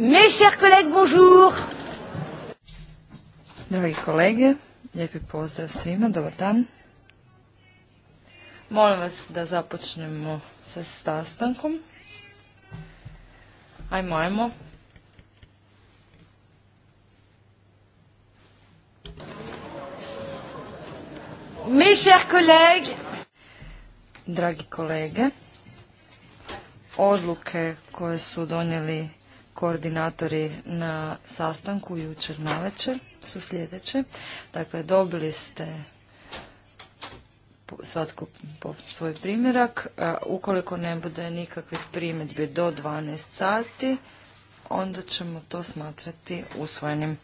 Mes chers collègues, bonjour. Dragi kolege, lijepi pozdrav svima, dobar dan. Molim vas da započnemo sa sastankom. Ajmo, ajmo. Mes chers collègues, dragi kolege, odluke koje su donijeli koordinatori na sastanku jučer večer su sljedeće. Dakle, dobili ste svatko po svoj primjerak. E, ukoliko ne bude nikakvih primjedbi do 12 sati, onda ćemo to smatrati usvojenim.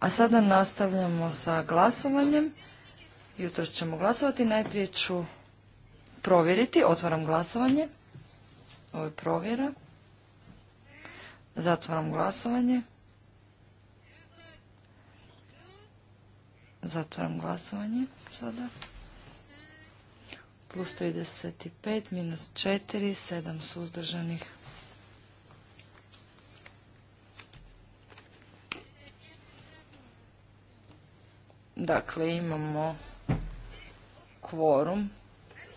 A sada nastavljamo sa glasovanjem. Jutro ćemo glasovati. Najprije ću provjeriti. Otvaram glasovanje. Ovo je provjera. Zatvaram glasovanje. Zatvaram glasovanje sada. Plus 35, minus 4, 7 suzdržanih. Dakle, imamo kvorum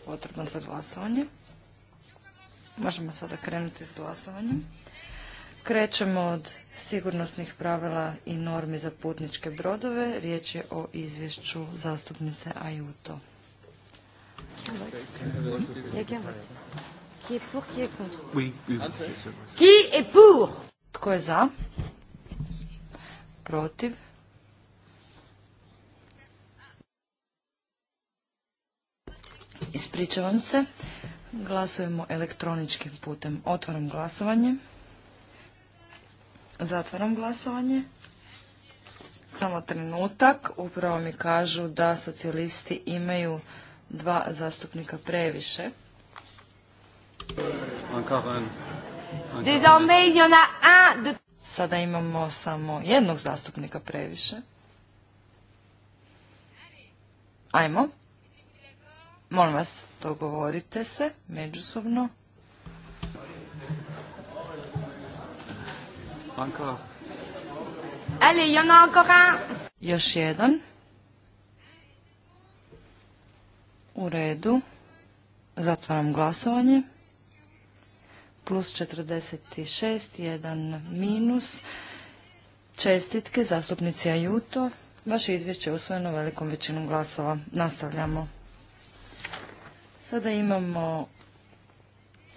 potrebno za glasovanje. Možemo sada krenuti s glasovanjem. Krećemo od sigurnosnih pravila i normi za putničke brodove. Riječ je o izvješću zastupnice Ajuto. Tko je za? Protiv? Ispričavam se. Glasujemo elektroničkim putem. Otvaram glasovanje. Zatvaram glasovanje. Samo trenutak. Upravo mi kažu da socijalisti imaju dva zastupnika previše. Sada imamo samo jednog zastupnika previše. Ajmo. Molim vas, dogovorite se međusobno. Encore. Allez, Još jedan. U redu. Zatvaram glasovanje. Plus 46, jedan minus. Čestitke, zastupnici Ajuto. Vaše izvješće je usvojeno velikom većinom glasova. Nastavljamo. Sada imamo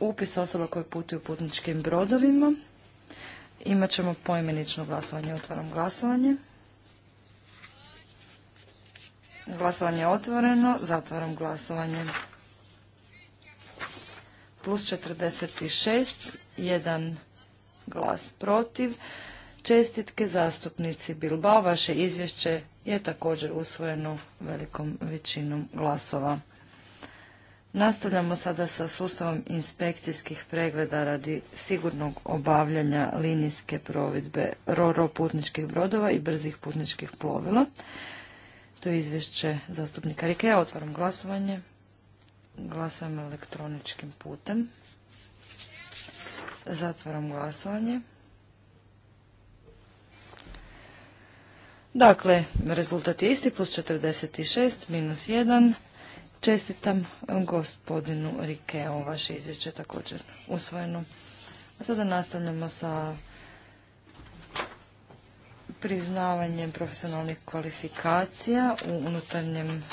upis osoba koje putuju putničkim brodovima. Imat ćemo poimenično glasovanje. Otvaram glasovanje. Glasovanje je otvoreno. Zatvaram glasovanje. Plus 46. Jedan glas protiv. Čestitke zastupnici Bilbao. Vaše izvješće je također usvojeno velikom većinom glasova. Nastavljamo sada sa sustavom inspekcijskih pregleda radi sigurnog obavljanja linijske provedbe RORO putničkih brodova i brzih putničkih plovila. To je izvješće zastupnika Rike. Ja otvaram glasovanje. Glasujem elektroničkim putem. Zatvaram glasovanje. Dakle, rezultat je isti, plus 46, minus 1. Čestitam gospodinu Rikeo, vaše izvješće je također usvojeno. A sada nastavljamo sa priznavanjem profesionalnih kvalifikacija u unutarnjem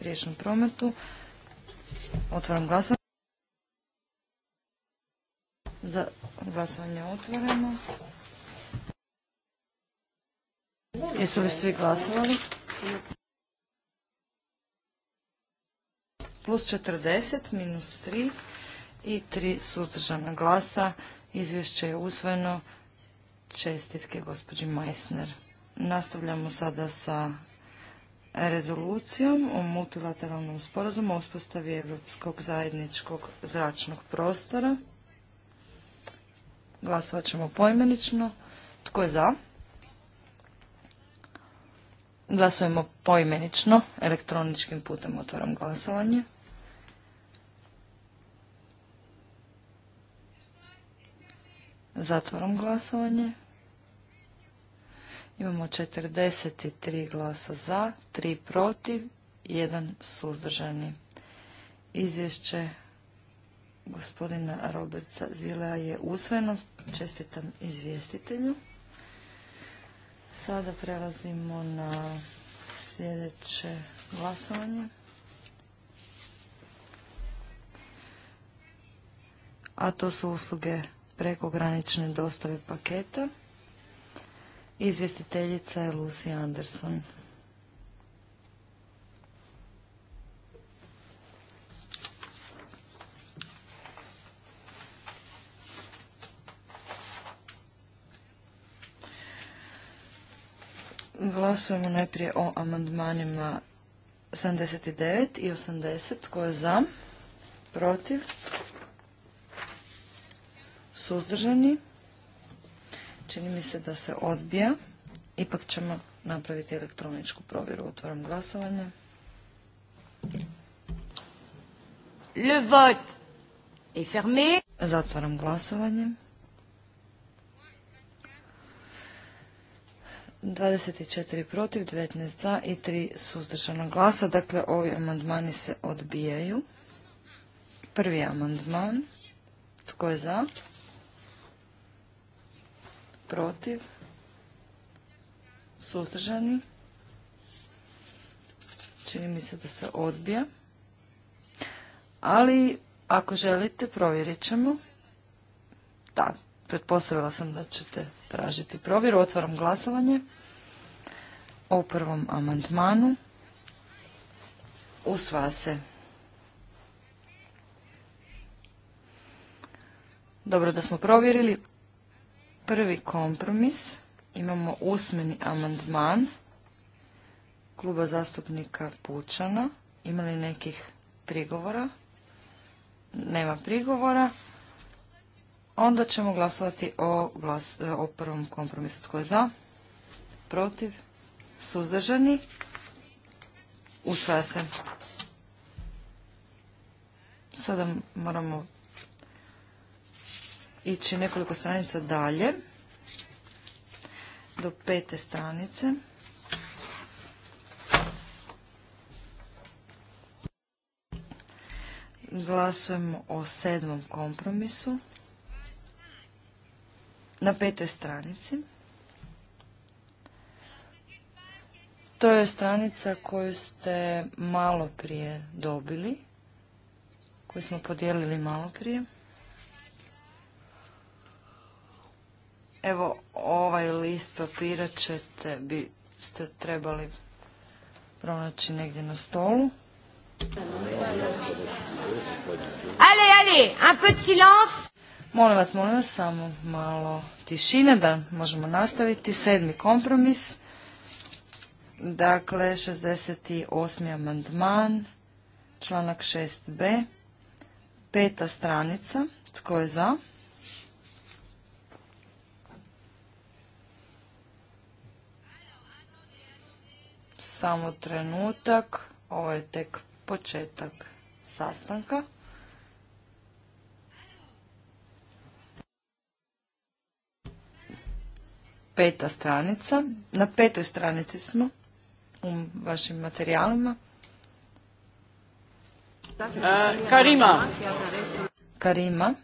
riječnom prometu. Otvaram glasovanje. Za glasovanje otvoreno. Jesu li svi glasovali? plus 40, minus 3 i tri suzdržana glasa. Izvješće je usvojeno. Čestitke gospođi Meissner. Nastavljamo sada sa rezolucijom o multilateralnom sporazumu o uspostavi Europskog zajedničkog zračnog prostora. Glasovat ćemo poimenično. Tko je za? Glasujemo poimenično, elektroničkim putem otvaram glasovanje. Zatvaram glasovanje. Imamo 43 glasa za, 3 protiv, 1 suzdržani. Izvješće gospodina Roberta Zilea je usvojeno. Čestitam izvjestitelju. Sada prelazimo na sljedeće glasovanje. A to su usluge prekogranične dostave paketa. Izvjestiteljica je Lucy Anderson. Glasujemo najprije o amandmanima 79 i 80. Tko je za? Protiv? suzdržani. Čini mi se da se odbija. Ipak ćemo napraviti elektroničku provjeru. Otvaram glasovanje. Le vote est fermé. Zatvaram glasovanje. 24 protiv, 19 za i 3 suzdržana glasa. Dakle, ovi amandmani se odbijaju. Prvi amandman. Tko je za? protiv, suzdržani. Čini mi se da se odbija. Ali ako želite provjerit ćemo. Da, pretpostavila sam da ćete tražiti provjeru. Otvaram glasovanje o prvom amandmanu. Usva se. Dobro da smo provjerili prvi kompromis. Imamo usmeni amandman kluba zastupnika Pučana. Ima li nekih prigovora? Nema prigovora. Onda ćemo glasovati o, o prvom kompromisu. Tko je za? Protiv? Suzdržani? Usvaja se. Sada moramo ići nekoliko stranica dalje, do pete stranice. Glasujemo o sedmom kompromisu na petoj stranici. To je stranica koju ste malo prije dobili, koju smo podijelili malo prije. Evo, ovaj list papira ćete, bi, ste trebali pronaći negdje na stolu. Ale, ale, un peu de silence. Molim vas, molim vas, samo malo tišine da možemo nastaviti. Sedmi kompromis. Dakle, 68. amandman, članak 6b, peta stranica. Tko je za? samo trenutak. Ovo je tek početak sastanka. Peta stranica. Na petoj stranici smo u vašim materijalima. Karima. Karima.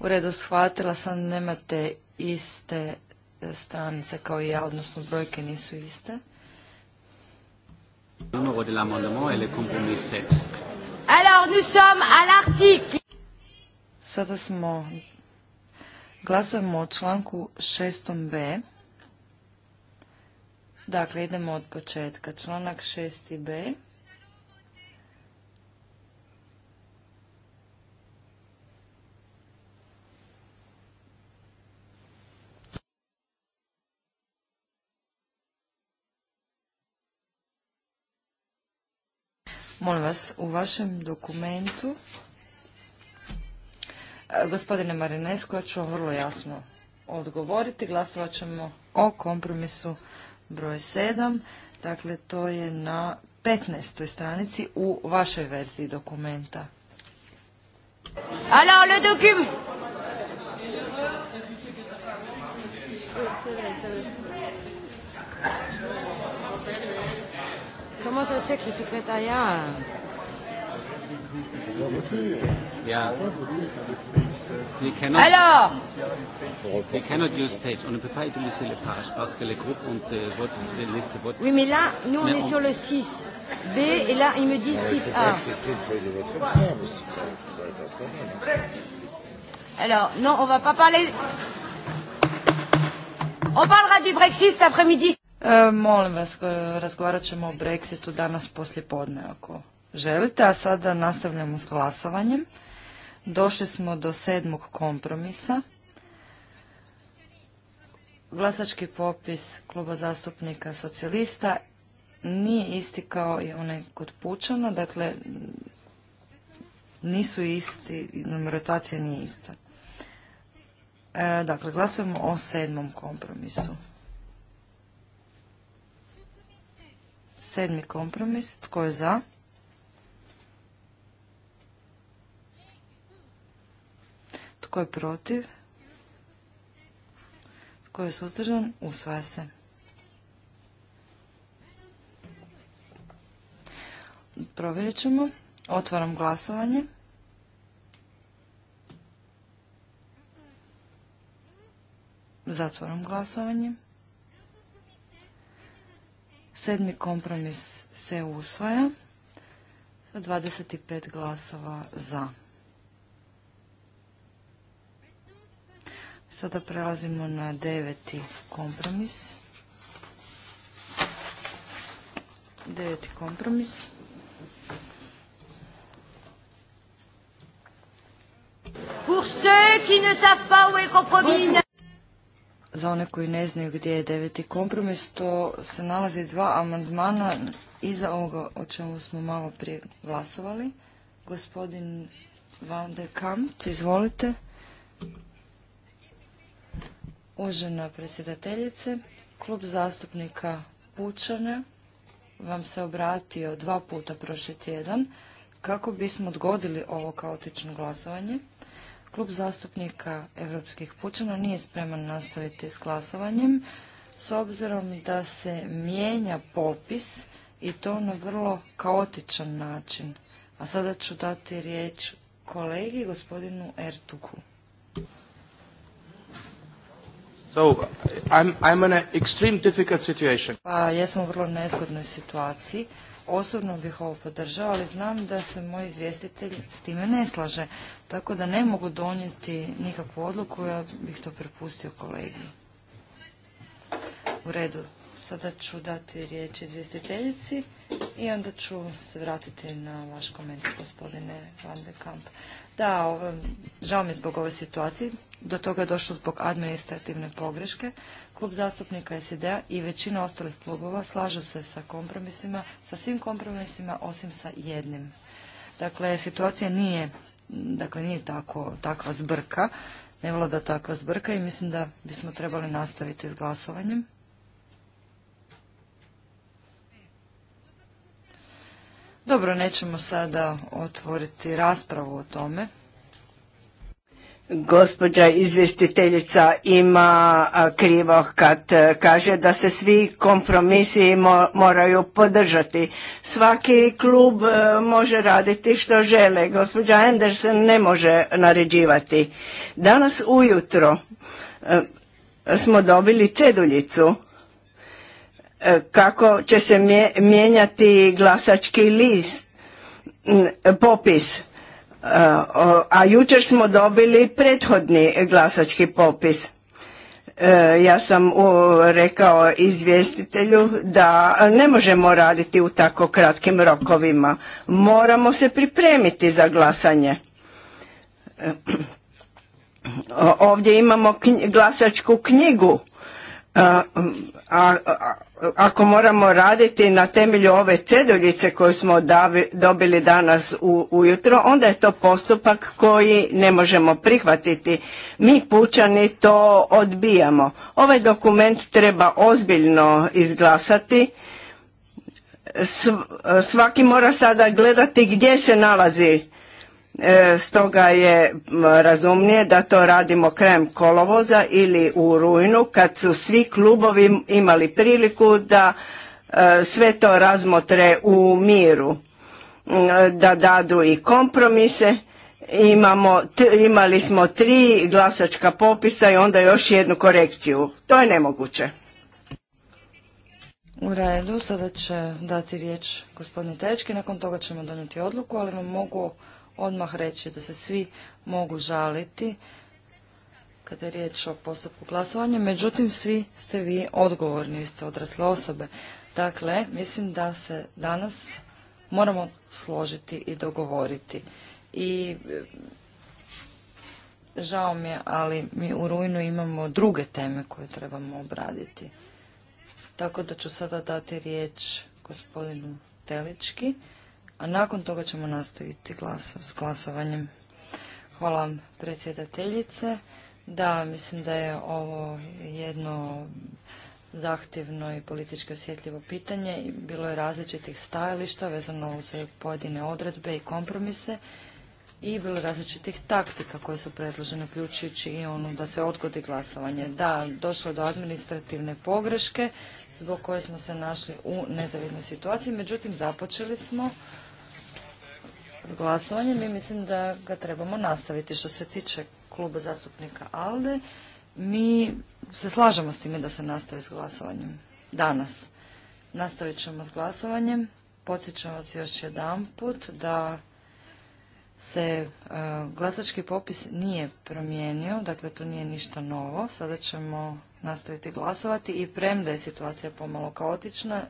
U redu shvatila sam, nemate iste stranica kao i ja, odnosno brojke nisu iste. Alors nous sommes à l'article. Sada smo glasujemo o članku 6b. Dakle idemo od početka. Članak 6b. Molim vas, u vašem dokumentu, e, gospodine Marinesko, ja ću vam vrlo jasno odgovoriti. Glasovat ćemo o kompromisu broj 7. Dakle, to je na 15. stranici u vašoj verziji dokumenta. Alors, le Comment ça se fait que le secrétariat... Yeah. We cannot, Alors We cannot use page. On ne peut pas utiliser les pages parce que les groupes ont euh, vote, les listes de Oui, mais là, nous, on mais est on... sur le 6B et là, il me dit 6A. C'est pris une feuille de vote comme ça, mais ça, va être un scandale. Alors, non, on va pas parler... On parlera du Brexit cet après-midi. E, molim vas, razgovarat ćemo o Brexitu danas poslje podne ako želite, a sada nastavljamo s glasovanjem. Došli smo do sedmog kompromisa. Glasački popis kluba zastupnika socijalista nije isti kao i onaj kod Pučana, dakle nisu isti, numerotacija nije ista. E, dakle, glasujemo o sedmom kompromisu. Sedmi kompromis. Tko je za? Tko je protiv? Tko je suzdržan? Usvaja se. Provjerit ćemo. Otvaram glasovanje. Zatvaram glasovanje. Sedmi kompromis se usvaja sa 25 glasova za. Sada prelazimo na deveti kompromis. Deveti kompromis. Pour ceux qui ne savent pas où est compromis za one koji ne znaju gdje je deveti kompromis, to se nalazi dva amandmana iza ovoga o čemu smo malo prije glasovali. Gospodin Van de Kamp, izvolite. Uvažena predsjedateljice, klub zastupnika Pučana vam se obratio dva puta prošli tjedan kako bismo odgodili ovo kaotično glasovanje. Klub zastupnika Europskih pučana nije spreman nastaviti s glasovanjem s obzirom da se mijenja popis i to na vrlo kaotičan način. A sada ću dati riječ kolegi gospodinu Ertuku. So, I'm, I'm in Pa, jesam u vrlo nezgodnoj situaciji osobno bih ovo podržao, ali znam da se moj izvjestitelj s time ne slaže, tako da ne mogu donijeti nikakvu odluku, ja bih to prepustio kolegi. U redu, sada ću dati riječ izvjestiteljici i onda ću se vratiti na vaš komentar, gospodine Van de Kamp. Da, žao mi zbog ove situacije, do toga je došlo zbog administrativne pogreške, Klub zastupnika SED-a i većina ostalih klubova slažu se sa kompromisima, sa svim kompromisima osim sa jednim. Dakle, situacija nije, dakle, nije tako, takva zbrka, ne da takva zbrka i mislim da bismo trebali nastaviti s glasovanjem. Dobro, nećemo sada otvoriti raspravu o tome. Gospođa izvjestiteljica ima krivo kad e, kaže da se svi kompromisi moraju podržati. Svaki klub e, može raditi što žele. Gospođa Andersen ne može naređivati. Danas ujutro e, smo dobili ceduljicu kako će se mijenjati glasački list, popis Eh, a jučer smo dobili prethodni glasački popis. Eh, ja sam rekao izvjestitelju da ne možemo raditi u tako kratkim rokovima. Moramo se pripremiti za glasanje. Eh, ovdje imamo glasačku knjigu a, ako moramo raditi na temelju ove ceduljice koju smo dobili danas ujutro, onda je to postupak koji ne možemo prihvatiti. Mi pučani to odbijamo. Ovaj dokument treba ozbiljno izglasati. svaki mora sada gledati gdje se nalazi E, stoga je razumnije da to radimo krajem kolovoza ili u rujnu kad su svi klubovi imali priliku da e, sve to razmotre u miru, da dadu i kompromise. Imamo, imali smo tri glasačka popisa i onda još jednu korekciju. To je nemoguće. U redu, sada će dati riječ gospodine Tečki, nakon toga ćemo donijeti odluku, ali vam mogu odmah reći da se svi mogu žaliti kada je riječ o postupku glasovanja, međutim svi ste vi odgovorni, vi ste odrasle osobe. Dakle, mislim da se danas moramo složiti i dogovoriti. I e, žao mi je, ali mi u rujnu imamo druge teme koje trebamo obraditi. Tako da ću sada dati riječ gospodinu Telički a nakon toga ćemo nastaviti s glasovanjem. Hvala vam predsjedateljice. Da, mislim da je ovo jedno zahtjevno i politički osjetljivo pitanje. Bilo je različitih stajališta vezano uz pojedine odredbe i kompromise i bilo je različitih taktika koje su predložene, uključujući i ono da se odgodi glasovanje. Da, došlo do administrativne pogreške zbog koje smo se našli u nezavidnoj situaciji, međutim započeli smo s glasovanjem i mislim da ga trebamo nastaviti. Što se tiče kluba zastupnika ALDE, mi se slažemo s time da se nastavi s glasovanjem danas. Nastavit ćemo s glasovanjem. Podsjećam vas još jedan put da se e, glasački popis nije promijenio, dakle to nije ništa novo. Sada ćemo nastaviti glasovati i premda je situacija pomalo kaotična,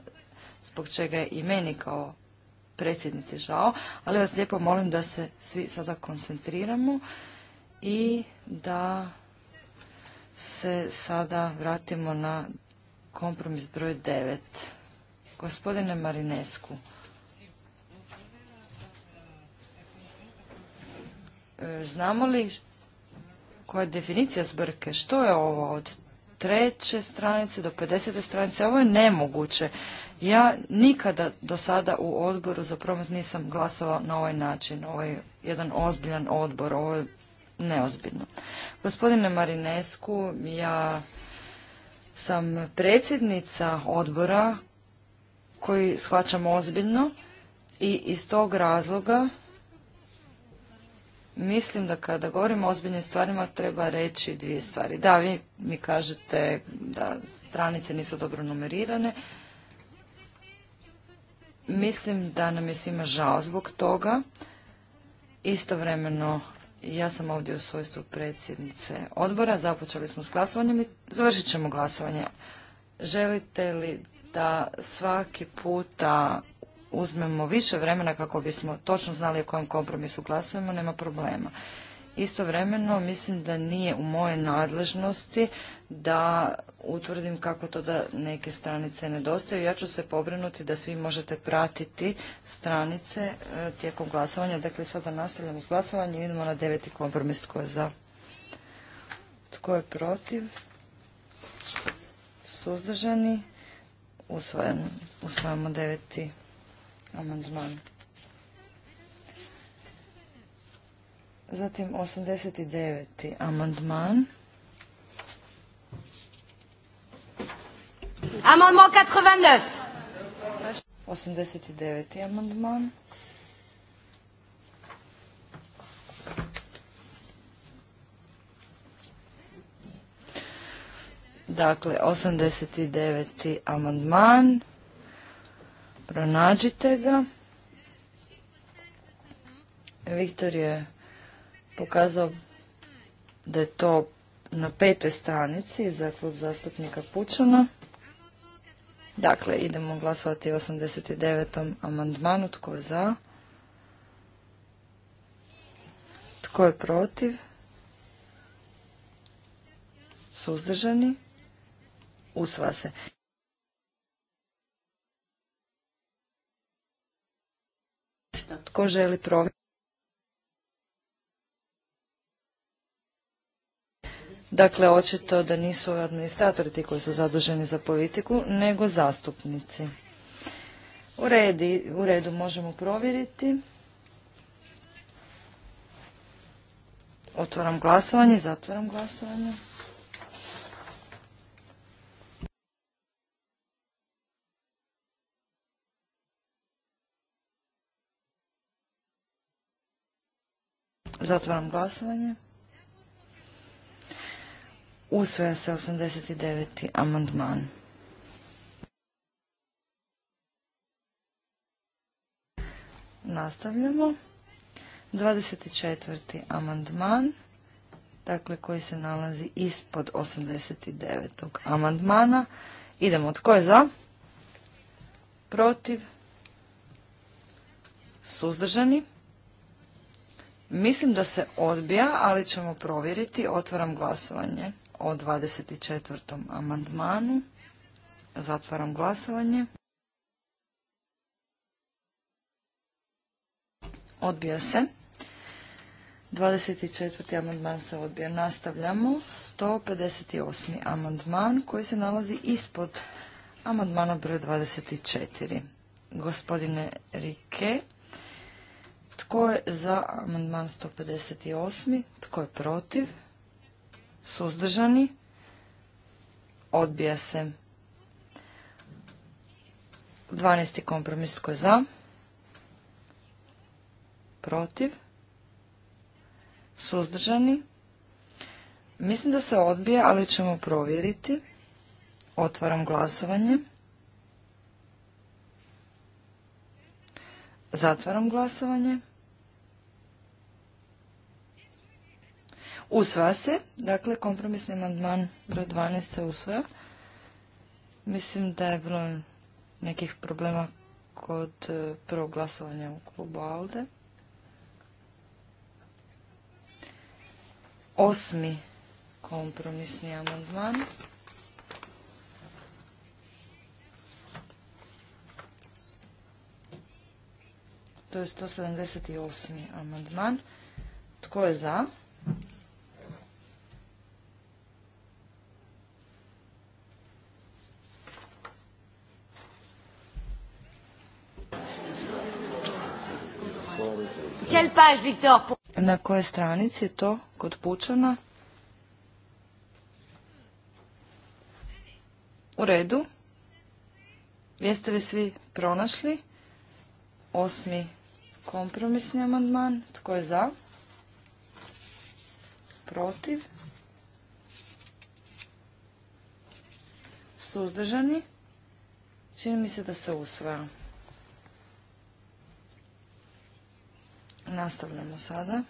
zbog čega je i meni kao predsjednici žao, ali vas lijepo molim da se svi sada koncentriramo i da se sada vratimo na kompromis broj 9. Gospodine Marinesku, e, znamo li koja je definicija zbrke? Što je ovo od treće stranice do 50. stranice? Ovo je nemoguće. Ja nikada do sada u odboru za promet nisam glasovao na ovaj način. Ovo je jedan ozbiljan odbor, ovo je neozbiljno. Gospodine Marinesku, ja sam predsjednica odbora koji shvaćam ozbiljno i iz tog razloga mislim da kada govorimo o ozbiljnim stvarima treba reći dvije stvari. Da, vi mi kažete da stranice nisu dobro numerirane, Mislim da nam je svima žao zbog toga. Istovremeno, ja sam ovdje u svojstvu predsjednice odbora. Započeli smo s glasovanjem i završit ćemo glasovanje. Želite li da svaki puta uzmemo više vremena kako bismo točno znali o kojem kompromisu glasujemo, nema problema. Istovremeno mislim da nije u moje nadležnosti da utvrdim kako to da neke stranice nedostaju. Ja ću se pobrinuti da svi možete pratiti stranice e, tijekom glasovanja. Dakle, sada nastavljamo s glasovanjem. Idemo na deveti kompromis. Tko je za? Tko je protiv? Suzdržani? Usvajamo deveti amandman. Zatim 89. amandman. Amandman 89. 89. amandman. Dakle, 89. amandman. Pronađite ga. Viktor je pokazao da je to na petoj stranici za klub zastupnika Pučana. Dakle, idemo glasovati 89. amandmanu. Tko je za? Tko je protiv? Suzdržani? Usva se. Tko želi provjeriti? Dakle, očito da nisu administratori ti koji su zaduženi za politiku, nego zastupnici. U, redi, u redu možemo provjeriti. Otvaram glasovanje, zatvaram glasovanje. Zatvaram glasovanje. Usvaja se 89. amandman. Nastavljamo. 24. amandman, dakle koji se nalazi ispod 89. amandmana. Idemo, tko je za? Protiv? Suzdržani? Mislim da se odbija, ali ćemo provjeriti. Otvaram glasovanje o 24. amandmanu. Zatvaram glasovanje. Odbija se. 24. amandman se odbija. Nastavljamo. 158. amandman koji se nalazi ispod amandmana broj 24. Gospodine Rike, tko je za amandman 158? Tko je protiv? suzdržani, odbija se. 12. kompromis tko je za, protiv, suzdržani. Mislim da se odbija, ali ćemo provjeriti. Otvaram glasovanje. Zatvaram glasovanje. Usvaja se, dakle kompromisni amandman broj 12 se usvaja. Mislim da je bilo nekih problema kod e, prvog glasovanja u klubu ALDE. Osmi kompromisni amandman. To je 178. amandman. Tko je za? Na kojoj stranici je to kod Pučana? U redu. Jeste li svi pronašli? Osmi kompromisni amandman. Tko je za? Protiv? Suzdržani? Čini mi se da se usvaja. Nastavljamo sada.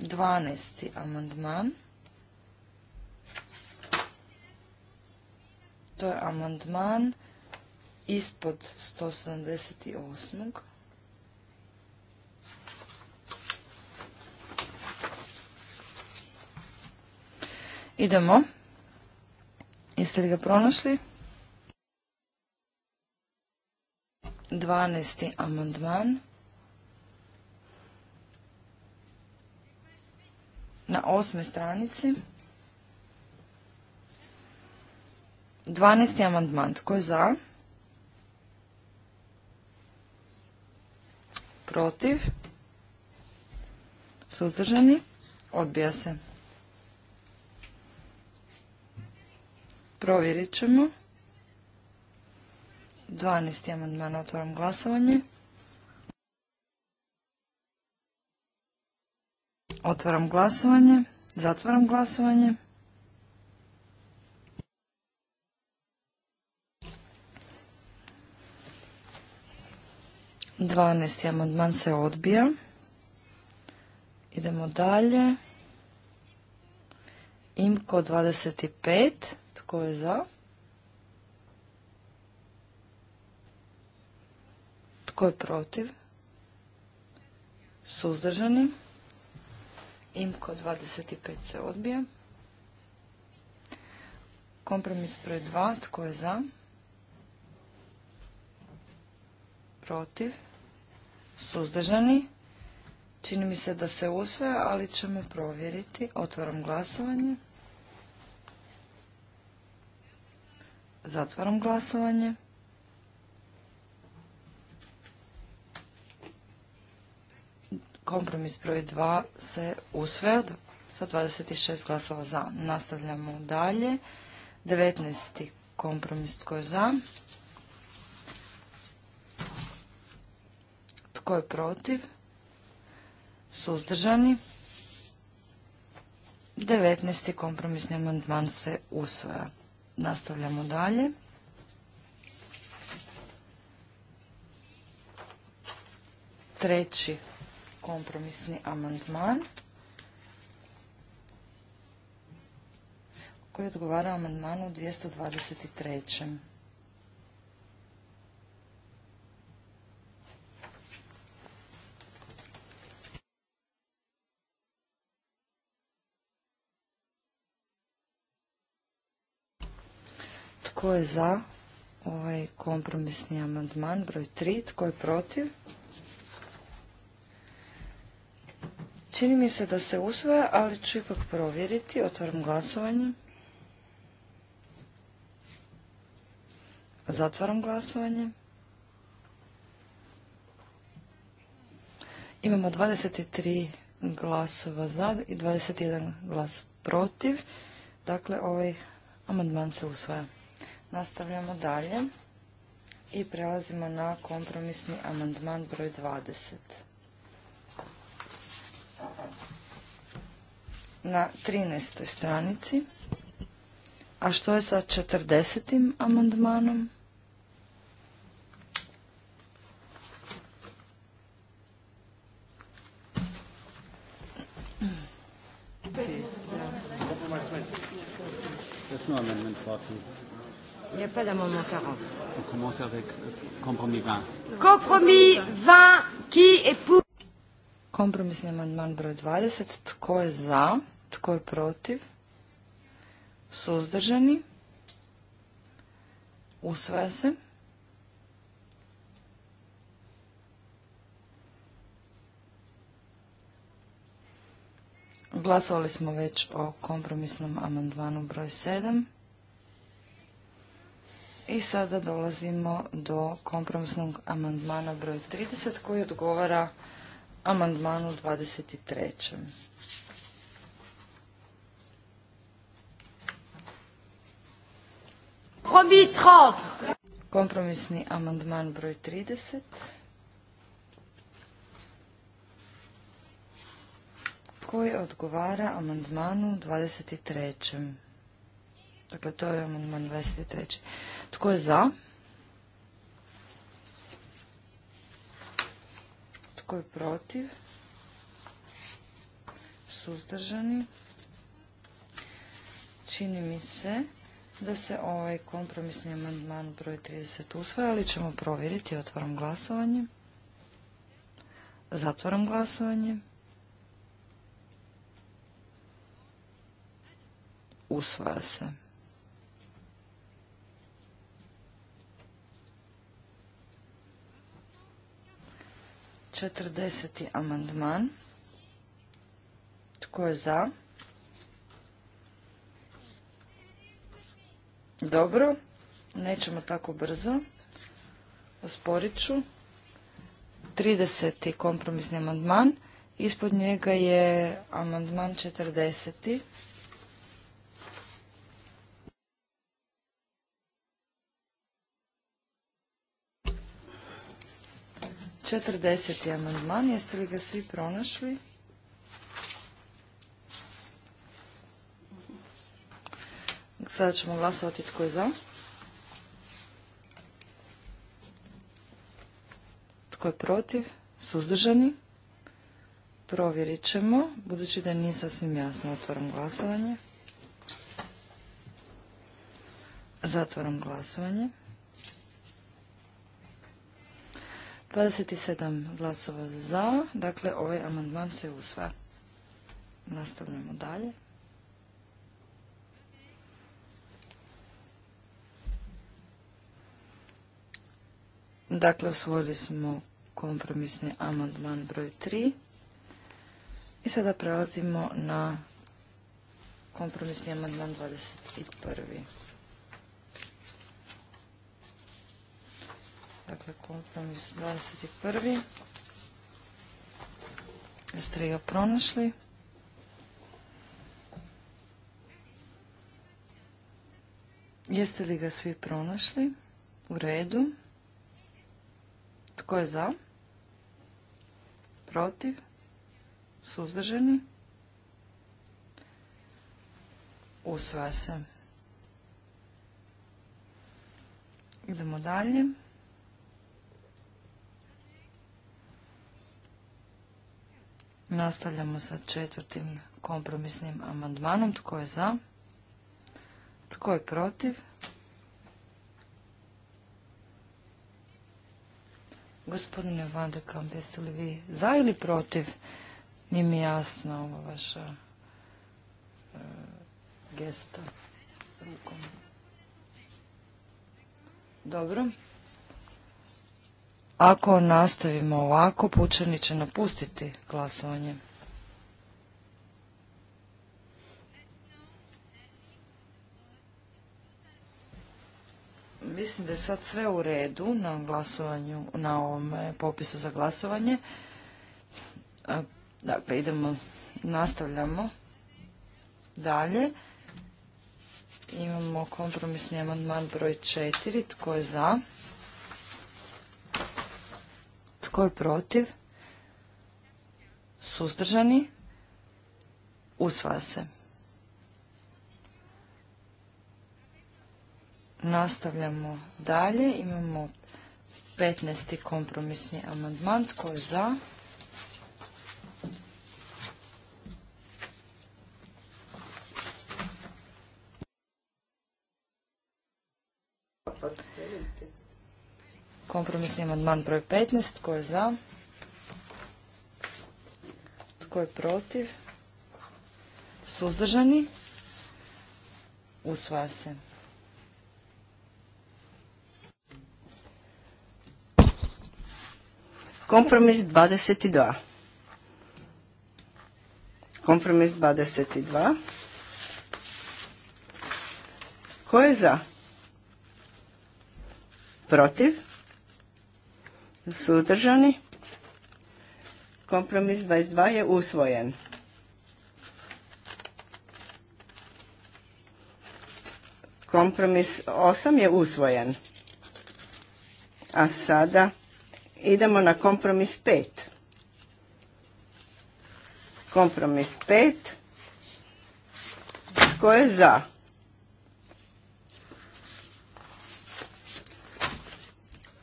12. amandman. To je amandman ispod 178. Idemo. Jeste li ga pronašli? 12. amandman. Na osmoj stranici. 12. amandman. Tko je za? Protiv? Suzdržani? Odbija se. Provjerit ćemo. 12. amandman otvoram glasovanje. Otvaram glasovanje. Zatvaram glasovanje. Dvanesti amandman se odbija. Idemo dalje. Imko 25. Tko je za? Tko je protiv? Suzdržani. Imko 25 se odbija. Kompromis broj 2. Tko je za? Protiv. Suzdržani. Čini mi se da se usvaja, ali ćemo provjeriti. Otvaram glasovanje. Zatvaram glasovanje. Kompromis broj 2 se usveo sa 26 glasova za. Nastavljamo dalje. 19. kompromis tko je za. Tko je protiv? Suzdržani. 19. kompromisni amandman se usvoja. Nastavljamo dalje. Treći kompromisni amandman koji odgovara amandmanu 223. Tko je za ovaj kompromisni amandman broj 3? Tko je protiv? Čini mi se da se usvaja, ali ću ipak provjeriti. Otvaram glasovanje. Zatvaram glasovanje. Imamo 23 glasova za i 21 glas protiv. Dakle, ovaj amandman se usvaja. Nastavljamo dalje i prelazimo na kompromisni amandman broj 20. na 13. stranici. A što je sa 40. amandmanom? That's no amendment 40. Il n'y a pas d'amendement 40. On commence avec compromis 20. Compromis 20, qui est pour Kompromisni amandman broj 20. Tko je za? Tko je protiv? Suzdržani? Usvaja se. Glasovali smo već o kompromisnom amandmanu broj 7. I sada dolazimo do kompromisnog amandmana broj 30 koji odgovara amandmanu 23. Kompromisni amandman broj 30. koji odgovara amandmanu 23. Dakle, to je amandman 23. Tko je za? Tko je protiv? Suzdržani? Čini mi se da se ovaj kompromisni amandman broj 30 usvaja, ali ćemo provjeriti. Otvaram glasovanje. Zatvaram glasovanje. Usvaja se. 40. amandman. Tko je za? Dobro, nećemo tako brzo. Osporit ću. 30. kompromisni amandman. Ispod njega je amandman 40. 40. amandman, jeste li ga svi pronašli? Sada ćemo glasovati tko je za. Tko je protiv? Suzdržani? Provjerit ćemo, budući da nije sasvim jasno. Otvaram glasovanje. Zatvaram glasovanje. 27 glasova za, dakle ovaj amandman se usva. Nastavljamo dalje. Dakle, osvojili smo kompromisni amandman broj 3. I sada prelazimo na kompromisni amandman 21. Dakle, kompromis 21. Jeste li ga pronašli? Jeste li ga svi pronašli? U redu. Tko je za? Protiv? Suzdržani? Usvaja se. Idemo dalje. Nastavljamo sa četvrtim kompromisnim amandmanom. Tko je za? Tko je protiv? Gospodine Vandekamp, jeste li vi za ili protiv? Nije mi jasno ova vaša e, gesta rukom. Dobro. Ako nastavimo ovako, pučani će napustiti glasovanje. Mislim da je sad sve u redu na glasovanju, na ovom e, popisu za glasovanje. Dakle, idemo, nastavljamo dalje. Imamo kompromisni amandman broj 4. Tko je za? Tko je protiv? Suzdržani? Usvaja se. Nastavljamo dalje. Imamo 15. kompromisni amandman. Tko je za? Kompromisni amandman broj 15. Tko je za? Tko je protiv? Suzdržani? Usvaja se. Kompromis 22. Kompromis 22. Ko je za? Protiv? suzdržani. Kompromis 22 je usvojen. Kompromis 8 je usvojen. A sada idemo na kompromis 5. Kompromis 5. ko je za?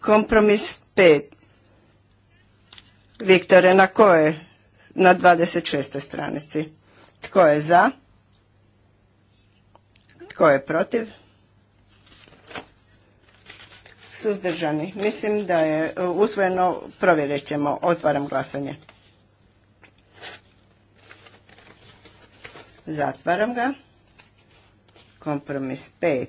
Kompromis 5 Viktore, na koje? Na 26. stranici. Tko je za? Tko je protiv? Suzdržani. Mislim da je e, usvojeno. Provjerit ćemo. Otvaram glasanje. Zatvaram ga. Kompromis 5.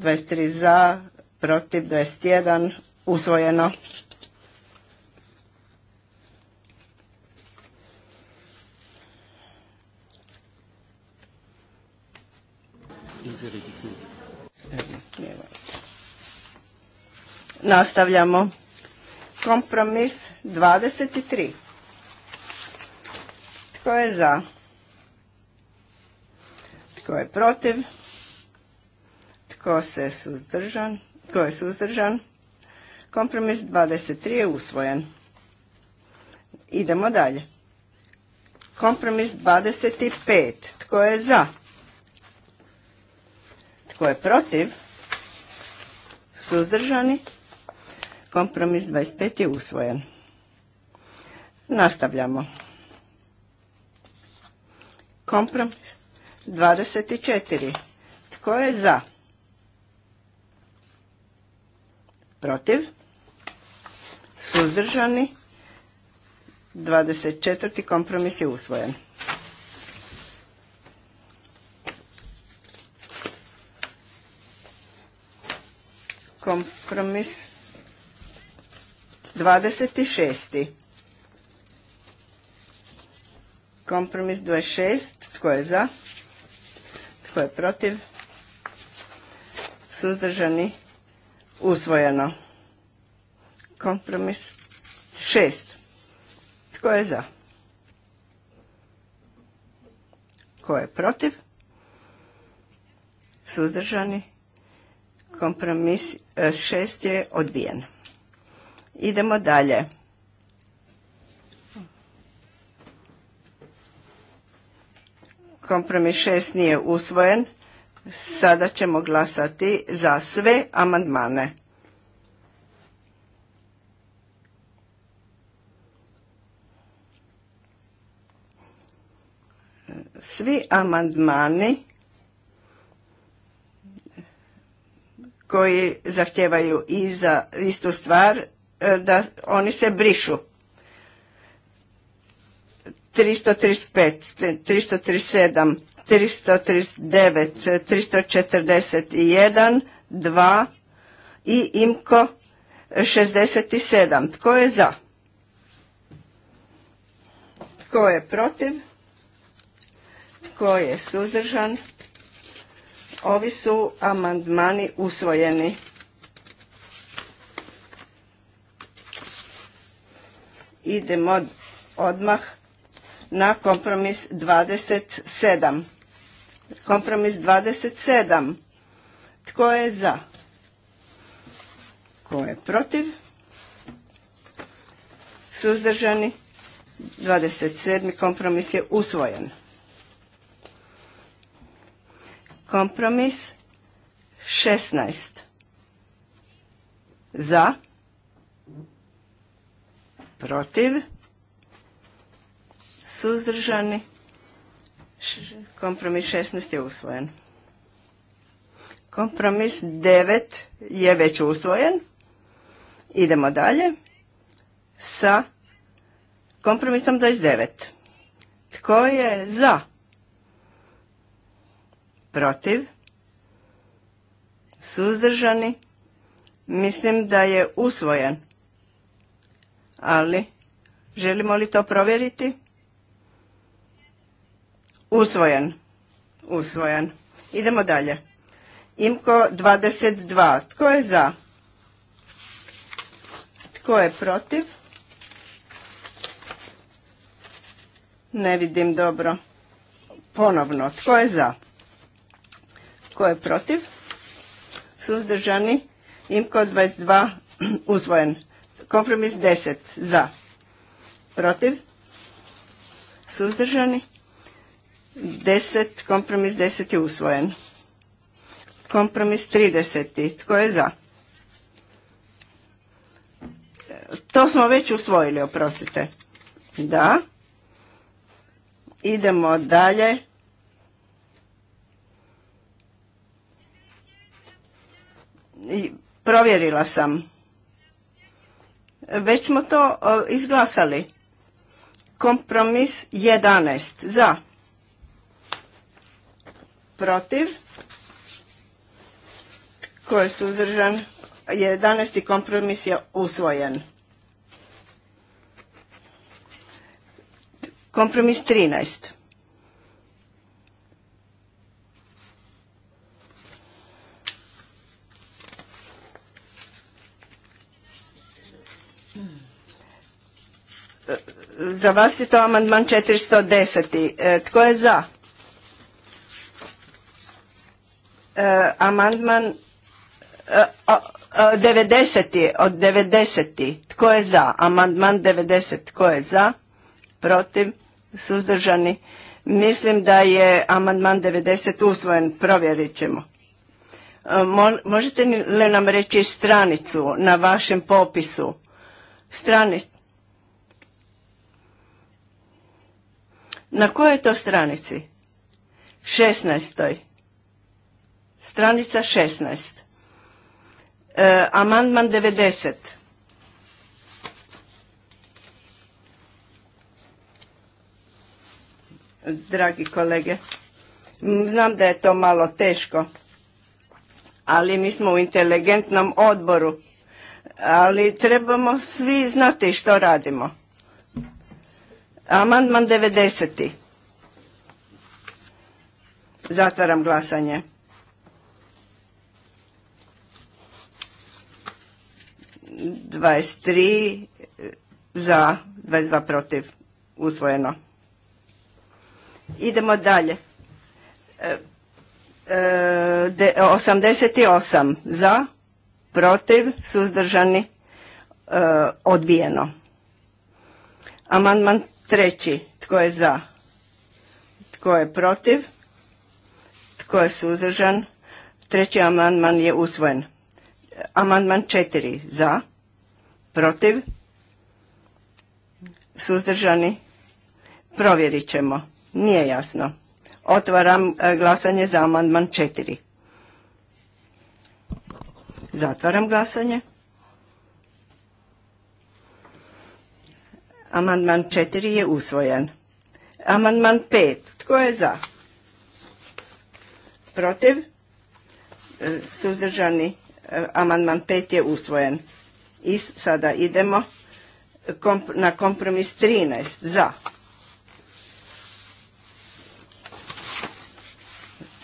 23 za, protiv 21 usvojeno. Nastavljamo. Kompromis 23. Tko je za? Tko je protiv? Tko se suzdržan? Tko je suzdržan? Kompromis 23 je usvojen. Idemo dalje. Kompromis 25. Tko je za? Tko je protiv? Suzdržani? Kompromis 25 je usvojen. Nastavljamo. Kompromis 24. Tko je za? protiv, suzdržani, 24. kompromis je usvojen. Kompromis 26. Kompromis 26. Tko je za? Tko je protiv? Suzdržani? usvojeno. Kompromis šest. Tko je za? Tko je protiv? Suzdržani? Kompromis e, šest je odbijen. Idemo dalje. Kompromis šest nije usvojen. Sada ćemo glasati za sve amandmane. Svi amandmani koji zahtijevaju i za istu stvar, e, da oni se brišu. 335, 337, 339, 341, 2 i IMKO 67. Tko je za? Tko je protiv? Tko je suzdržan? Ovi su amandmani usvojeni. Idemo odmah na kompromis 27. Kompromis 27. Tko je za? Tko je protiv? Suzdržani? 27. kompromis je usvojen. Kompromis 16. Za? Protiv? Suzdržani? Kompromis 16 je usvojen. Kompromis 9 je već usvojen. Idemo dalje sa kompromisom 29. Tko je za? Protiv? Suzdržani? Mislim da je usvojen. Ali, želimo li to provjeriti? Usvojen. Usvojen. Idemo dalje. Imko 22. Tko je za? Tko je protiv? Ne vidim dobro. Ponovno. Tko je za? Tko je protiv? Suzdržani. Imko 22. Usvojen. Kompromis 10. Za. Protiv? Suzdržani. 10, kompromis 10 je usvojen. Kompromis 30. Tko je za? To smo već usvojili, oprostite. Da. Idemo dalje. provjerila sam. Već smo to izglasali. Kompromis 11. Za protiv, tko je suzdržan, 11. kompromis je usvojen. Kompromis 13. Za vas je to amandman 410. E, tko je za? E, amandman 90. E, od 90. Tko je za? Amandman 90. Tko je za? Protiv? Suzdržani? Mislim da je amandman 90 usvojen. Provjerit ćemo. E, možete li nam reći stranicu na vašem popisu? Stranicu. Na kojoj je to stranici? 16. Stranica 16. E, amandman 90. Dragi kolege, znam da je to malo teško, ali mi smo u inteligentnom odboru, ali trebamo svi znati što radimo. Amandman 90. Zatvaram glasanje. 23 za, 22 protiv, usvojeno. Idemo dalje. E, e, osamdeset 88 za, protiv, suzdržani, e, odbijeno. Amandman treći, tko je za, tko je protiv, tko je suzdržan, treći amandman je usvojen. Amandman četiri za, protiv, suzdržani, provjerit ćemo. Nije jasno. Otvaram e, glasanje za amandman četiri. Zatvaram glasanje. Amandman 4 je usvojen. Amandman pet, Tko je za? Protiv? E, suzdržani? Amandman 5 je usvojen. I sada idemo na kompromis 13 za.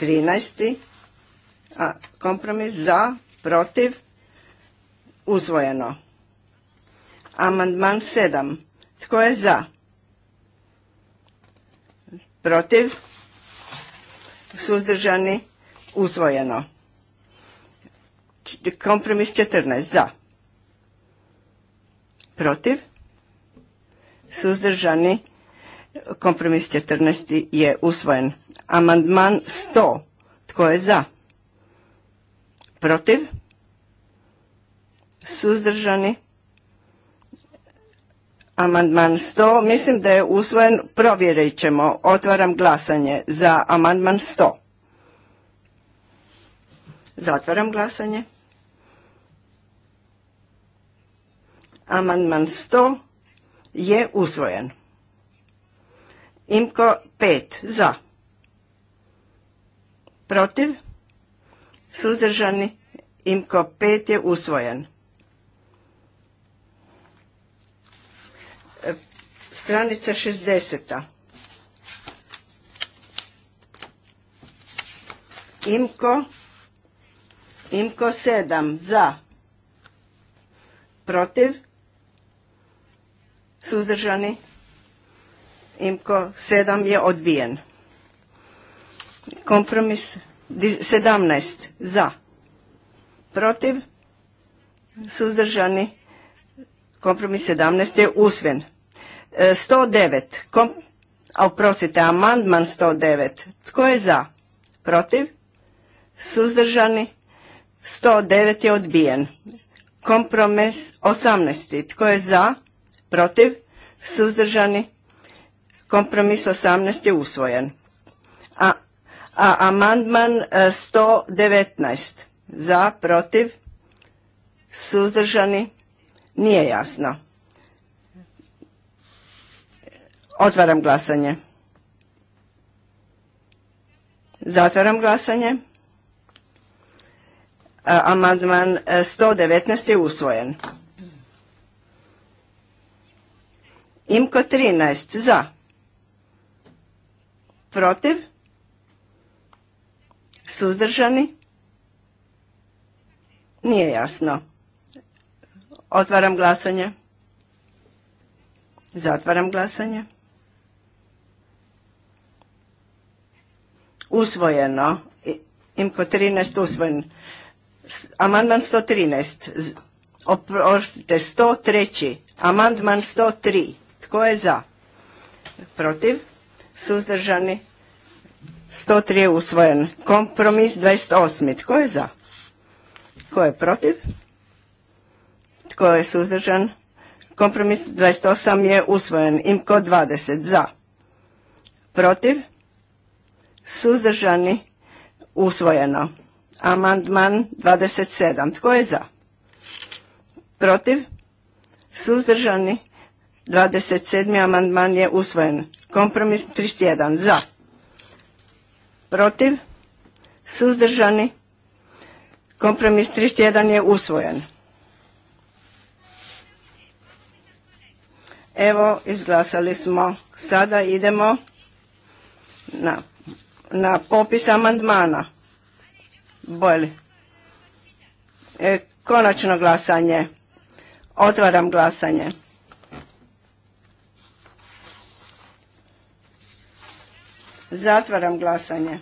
13. A kompromis za, protiv, usvojeno. Amandman 7. Tko je za? Protiv? Suzdržani? Usvojeno. Kompromis 14 za. Protiv. Suzdržani. Kompromis 14 je usvojen. Amandman 100. Tko je za? Protiv. Suzdržani. Amandman 100. Mislim da je usvojen. Provjerit ćemo. Otvaram glasanje za amandman 100. Zatvaram glasanje. Amandman 100 je usvojen. Imko 5 za. Protiv. Suzdržani. Imko 5 je usvojen. E, stranica 60. Imko. Imko 7 za. Protiv suzdržani, imko 7 je odbijen. Kompromis 17 za, protiv, suzdržani, kompromis 17 je usven. 109, e, kom, a oprostite, amandman 109, tko je za, protiv, suzdržani, 109 je odbijen. Kompromis 18, tko je za, protiv, suzdržani, kompromis 18 je usvojen. A, a amandman 119 e, za, protiv, suzdržani, nije jasno. Otvaram glasanje. Zatvaram glasanje. E, amandman 119 e, je usvojen. Imko 13 za. Protiv. Suzdržani. Nije jasno. Otvaram glasanje. Zatvaram glasanje. Usvojeno. Imko 13 usvojen. Amandman 113. Oprostite, 103. Amandman 103. Tko je za? Protiv? Suzdržani? 103 je usvojen. Kompromis 28. Tko je za? Tko je protiv? Tko je suzdržan? Kompromis 28 je usvojen. Imko 20 za. Protiv? Suzdržani? Usvojeno. Amandman 27. Tko je za? Protiv? Suzdržani? 27. amandman je usvojen. Kompromis 31. Za. Protiv. Suzdržani. Kompromis 31 je usvojen. Evo, izglasali smo. Sada idemo na, na popis amandmana. Bolje. Konačno glasanje. Otvaram glasanje. Zatvaram glasanje.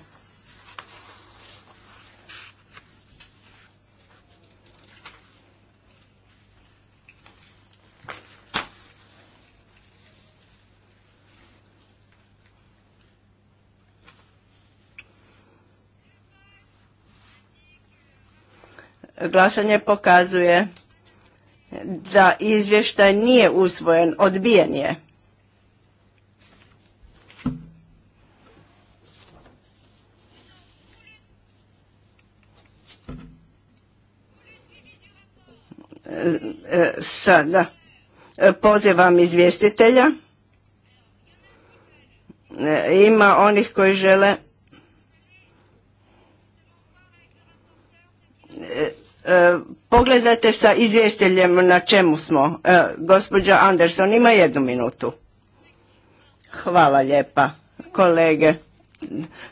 Glasanje pokazuje da izvještaj nije usvojen, odbijen je. E, sada e, pozivam izvjestitelja. E, ima onih koji žele pogledajte sa izvjestiteljem na čemu smo. Gospođa Anderson ima jednu minutu. Hvala lijepa kolege.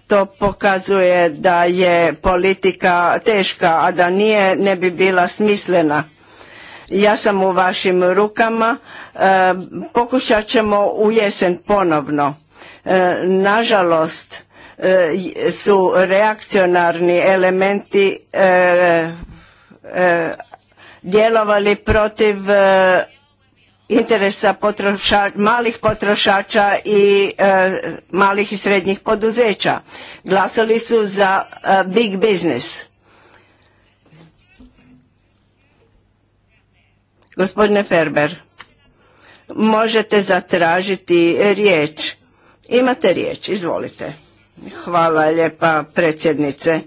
To pokazuje da je politika teška, a da nije ne bi bila smislena. Ja sam u vašim rukama. E, pokušat ćemo u jesen ponovno. E, nažalost e, su reakcionarni elementi djelovali protiv interesa malih potrošača i malih i srednjih poduzeća. Glasali su za big business. Gospodine Ferber, možete zatražiti riječ. Imate riječ, izvolite. Hvala lijepa predsjednice.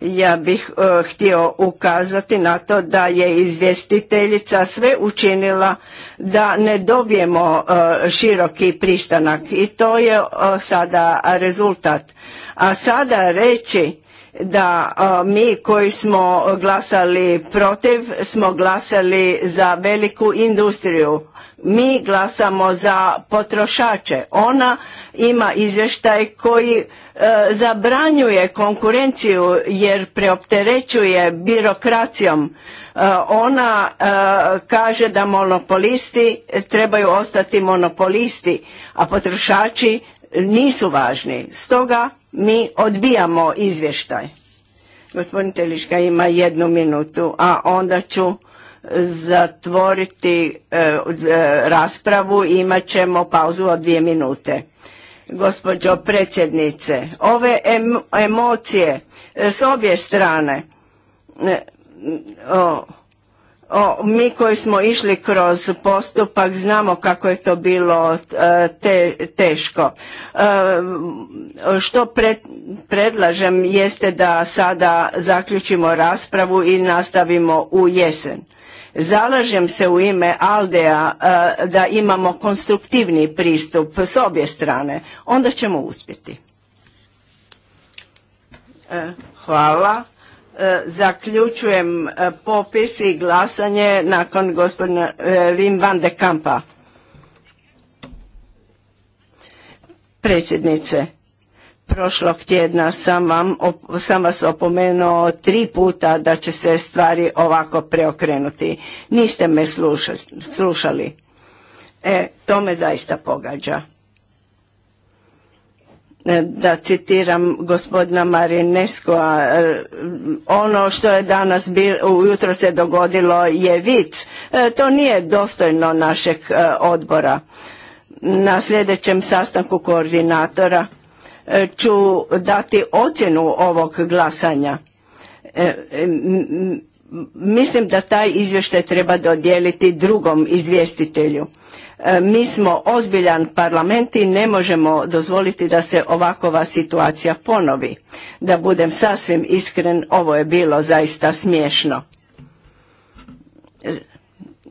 Ja bih e, htio ukazati na to da je izvjestiteljica sve učinila da ne dobijemo e, široki pristanak i to je e, sada rezultat. A sada reći da mi koji smo glasali protiv smo glasali za veliku industriju. Mi glasamo za potrošače. Ona ima izvještaj koji e, zabranjuje konkurenciju jer preopterećuje birokracijom. E, ona e, kaže da monopolisti trebaju ostati monopolisti, a potrošači nisu važni. Stoga mi odbijamo izvještaj. Gospodin Teliška ima jednu minutu, a onda ću zatvoriti e, e, raspravu i imat ćemo pauzu od dvije minute. Gospođo predsjednice, ove emocije e, s obje strane, o, mi koji smo išli kroz postupak znamo kako je to bilo e, te, teško. E, što predlažem jeste da sada zaključimo raspravu i nastavimo u jesen. Zalažem se u ime Aldea e, da imamo konstruktivni pristup s obje strane. Onda ćemo uspjeti. hvala. E, zaključujem e, popis i glasanje nakon gospodina e, Wim van de Kampa. Predsjednice, prošlog tjedna sam, vam, sam vas opomenuo tri puta da će se stvari ovako preokrenuti. Niste me slušali. E, to me zaista pogađa. E, da citiram gospodina Marineskoa, e, ono što je danas ujutro se dogodilo je vic. E, to nije dostojno našeg odbora. Na sljedećem sastanku koordinatora ću dati ocjenu ovog glasanja. Mislim da taj izvještaj treba dodijeliti drugom izvjestitelju. E, mi smo ozbiljan parlament i ne možemo dozvoliti da se ovakova situacija ponovi. Da budem sasvim iskren, ovo je bilo zaista smiješno.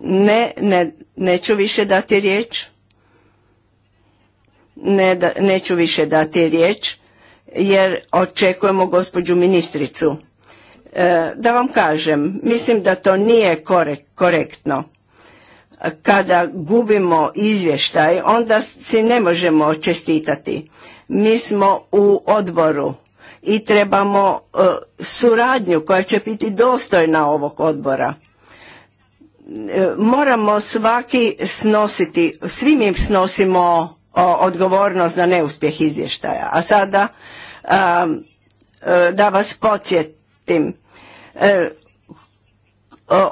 Ne, neću više dati riječ. Ne, neću više dati riječ jer očekujemo gospođu ministricu. E, da vam kažem, mislim da to nije korektno. Kada gubimo izvještaj, onda si ne možemo čestitati. Mi smo u odboru i trebamo e, suradnju koja će biti dostojna ovog odbora e, moramo svaki snositi, svi mi snosimo odgovornost za neuspjeh izvještaja. A sada da vas podsjetim, E,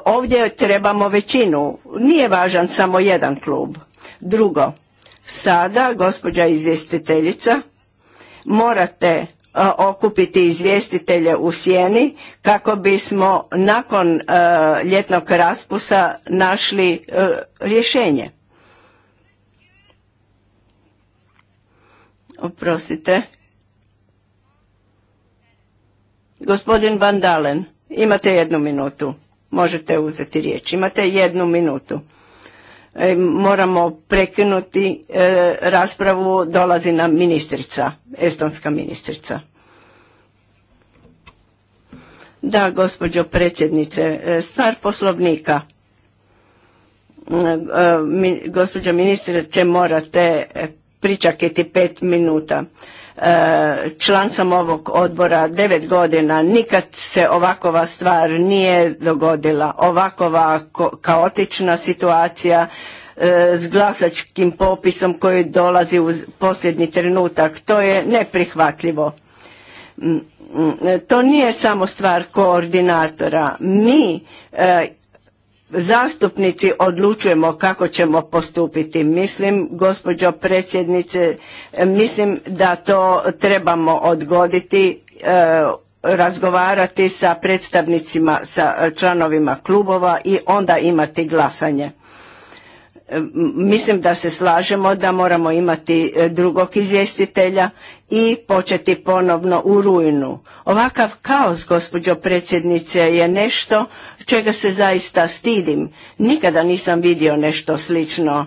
ovdje trebamo većinu. Nije važan samo jedan klub. Drugo, sada, gospođa izvjestiteljica, morate e, okupiti izvjestitelje u sjeni kako bismo nakon e, ljetnog raspusa našli rješenje. Oprostite. Gospodin Van Dalen. Imate jednu minutu. Možete uzeti riječ. Imate jednu minutu. E, moramo prekinuti e, raspravu. Dolazi nam ministrica, estonska ministrica. Da, gospođo predsjednice, e, stvar poslovnika. gospođo ministrice, morate pričakiti pet minuta član sam ovog odbora devet godina, nikad se ovakova stvar nije dogodila, ovakova kaotična situacija e, s glasačkim popisom koji dolazi u posljednji trenutak, to je neprihvatljivo. Mm, mm, to nije samo stvar koordinatora. Mi e, zastupnici odlučujemo kako ćemo postupiti. Mislim, gospođo predsjednice, mislim da to trebamo odgoditi, e, razgovarati sa predstavnicima, sa članovima klubova i onda imati glasanje mislim da se slažemo da moramo imati e, drugog izvjestitelja i početi ponovno u rujnu. Ovakav kaos, gospođo predsjednice, je nešto čega se zaista stidim. Nikada nisam vidio nešto slično,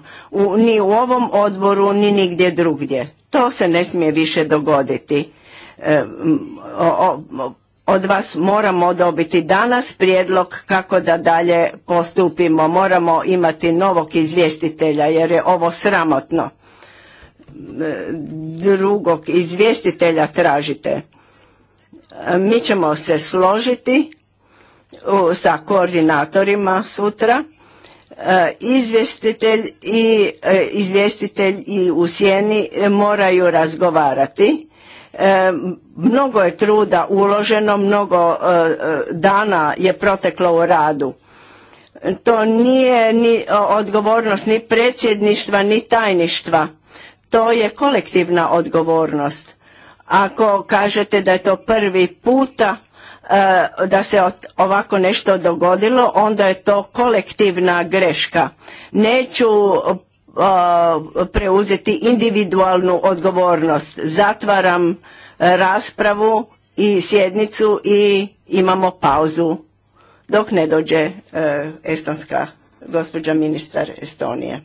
ni u ovom odboru, ni nigdje drugdje. To se ne smije više dogoditi. E, od vas moramo dobiti danas prijedlog kako da dalje postupimo. Moramo imati novog izvjestitelja jer je ovo sramotno. Drugog izvjestitelja tražite. Mi ćemo se složiti sa koordinatorima sutra. E, izvjestitelj i e, izvjestitelj i u sjeni moraju razgovarati E, mnogo je truda uloženo, mnogo e, e, dana je proteklo u radu. To nije ni odgovornost ni predsjedništva ni tajništva. To je kolektivna odgovornost. Ako kažete da je to prvi puta da se ovako nešto dogodilo, onda je to kolektivna greška. Neću preuzeti individualnu odgovornost. Zatvaram e, raspravu i sjednicu i imamo pauzu dok ne dođe e, estonska gospođa ministar Estonije.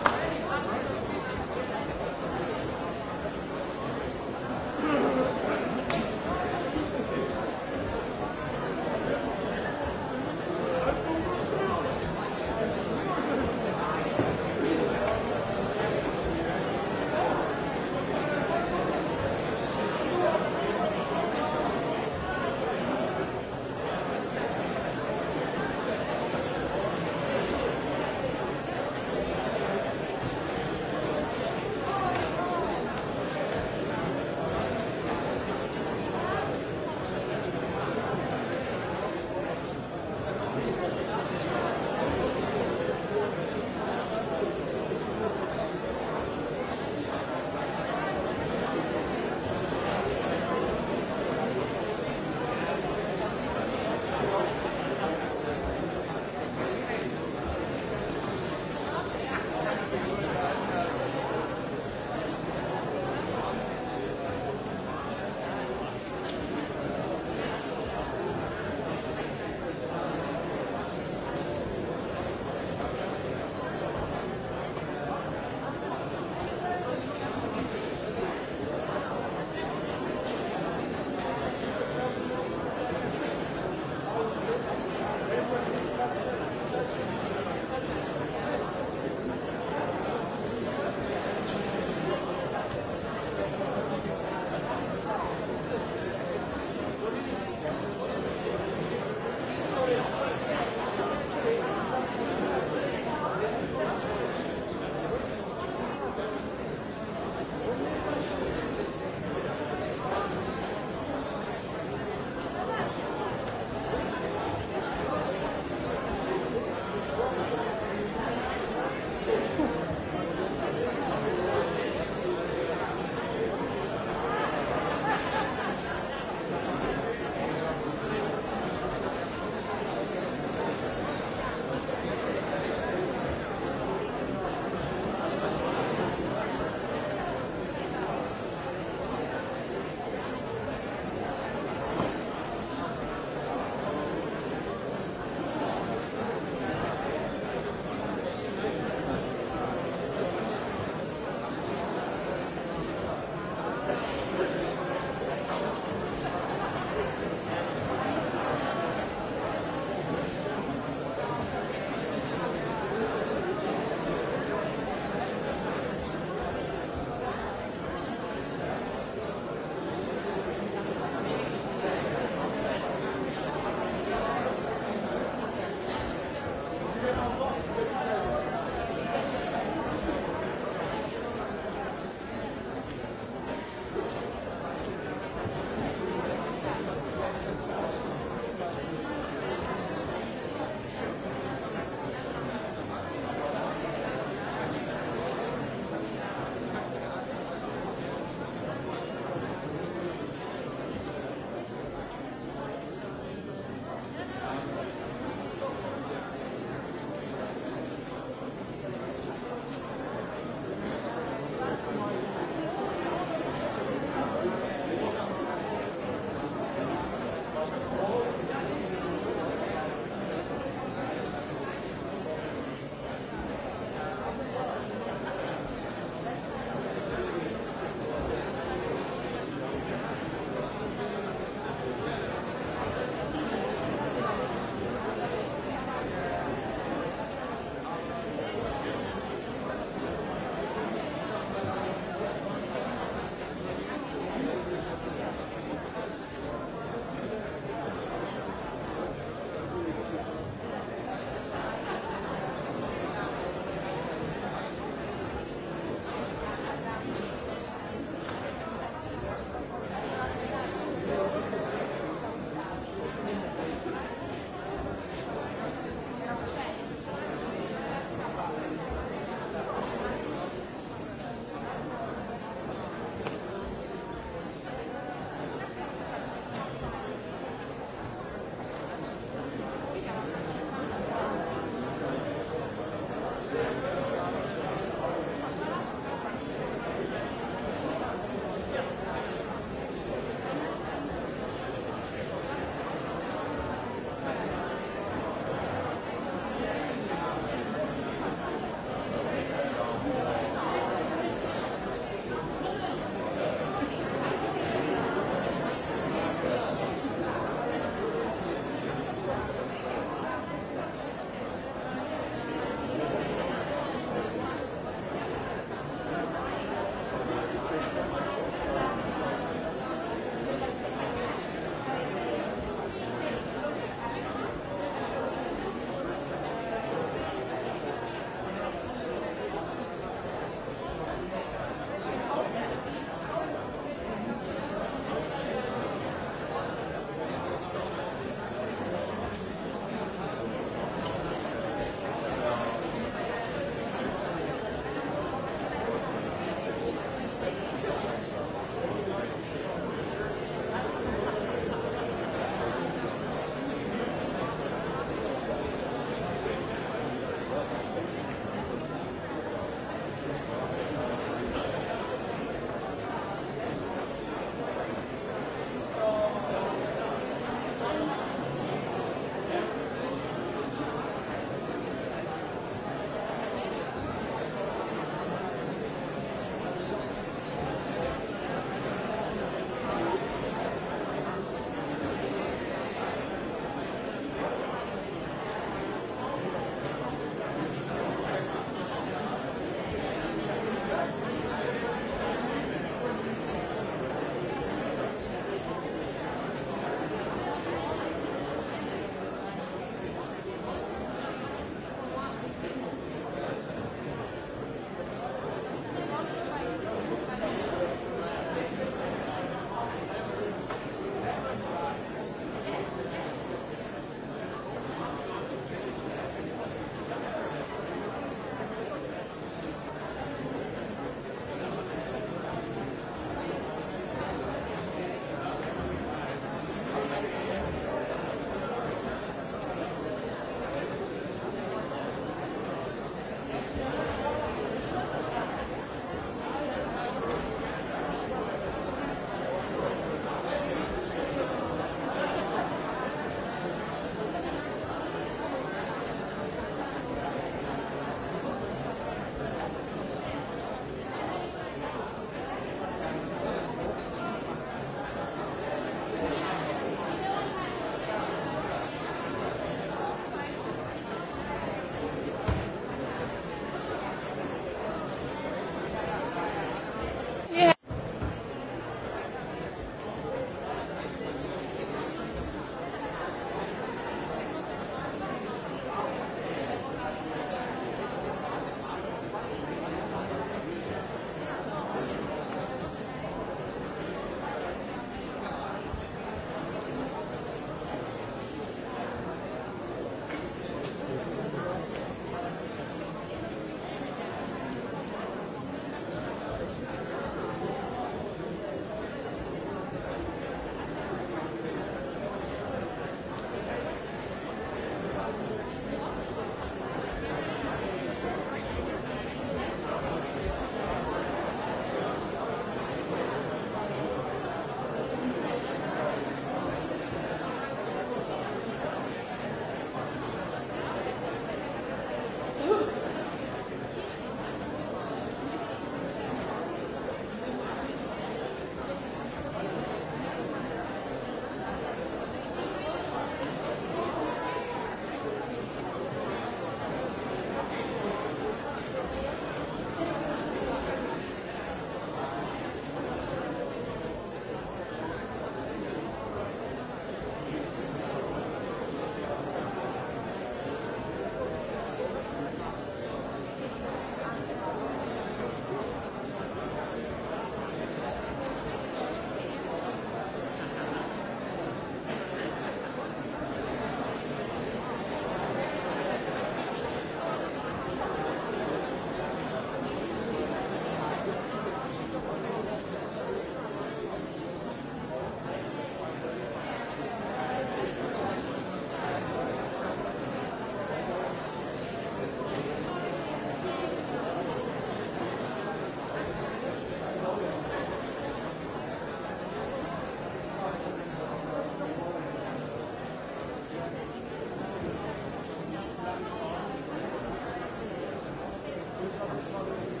Hvala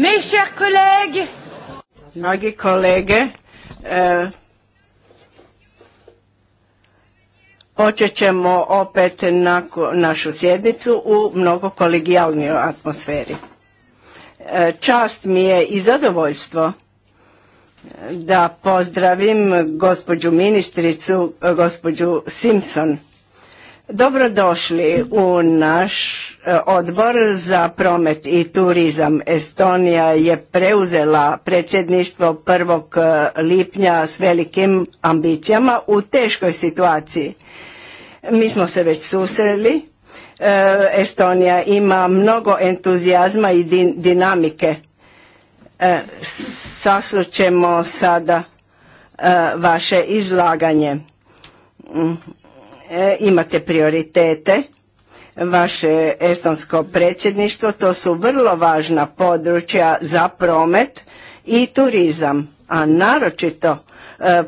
Mes chers collègues. Mnogi kolege, e, počet ćemo opet na našu sjednicu u mnogo kolegijalnijoj atmosferi. E, čast mi je i zadovoljstvo e, da pozdravim gospođu ministricu, gospođu Simpson Dobrodošli u naš e, odbor za promet i turizam. Estonija je preuzela predsjedništvo 1. E, lipnja s velikim ambicijama u teškoj situaciji. Mi smo se već susreli. E, Estonija ima mnogo entuzijazma i dinamike. ćemo sada vaše izlaganje mm. E, imate prioritete, vaše estonsko predsjedništvo, to su vrlo važna područja za promet i turizam, a naročito e,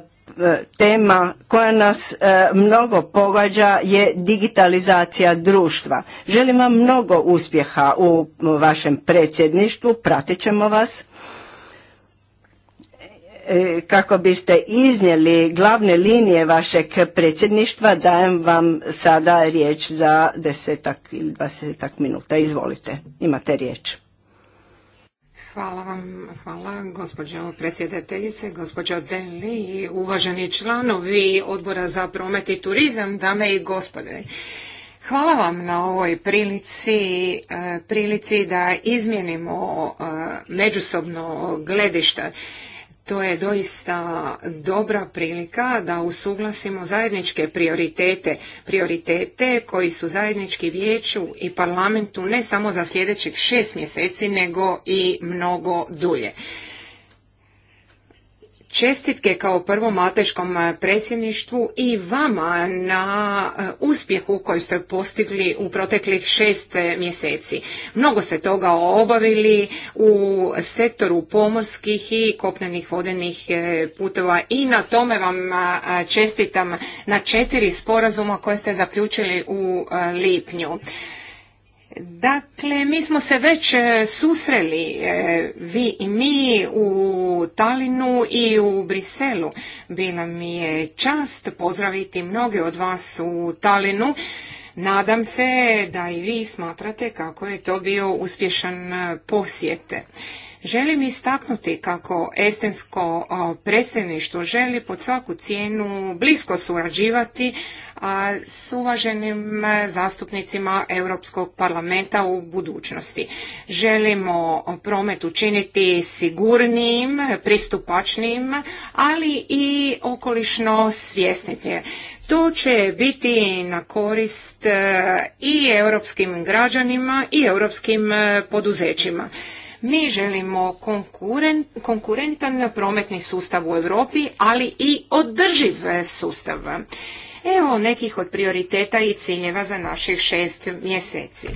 e, tema koja nas mnogo pogađa je digitalizacija društva. Želim vam mnogo uspjeha u vašem predsjedništvu, pratit ćemo vas E, kako biste iznijeli glavne linije vašeg predsjedništva, dajem vam sada riječ za desetak ili dvadesetak minuta. Izvolite, imate riječ. Hvala vam, hvala gospođo predsjedateljice, gospođo Deli i uvaženi članovi Odbora za promet i turizam, dame i gospode. Hvala vam na ovoj prilici, e, prilici da izmijenimo e, međusobno gledišta to je doista dobra prilika da usuglasimo zajedničke prioritete, prioritete koji su zajednički vijeću i parlamentu ne samo za sljedećih šest mjeseci nego i mnogo dulje. Čestitke kao prvom mateškom e, predsjedništvu i vama na e, uspjehu koji ste postigli u proteklih šest e, mjeseci. Mnogo ste toga obavili u sektoru pomorskih i kopnenih vodenih putova i na tome vam čestitam na četiri sporazuma koje ste zaključili u lipnju. Dakle, mi smo se već e, susreli, e, vi i mi, u Talinu i u Briselu. Bila mi je čast pozdraviti mnoge od vas u Talinu. Nadam se da i vi smatrate kako je to bio uspješan e, posjete. Želim istaknuti kako estensko predsjedništvo želi pod svaku cijenu blisko surađivati s uvaženim e, zastupnicima Europskog parlamenta u budućnosti. Želimo promet učiniti sigurnijim, pristupačnijim, ali i okolišno svjesnije. To će biti na korist e, i europskim građanima i europskim e, poduzećima. Mi želimo konkurentan prometni sustav u Europi, ali i održiv sustav. Evo nekih od prioriteta i ciljeva za naših šest mjeseci.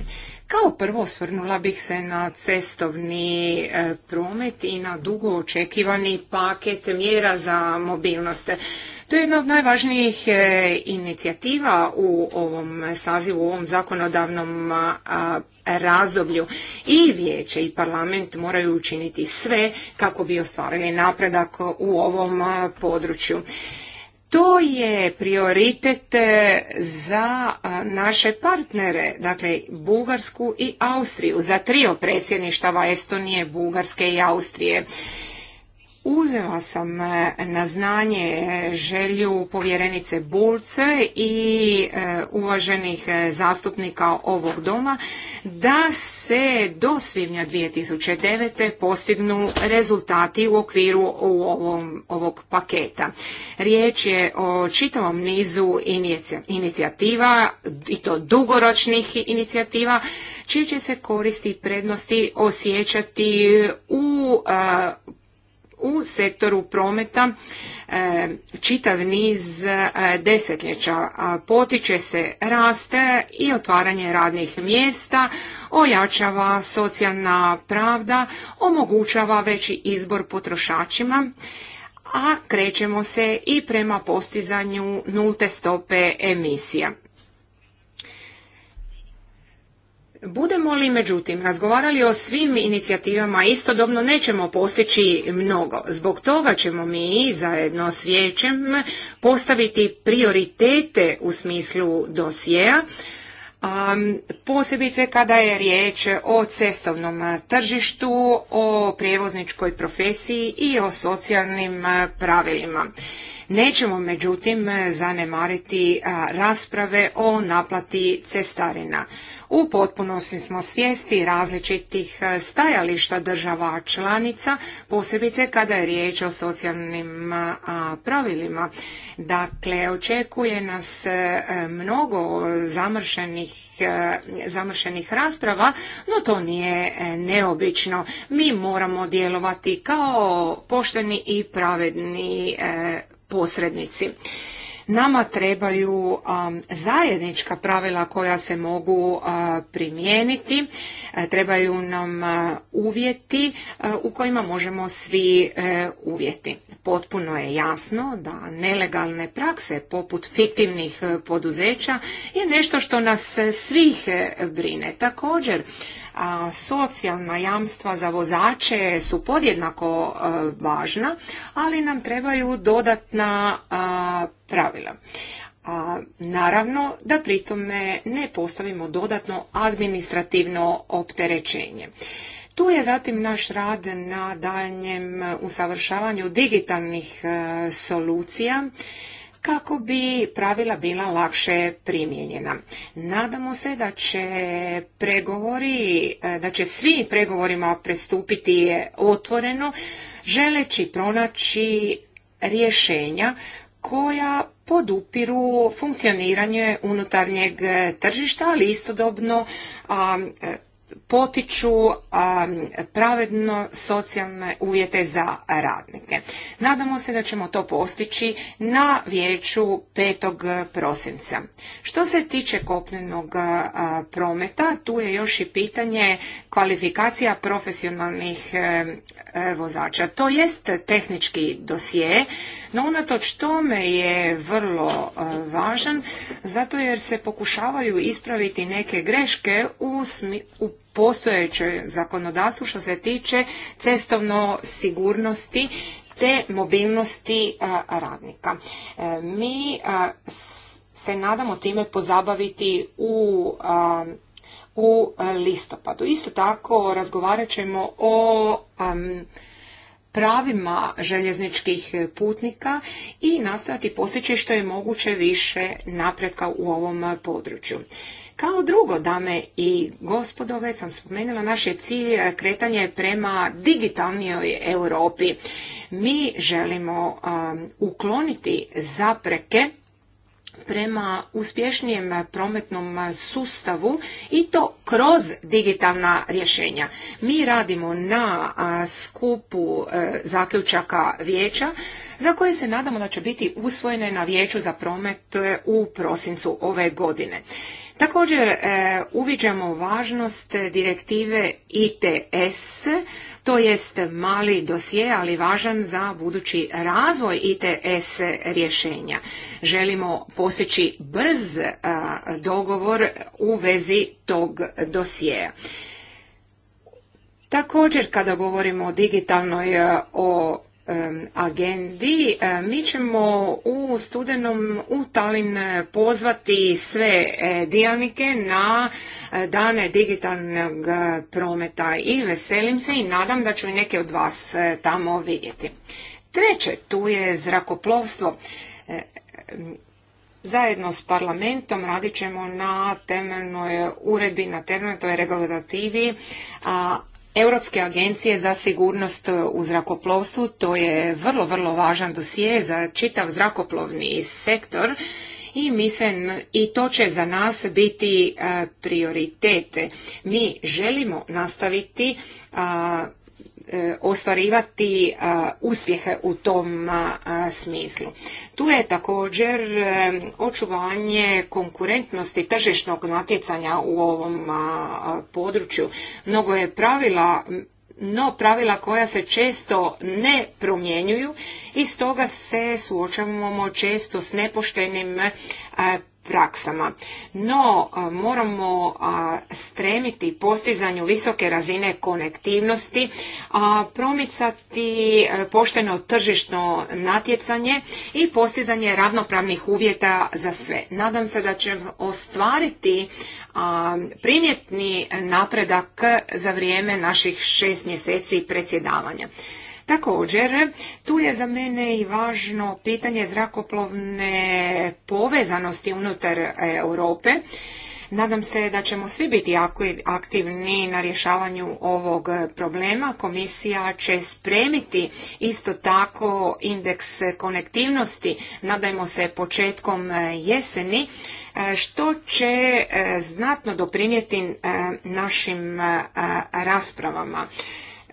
Kao prvo osvrnula bih se na cestovni e, promet i na dugo očekivani paket mjera za mobilnost. To je jedna od najvažnijih e, inicijativa u ovom sazivu, u ovom zakonodavnom razdoblju. I vijeće i parlament moraju učiniti sve kako bi ostvarili napredak u ovom području. To je prioritet e, za naše partnere, dakle Bugarsku i Austriju, za trio predsjedništava Estonije, Bugarske i Austrije. Uzela sam e, na znanje želju povjerenice Bulce i e, uvaženih e, zastupnika ovog doma da se do svibnja 2009. postignu rezultati u okviru ovog paketa. Riječ je o čitavom nizu inicijativa i to dugoročnih inicijativa čije će se koristi prednosti osjećati u u sektoru prometa e, čitav niz e, desetljeća. Potiče se raste i otvaranje radnih mjesta, ojačava socijalna pravda, omogućava veći izbor potrošačima a krećemo se i prema postizanju nulte stope emisija. Budemo li međutim razgovarali o svim inicijativama istodobno nećemo postići mnogo. Zbog toga ćemo mi zajedno s vijećem postaviti prioritete u smislu dosjeja, posebice kada je riječ o cestovnom tržištu, o prijevozničkoj profesiji i o socijalnim pravilima. Nećemo međutim zanemariti rasprave o naplati cestarina. U potpunosti smo svijesti različitih stajališta država članica, posebice kada je riječ o socijalnim pravilima. Dakle, očekuje nas mnogo zamršenih zamršenih rasprava, no to nije e, neobično. Mi moramo djelovati kao pošteni i pravedni e, posrednici. Nama trebaju zajednička pravila koja se mogu primijeniti, e, trebaju nam uvjeti u kojima možemo svi e, uvjeti. Potpuno je jasno da nelegalne prakse poput fiktivnih e, poduzeća je nešto što nas svih brine. Također, a, socijalna jamstva za vozače su podjednako e, važna, ali nam trebaju dodatna pravila. naravno da pritome ne postavimo dodatno administrativno opterećenje. Tu je zatim naš rad na daljnjem usavršavanju digitalnih e, solucija kako bi pravila bila lakše primijenjena. Nadamo se da će pregovori, e, da će svi pregovorima pristupiti otvoreno, želeći pronaći rješenja koja podupiru funkcioniranje unutarnjeg tržišta, ali istodobno e, potiču um, pravedno socijalne uvjete za radnike. Nadamo se da ćemo to postići na vijeću 5. prosinca. Što se tiče kopnenog uh, prometa, tu je još i pitanje kvalifikacija profesionalnih uh, vozača. To jest tehnički dosije, no unatoč tome je vrlo uh, važan zato jer se pokušavaju ispraviti neke greške u, smi, u ...postojećoj zakonodavstvu što se tiče cestovno sigurnosti te mobilnosti radnika. E, mi se nadamo time pozabaviti u u listopadu. Isto tako razgovarat ćemo o pravima željezničkih putnika i nastojati postići što je moguće više napretka u ovom području. Kao drugo, dame i gospodo, već sam spomenula, naš je cilj kretanje prema digitalnijoj Europi. Mi želimo ukloniti zapreke prema uspješnijem prometnom sustavu i to kroz digitalna rješenja. Mi radimo na skupu e, zaključaka vijeća za koje se nadamo da će biti usvojene na vijeću za promet e, u prosincu ove godine. Također e, uviđamo važnost direktive ITS, to jest mali dosje, ali važan za budući razvoj ITS rješenja. Želimo postići brz e, dogovor u vezi tog dosjea. Također kada govorimo o digitalnoj e, o agendi. Mi ćemo u studenom u Talin pozvati sve e, djelnike na e, dane digitalnog e, prometa i veselim se i nadam da ću i neke od vas tamo vidjeti. Treće, tu je zrakoplovstvo. Zajedno s parlamentom radit ćemo na temeljnoj uredbi, na temeljnoj regulativi, a, Europske agencije za sigurnost e, u zrakoplovstvu, to je vrlo, vrlo važan dosije za čitav zrakoplovni sektor i mislim i to će za nas biti e, prioritete. Mi želimo nastaviti E, ostvarivati uspjehe u tom smislu. Tu je također e, očuvanje konkurentnosti tržišnog natjecanja u ovom području. Mnogo je pravila no pravila koja se često ne promjenjuju i stoga se suočavamo često s nepoštenim praksama. No, moramo stremiti postizanju visoke razine konektivnosti, promicati e, pošteno tržišno natjecanje i postizanje ravnopravnih uvjeta za sve. Nadam se da ćemo ostvariti primjetni napredak za vrijeme naših šest mjeseci predsjedavanja. Također, tu je za mene i važno pitanje zrakoplovne povezanosti unutar e, Europe. Nadam se da ćemo svi biti aktivni na rješavanju ovog problema. Komisija će spremiti isto tako indeks konektivnosti, nadajmo se početkom e, jeseni, e, što će znatno doprinijeti našim raspravama.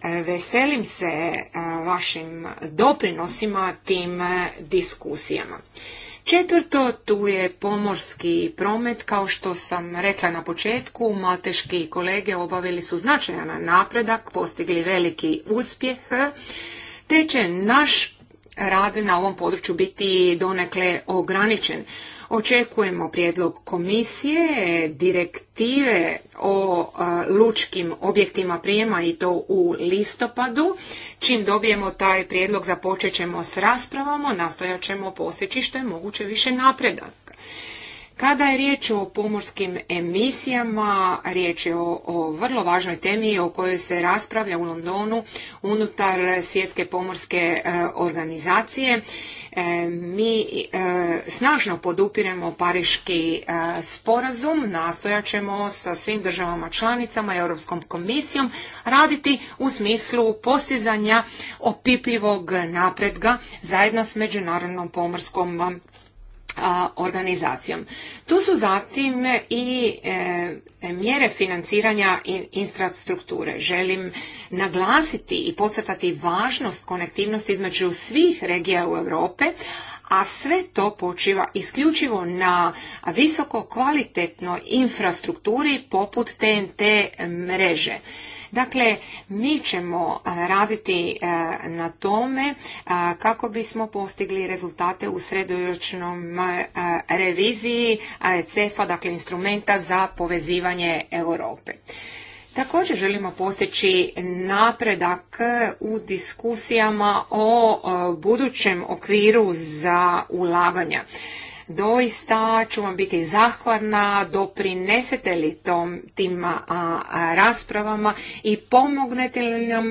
E, veselim se e, vašim doprinosima tim e, diskusijama. Četvrto, tu je pomorski promet. Kao što sam rekla na početku, malteški kolege obavili su značajan napredak, postigli veliki uspjeh, te će naš rad na ovom području biti donekle ograničen. Očekujemo prijedlog komisije, direktive o lučkim objektima prijema i to u listopadu. Čim dobijemo taj prijedlog započet ćemo s raspravama, nastojat ćemo postići što je moguće više napredak. Kada je riječ o pomorskim emisijama, riječ je o, vrlo važnoj temi o kojoj se raspravlja u Londonu unutar svjetske pomorske e, organizacije. E, mi e, snažno podupiremo Pariški sporazum, nastojat sa svim državama članicama i Europskom komisijom raditi u smislu postizanja opipljivog napredga zajedno s Međunarodnom pomorskom organizacijom. Tu su zatim i e, mjere financiranja infrastrukture. Želim naglasiti i podcrtati važnost konektivnosti između svih regija u Europe, a sve to počiva isključivo na visoko kvalitetnoj infrastrukturi poput TNT mreže. Dakle, mi ćemo raditi na tome kako bismo postigli rezultate u sredojočnom reviziji CEFA, dakle instrumenta za povezivanje Europe. Također želimo postići napredak u diskusijama o budućem okviru za ulaganja. Doista ću vam biti zahvalna, doprinesete li tom, tim a, raspravama i pomognete li nam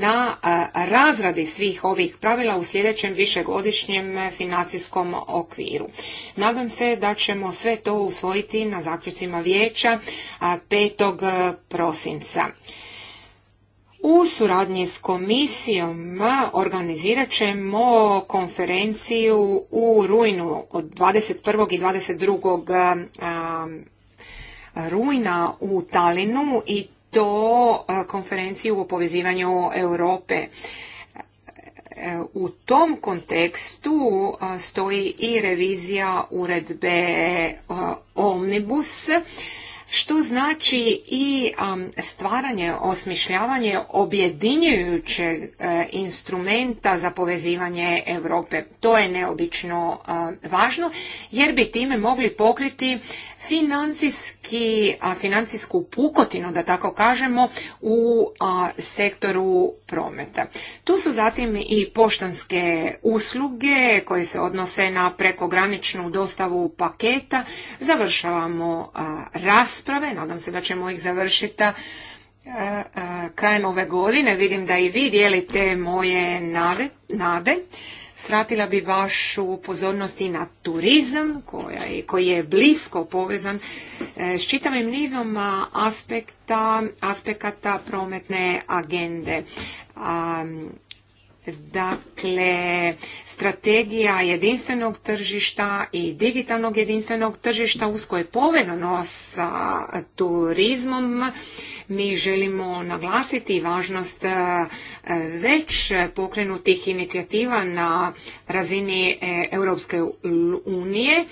na razradi svih ovih pravila u sljedećem višegodišnjem financijskom okviru. Nadam se da ćemo sve to usvojiti na zaključcima vijeća 5. E, prosinca. U suradnji s komisijom organizirat ćemo konferenciju u rujnu od 21. i 22. rujna u Talinu i do konferencije o povezivanju Europe. E, u tom kontekstu stoji i revizija uredbe Omnibus što znači i stvaranje, osmišljavanje objedinjujućeg e, instrumenta za povezivanje Europe. To je neobično važno jer bi time mogli pokriti financijski, financijsku pukotinu, da tako kažemo, u sektoru prometa. Tu su zatim i poštanske usluge koje se odnose na prekograničnu dostavu paketa. Završavamo ras rasprave. Nadam se da ćemo ih završiti e, e, krajem ove godine. Vidim da i vi dijelite moje nade. Sratila bi vašu pozornost i na turizam koji je blisko povezan e, s čitavim nizom aspekta, aspekata prometne agende. Dakle, strategija jedinstvenog tržišta i digitalnog jedinstvenog tržišta usko je povezano sa turizmom. Mi želimo naglasiti važnost e, već pokrenutih inicijativa na razini e, Europske unije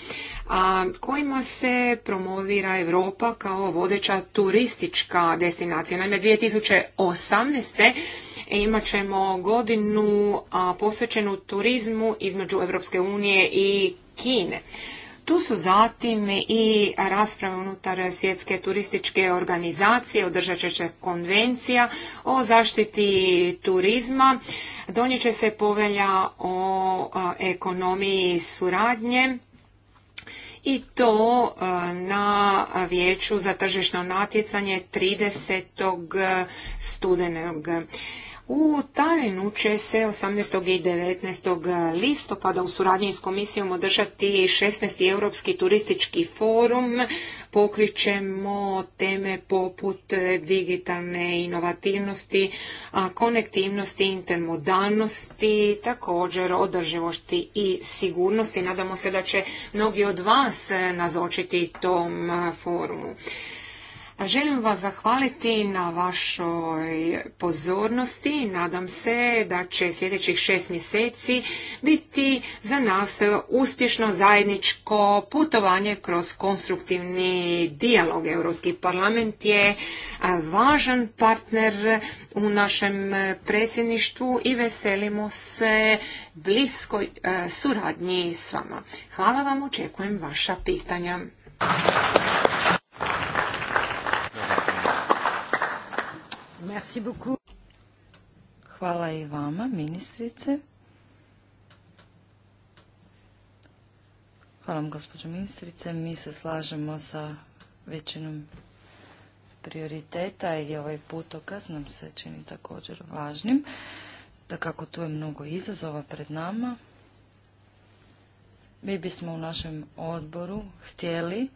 kojima se promovira Europa kao vodeća turistička destinacija. Naime, 2018 E, imat ćemo godinu posvećenu turizmu između Europske unije i Kine. Tu su zatim i rasprave unutar svjetske turističke organizacije, održat će se konvencija o zaštiti turizma, donijet će se povelja o ekonomiji suradnje i to na vijeću za tržišno natjecanje 30. studenog. U Talinu će se 18. i 19. listopada u suradnji s komisijom održati 16. Europski turistički forum. Pokrićemo teme poput digitalne inovativnosti, konektivnosti, intermodalnosti, također održivosti i sigurnosti. Nadamo se da će mnogi od vas nazočiti tom forumu. Želim vas zahvaliti na vašoj pozornosti. Nadam se da će sljedećih šest mjeseci biti za nas uspješno zajedničko putovanje kroz konstruktivni dijalog. Europski parlament je e, važan partner u našem predsjedništvu i veselimo se bliskoj e, suradnji s vama. Hvala vam, očekujem vaša pitanja. Hvala i vama, ministrice. Hvala vam, gospođo ministrice. Mi se slažemo sa većinom prioriteta i ovaj putokaz nam se čini također važnim. Da kako tu je mnogo izazova pred nama, mi bismo u našem odboru htjeli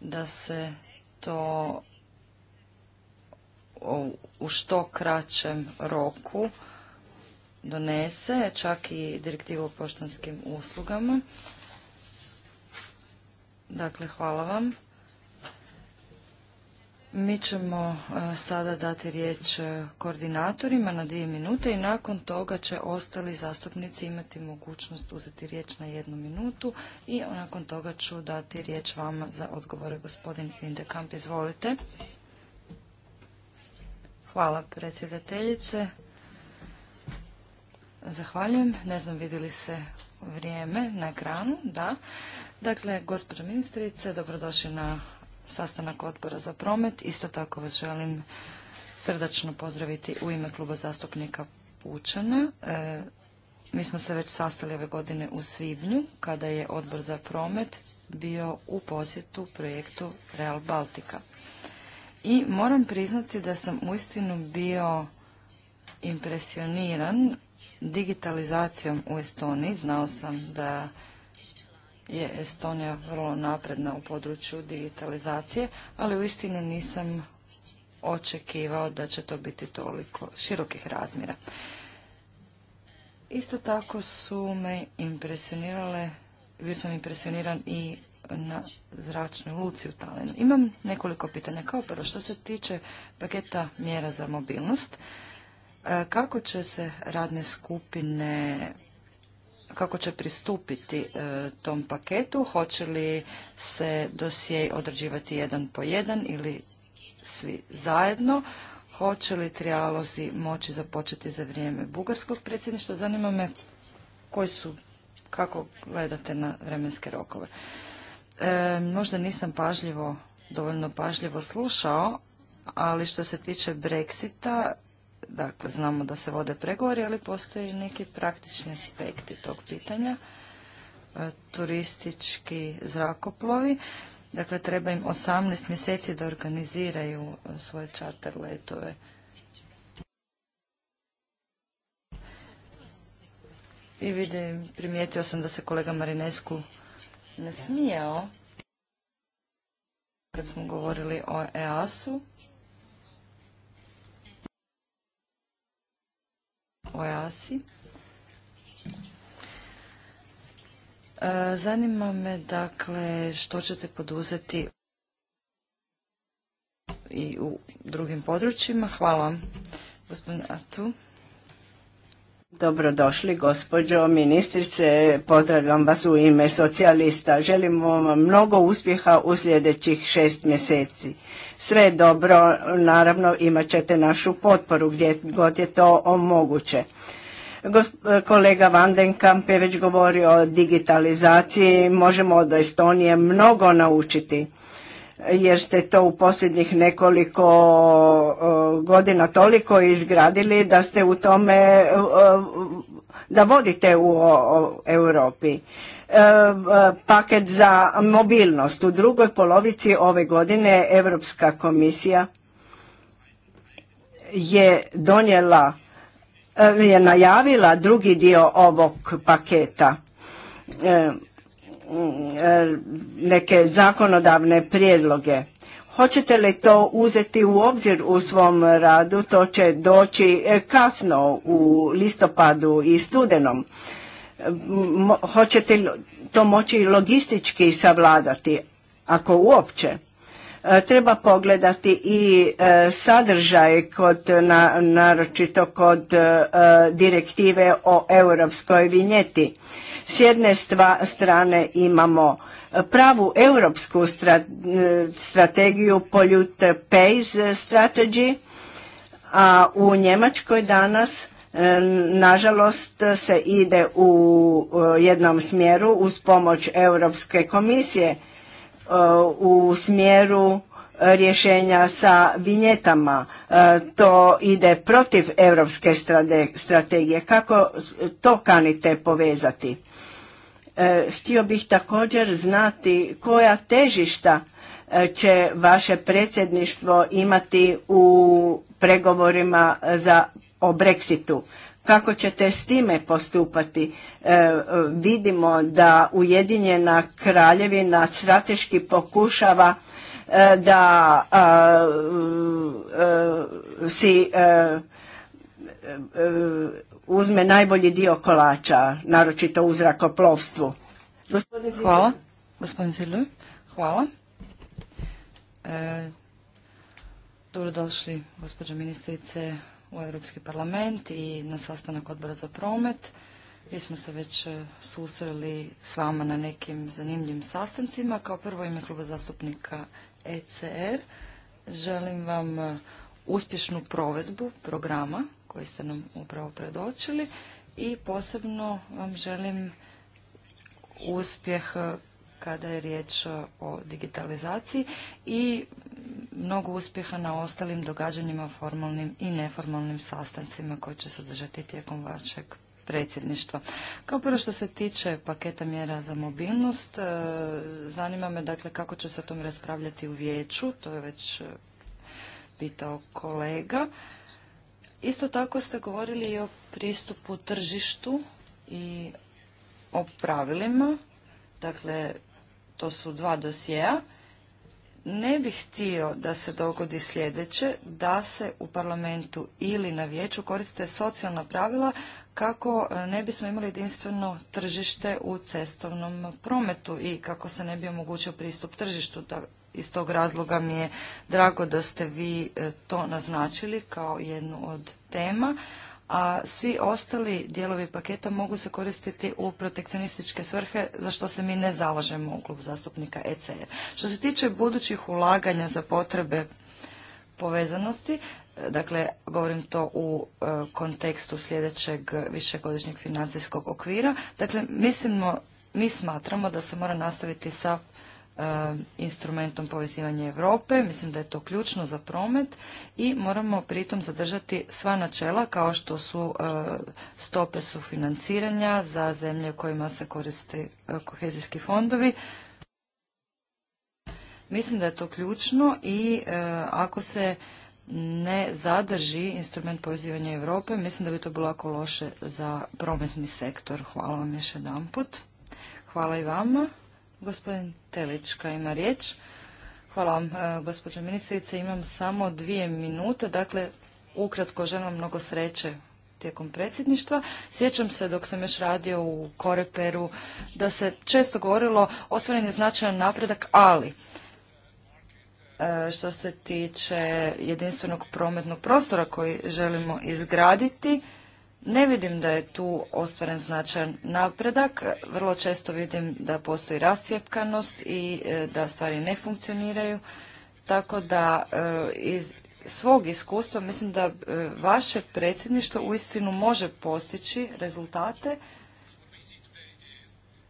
da se to u što kraćem roku donese, čak i direktivu o poštanskim uslugama. Dakle, hvala vam. Mi ćemo e, sada dati riječ koordinatorima na dvije minute i nakon toga će ostali zastupnici imati mogućnost uzeti riječ na jednu minutu i nakon toga ću dati riječ vama za odgovore. Gospodin Vindekamp, izvolite. Hvala predsjedateljice. Zahvaljujem. Ne znam vidjeli se vrijeme na ekranu. Da. Dakle, gospođo ministrice, dobrodošli na sastanak odbora za promet. Isto tako vas želim srdačno pozdraviti u ime kluba zastupnika Pučana. E, mi smo se već sastali ove godine u Svibnju, kada je odbor za promet bio u posjetu projektu Real Baltica i moram priznati da sam uistinu bio impresioniran digitalizacijom u Estoniji. Znao sam da je Estonija vrlo napredna u području digitalizacije, ali uistinu nisam očekivao da će to biti toliko širokih razmjera. Isto tako su me impresionirale, bio sam impresioniran i na zračnu luci u Talenu. Imam nekoliko pitanja. Kao prvo, što se tiče paketa mjera za mobilnost, e, kako će se radne skupine kako će pristupiti e, tom paketu, hoće li se dosjei određivati jedan po jedan ili svi zajedno, hoće li trijalozi moći započeti za vrijeme bugarskog predsjedništva, zanima me koji su, kako gledate na vremenske rokove. E, možda nisam pažljivo, dovoljno pažljivo slušao, ali što se tiče Brexita, dakle znamo da se vode pregovori, ali postoji neki praktični aspekti tog pitanja. E, turistički zrakoplovi, dakle treba im 18 mjeseci da organiziraju e, svoje čarter letove. I vidim, primijetio sam da se kolega Marinesku nasmijao kad smo govorili o EAS-u. O EAS-i. E, zanima me, dakle, što ćete poduzeti i u drugim područjima. Hvala vam, gospodin Artu. Dobrodošli gospođo ministrice, pozdravljam vas u ime socijalista. Želimo vam mnogo uspjeha u sljedećih šest mjeseci. Sve dobro, naravno imat ćete našu potporu gdje god je to moguće. Kolega Vandenkamp je već govorio o digitalizaciji, možemo od Estonije mnogo naučiti jer ste to u posljednjih nekoliko godina toliko izgradili da ste u tome, da vodite u Europi. E, e, paket za mobilnost. U drugoj polovici ove godine Europska komisija je donijela, e, je najavila drugi dio ovog paketa. Mm, e, neke zakonodavne prijedloge. Hoćete li to uzeti u obzir u svom radu? To će doći e, kasno u listopadu i studenom. hoćete li to moći logistički savladati, ako uopće? E, treba pogledati i sadržaj kod, naročito kod direktive o europskoj vinjeti. S jedne strane imamo e, pravu europsku e, strategiju Pollute Pays Strategy, a u Njemačkoj danas e, nažalost se ide u jednom smjeru uz pomoć Europske komisije u smjeru rješenja sa vinjetama. To ide protiv europske strategije. Kako to kanite povezati? E, htio bih također znati koja težišta e, će vaše predsjedništvo imati u pregovorima e, za, o Brexitu. Kako ćete s time postupati? vidimo da Ujedinjena kraljevina strateški pokušava da si uzme najbolji dio kolača, naročito u zrakoplovstvu. Gospodin Hvala. Gospodin Zilu. Hvala. E, Dobro došli, gospođo ministrice, u Europski parlament i na sastanak odbora za promet. Mi smo se već e, susreli s vama na nekim zanimljivim sastancima. Kao prvo ime kluba zastupnika ECR želim vam e, uspješnu provedbu programa koji ste nam upravo predočili i posebno vam želim uspjeh eh, kada je riječ eh, o digitalizaciji i mnogo uspjeha na ostalim događanjima, formalnim i neformalnim sastancima koje će se održati tijekom vašeg predsjedništva. Kao prvo što se tiče paketa mjera za mobilnost, eh, zanima me dakle kako će se o tom raspravljati u vijeću, to je već pitao kolega. Isto tako ste govorili i o pristupu tržištu i o pravilima. Dakle, to su dva dosjeja. Ne bih htio da se dogodi sljedeće, da se u parlamentu ili na vijeću koriste socijalna pravila kako e, ne bismo imali jedinstveno tržište u cestovnom prometu i kako se ne bi omogućio pristup tržištu iz tog razloga mi je drago da ste vi e, to naznačili kao jednu od tema, a svi ostali dijelovi paketa mogu se koristiti u protekcionističke svrhe za što se mi ne zalažemo u klubu zastupnika ECR. Što se tiče budućih ulaganja za potrebe povezanosti, e, dakle govorim to u e, kontekstu sljedećeg višegodišnjeg financijskog okvira, dakle mislimo, mi smatramo da se mora nastaviti sa E, instrumentom povezivanja Europe, mislim da je to ključno za promet i moramo pritom zadržati sva načela kao što su e, stope sufinanciranja za zemlje u kojima se koriste e, kohezijski fondovi. Mislim da je to ključno i ako se ne zadrži instrument povezivanja Europe, mislim da bi to bilo jako loše za prometni sektor. Hvala vam još jedan put. Hvala i vama. Gospodin Telička ima riječ. Hvala vam, e, gospođo ministrice. Imam samo dvije minute, dakle, ukratko želim vam mnogo sreće tijekom predsjedništva. Sjećam se dok sam još radio u Koreperu da se često govorilo ostvaren je značajan napredak, ali e, što se tiče jedinstvenog prometnog prostora koji želimo izgraditi, ne vidim da je tu ostvaren značajan napredak. Vrlo često vidim da postoji rascijepkanost i e, da stvari ne funkcioniraju. Tako da e, iz svog iskustva mislim da e, vaše predsjedništvo uistinu može postići rezultate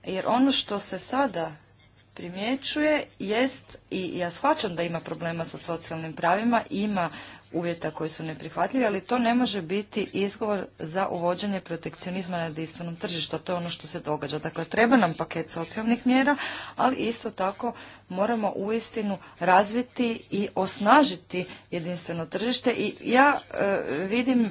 jer ono što se sada primjećuje jest i ja shvaćam da ima problema sa socijalnim pravima, ima uvjeta koji su neprihvatljivi, ali to ne može biti izgovor za uvođenje protekcionizma na jedinstvenom tržištu. To je ono što se događa. Dakle, treba nam paket socijalnih mjera, ali isto tako moramo uistinu razviti i osnažiti jedinstveno tržište i ja e, vidim e,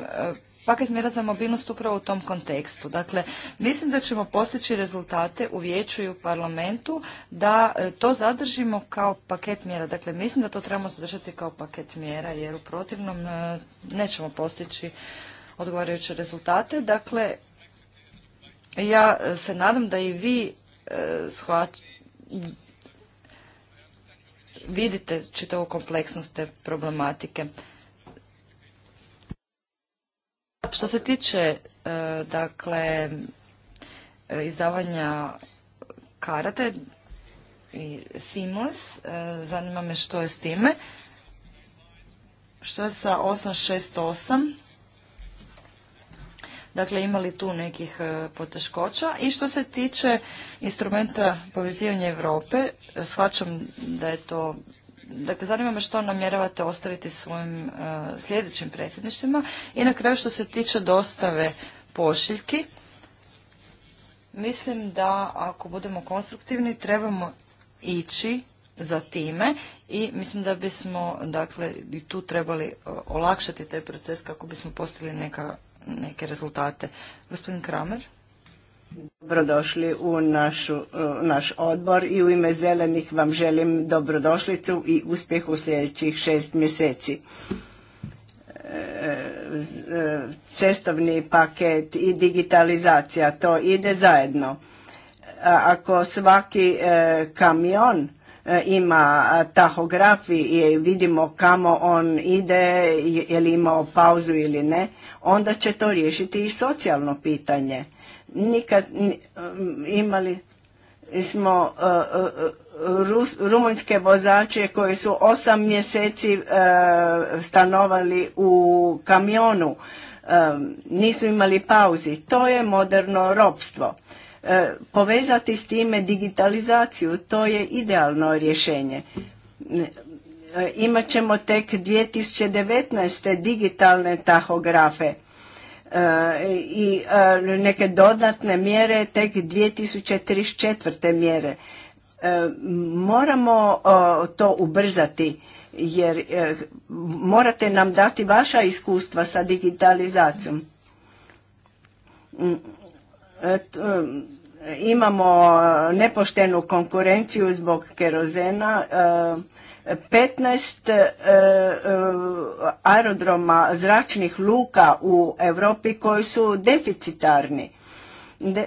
paket mjera za mobilnost upravo u tom kontekstu. Dakle, mislim da ćemo postići rezultate u vijeću i u parlamentu da e, to zadržimo kao paket mjera. Dakle, mislim da to trebamo zadržati kao paket mjera jer u protivnom nećemo postići odgovarajuće rezultate. Dakle, ja se nadam da i vi shvatite vidite čitavu kompleksnost te problematike. Što se tiče e, dakle e, izdavanja karate i Simos, e, zanima me što je s time. Što je sa 868? Dakle, imali tu nekih e, poteškoća. I što se tiče instrumenta povezivanja Europe, shvaćam da je to Dakle, zanima me što namjeravate ostaviti svojim e, sljedećim predsjedništvima. I na kraju što se tiče dostave pošiljki, mislim da ako budemo konstruktivni trebamo ići za time i mislim da bismo dakle i tu trebali e, olakšati taj proces kako bismo postigli neka neke rezultate. Gospodin Kramer. Dobrodošli u našu, naš odbor i u ime zelenih vam želim dobrodošlicu i uspjeh u sljedećih šest mjeseci. E, e, cestovni paket i digitalizacija, to ide zajedno. Ako svaki e, kamion ima tahografi i vidimo kamo on ide, je li imao pauzu ili ne, onda će to riješiti i socijalno pitanje. Nikad imali smo e, e, e, rumunjske vozače koji su osam mjeseci stanovali u kamionu, nisu imali pauzi. To je moderno ropstvo. Povezati s time digitalizaciju, to je idealno rješenje E, imat ćemo tek 2019. digitalne tahografe e, i e, neke dodatne mjere tek 2034. mjere. Moramo to ubrzati jer morate nam dati vaša iskustva sa digitalizacijom. Imamo nepoštenu konkurenciju zbog kerozena, 15 e, e, aerodroma zračnih luka u Europi koji su deficitarni. E,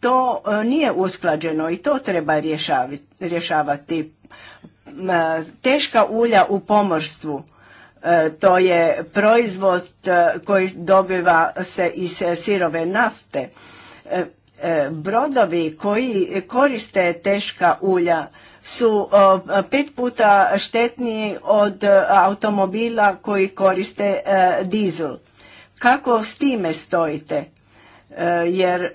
to nije usklađeno i to treba rješavati. Teška ulja u pomorstvu, to je proizvod koji dobiva se iz sirove nafte. Brodovi koji koriste teška ulja su pet puta štetniji od e, automobila koji koriste e, dizel. Kako s time stojite? E, jer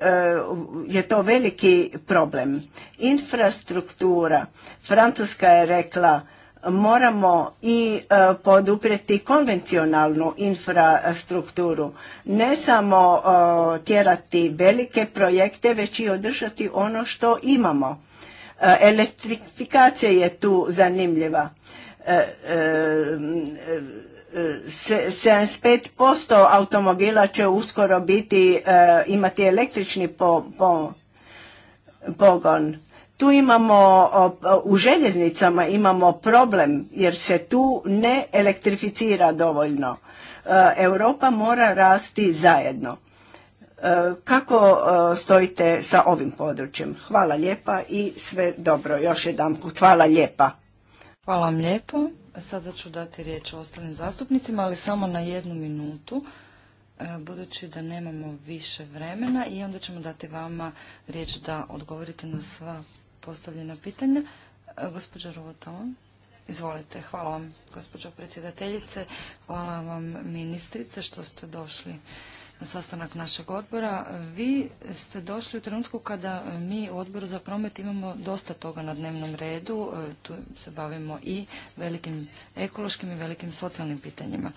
je to veliki problem. Infrastruktura, Francuska je rekla, moramo i poduprijeti konvencionalnu infrastrukturu. Ne samo tjerati velike projekte, već i održati ono što imamo. E, elektrifikacija je tu zanimljiva. 75% e, e, automobila će uskoro biti, imati električni pogon. Tu imamo, u željeznicama imamo problem jer se tu ne elektrificira dovoljno. Europa mora rasti zajedno. E, kako e, stojite sa ovim područjem? Hvala lijepa i sve dobro. Još jedan put hvala lijepa. Hvala vam lijepo. Sada ću dati riječ o ostalim zastupnicima, ali samo na jednu minutu, e, budući da nemamo više vremena i onda ćemo dati vama riječ da odgovorite na sva postavljena pitanja. Gospođa Rovotalon. Izvolite, hvala vam gospođo predsjedateljice, hvala vam ministrice što ste došli sastanak našeg odbora. Vi ste došli u trenutku kada mi u odboru za promet imamo dosta toga na dnevnom redu. E, tu se bavimo i velikim ekološkim i velikim socijalnim pitanjima.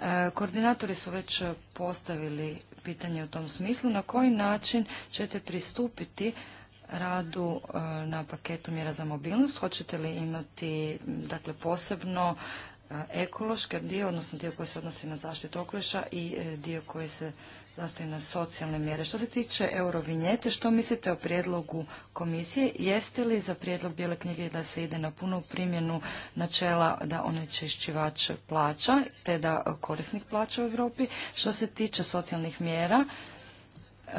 E, koordinatori su već postavili pitanje u tom smislu. Na koji način ćete pristupiti radu e, na paketu mjera za mobilnost? Hoćete li imati dakle, posebno ekološke dio, odnosno dio koji se odnosi na zaštitu okoliša i e, dio koji se zastoji na socijalne mjere. Što se tiče eurovinjete, što mislite o prijedlogu komisije? Jeste li za prijedlog bijele knjige da se ide na punu primjenu načela da onečišćivač plaća, te da korisnik plaća u Europi? Što se tiče socijalnih mjera, E,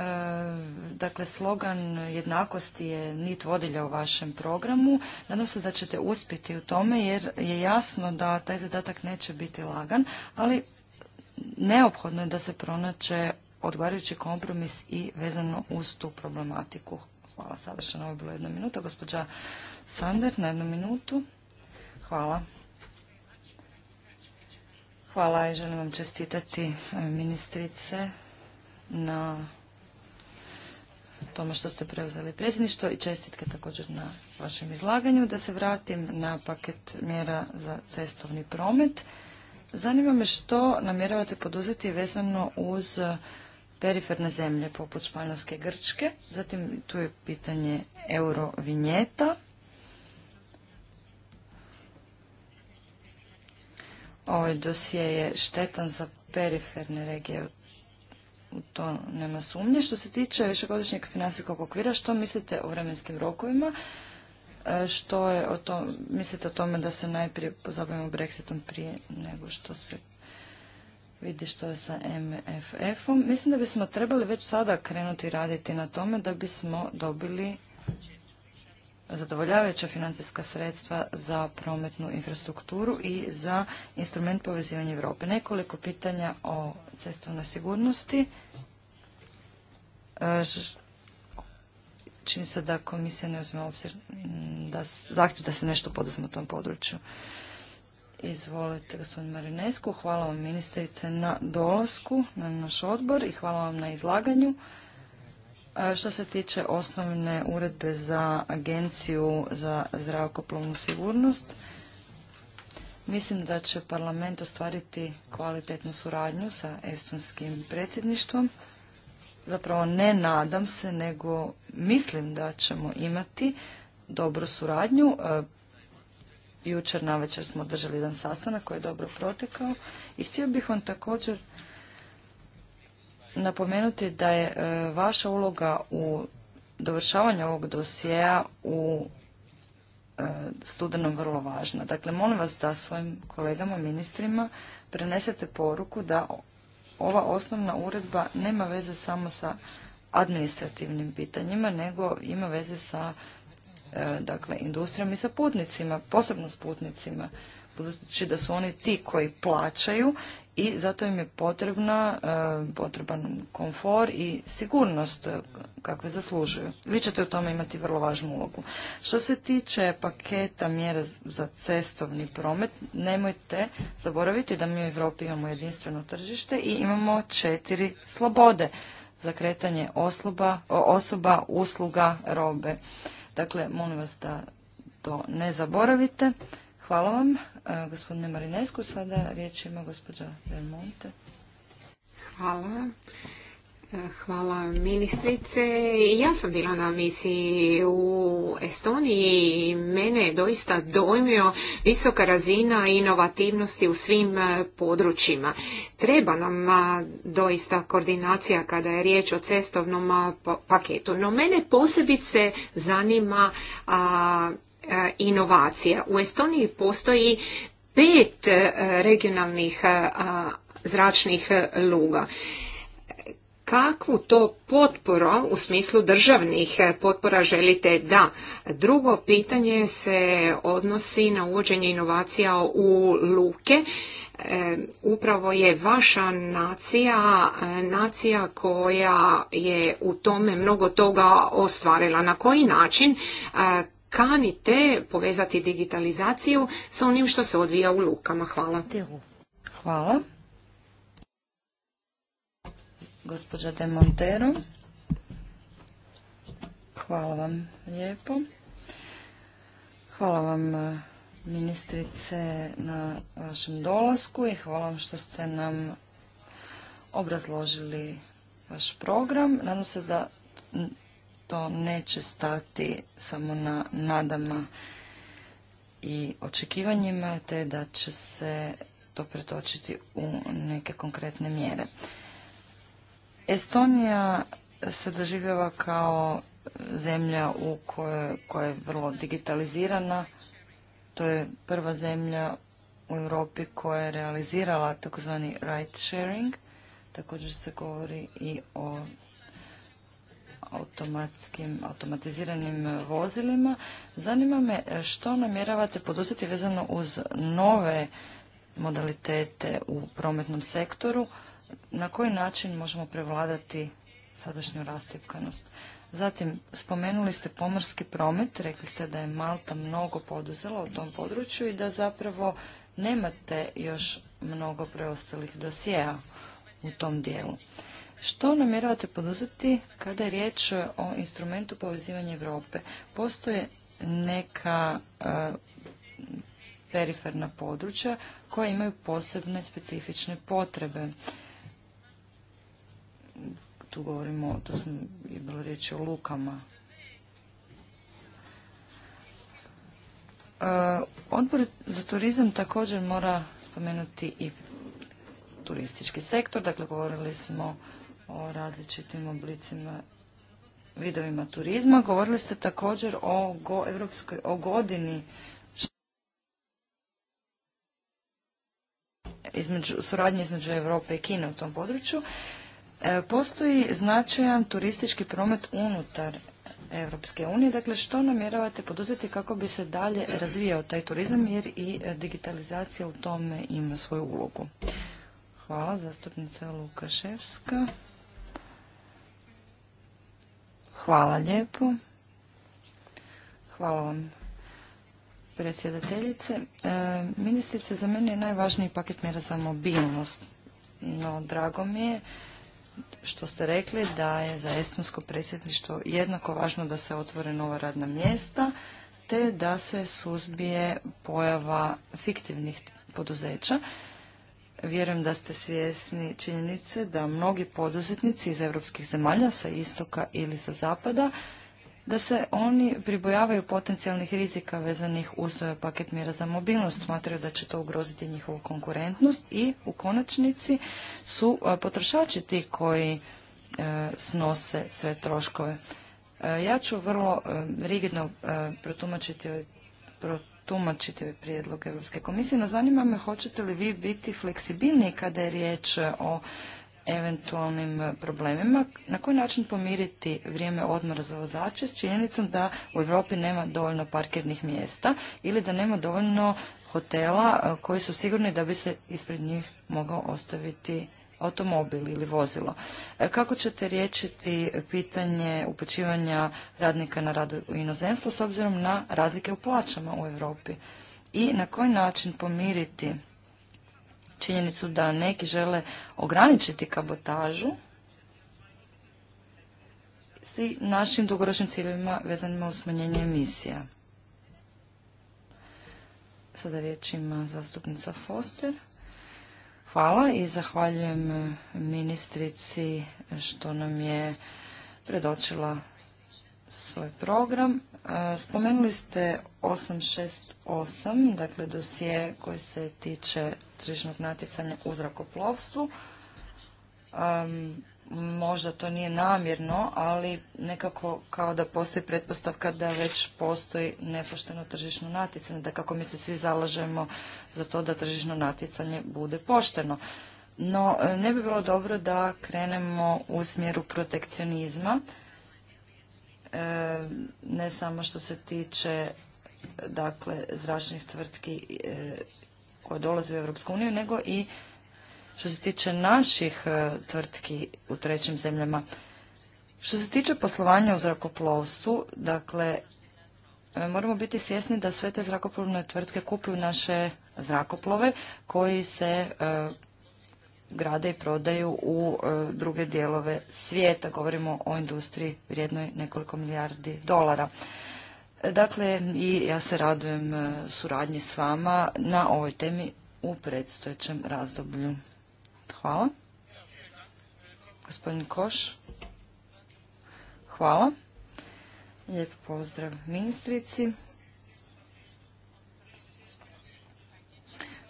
dakle, slogan jednakosti je nit vodilja u vašem programu. Nadam se da ćete uspjeti u tome jer je jasno da taj zadatak neće biti lagan, ali neophodno je da se pronaće odgovarajući kompromis i vezano uz tu problematiku. Hvala, savršeno ovo je bilo jedna minuta. Gospođa Sander, na jednu minutu. Hvala. Hvala i želim vam čestitati ministrice na tome što ste preuzeli predsjedništvo i čestitke također na vašem izlaganju. Da se vratim na paket mjera za cestovni promet. Zanima me što namjeravate poduzeti vezano uz periferne zemlje poput Španjolske i Grčke. Zatim tu je pitanje eurovinjeta. Ovaj dosije je štetan za periferne regije u to nema sumnje. Što se tiče višegodišnjeg financijskog okvira, što mislite o vremenskim rokovima? E, što je o mislite o tome da se najprije pozabavimo Brexitom prije nego što se vidi što je sa MFF-om? Mislim da bismo trebali već sada krenuti raditi na tome da bismo dobili zadovoljavajuća financijska sredstva za prometnu infrastrukturu i za instrument povezivanja Europe. Nekoliko pitanja o cestovnoj sigurnosti. E, čini se da komisija ne uzme obzir da zahtjev da se nešto poduzme u tom području. Izvolite, gospodin Marinesku. Hvala vam, ministrice, na dolasku na naš odbor i hvala vam na izlaganju. Što se tiče osnovne uredbe za Agenciju za zrakoplovnu sigurnost, mislim da će parlament ostvariti kvalitetnu suradnju sa estonskim predsjedništvom. Zapravo ne nadam se, nego mislim da ćemo imati dobru suradnju. E, jučer navečer smo držali jedan sastanak koji je dobro protekao i htio bih vam također napomenuti da je e, vaša uloga u dovršavanju ovog dosjeja u e, studenom vrlo važna. Dakle, molim vas da svojim kolegama, ministrima, prenesete poruku da ova osnovna uredba nema veze samo sa administrativnim pitanjima, nego ima veze sa e, dakle, industrijom i sa putnicima, posebno s putnicima budući da su oni ti koji plaćaju i zato im je potrebna, e, potreban komfor i sigurnost e, kakve zaslužuju. Vi ćete u tome imati vrlo važnu ulogu. Što se tiče paketa mjera za cestovni promet, nemojte zaboraviti da mi u Europi imamo jedinstveno tržište i imamo četiri slobode za kretanje osoba, osoba usluga, robe. Dakle, molim vas da to ne zaboravite. Hvala vam, e, gospodine Marinesku. Sada riječ ima gospođa Delmonte. Hvala. E, hvala ministrice. Ja sam bila na misiji u Estoniji i mene je doista dojmio visoka razina inovativnosti u svim e, područjima. Treba nam doista koordinacija kada je riječ o cestovnom paketu. No mene posebice zanima E, inovacija. U Estoniji postoji pet e, regionalnih e, zračnih luga. Kakvu to potporu u smislu državnih potpora želite da? Drugo pitanje se odnosi na uvođenje inovacija u luke. upravo je vaša nacija, nacija koja je u tome mnogo toga ostvarila. Na koji način, kanite povezati digitalizaciju sa onim što se odvija u lukama? Hvala. Hvala. Gospođa De Montero. Hvala vam lijepo. Hvala vam eh, ministrice na vašem dolasku i hvala vam što ste nam obrazložili vaš program. Nadam se da to neće stati samo na nadama i očekivanjima, te da će se to pretočiti u neke konkretne mjere. Estonija se doživljava kao zemlja u kojoj, koja je vrlo digitalizirana. To je prva zemlja u Europi koja je realizirala takozvani right sharing. Također se govori i o automatskim, automatiziranim vozilima. Zanima me e, što namjeravate poduzeti vezano uz nove modalitete u prometnom sektoru, na koji način možemo prevladati sadašnju rascjepkanost. Zatim, spomenuli ste pomorski promet, rekli ste da je Malta mnogo poduzela u tom području i da zapravo nemate još mnogo preostalih dosijeja u tom dijelu. Što namjeravate poduzeti kada je riječ o instrumentu povezivanja Europe? Postoje neka e, periferna područja koja imaju posebne specifične potrebe. Tu govorimo, to smo, je bilo riječi o lukama. E, odbor za turizam također mora spomenuti i turistički sektor, dakle govorili smo o različitim oblicima vidovima turizma. Govorili ste također o go, Evropskoj o godini između, suradnje između Europe i Kine u tom području. E, postoji značajan turistički promet unutar Europske unije. Dakle, što namjeravate poduzeti kako bi se dalje razvijao taj turizam jer i e, digitalizacija u tome ima svoju ulogu? Hvala, zastupnica Lukaševska. Hvala lijepo. Hvala vam predsjedateljice. E, ministrice, za mene je najvažniji paket mjera za mobilnost. No, drago mi je što ste rekli da je za estonsko predsjedništvo jednako važno da se otvore nova radna mjesta, te da se suzbije pojava fiktivnih poduzeća. Vjerujem da ste svjesni činjenice da mnogi poduzetnici iz europskih zemalja sa istoka ili sa zapada da se oni pribojavaju potencijalnih rizika vezanih uz paket mjera za mobilnost, smatraju da će to ugroziti njihovu konkurentnost i u konačnici su e, potrošači ti koji e, snose sve troškove. E, ja ću vrlo rigidno protumačiti, ovaj tumačite prijedlog Europske komisije, no zanima me hoćete li vi biti fleksibilniji kada je riječ o eventualnim problemima, na koji način pomiriti vrijeme odmora za vozače s činjenicom da u Europi nema dovoljno parkirnih mjesta ili da nema dovoljno hotela eh, koji su sigurni da bi se ispred njih mogao ostaviti automobil ili vozilo. E, kako ćete riječiti pitanje upućivanja radnika na rad u inozemstvu s obzirom na razlike u plaćama u Europi? I na koji način pomiriti činjenicu da neki žele ograničiti kabotažu s našim dugoročnim ciljevima vezanima u smanjenje emisija? Sada riječ ima zastupnica Foster. Hvala i zahvaljujem e, ministrici što nam je predočila svoj program. E, spomenuli ste 868, dakle dosije koji se tiče tržišnog natjecanja u zrakoplovstvu možda to nije namjerno, ali nekako kao da postoji pretpostavka da već postoji nepošteno tržišno natjecanje, da kako mi se svi zalažemo za to da tržišno natjecanje bude pošteno. No, e, ne bi bilo dobro da krenemo u smjeru protekcionizma, e, ne samo što se tiče dakle, zračnih tvrtki e, koje dolaze u EU, nego i što se tiče naših e, tvrtki u trećim zemljama. Što se tiče poslovanja u zrakoplovstvu, dakle, e, moramo biti svjesni da sve te zrakoplovne tvrtke kupuju naše zrakoplove koji se e, grade i prodaju u druge dijelove svijeta. Govorimo o industriji vrijednoj nekoliko milijardi dolara. Dakle, i ja se radujem suradnji s vama na ovoj temi u predstojećem razdoblju. Hvala. Gospodin Koš. Hvala. Lijep pozdrav ministrici.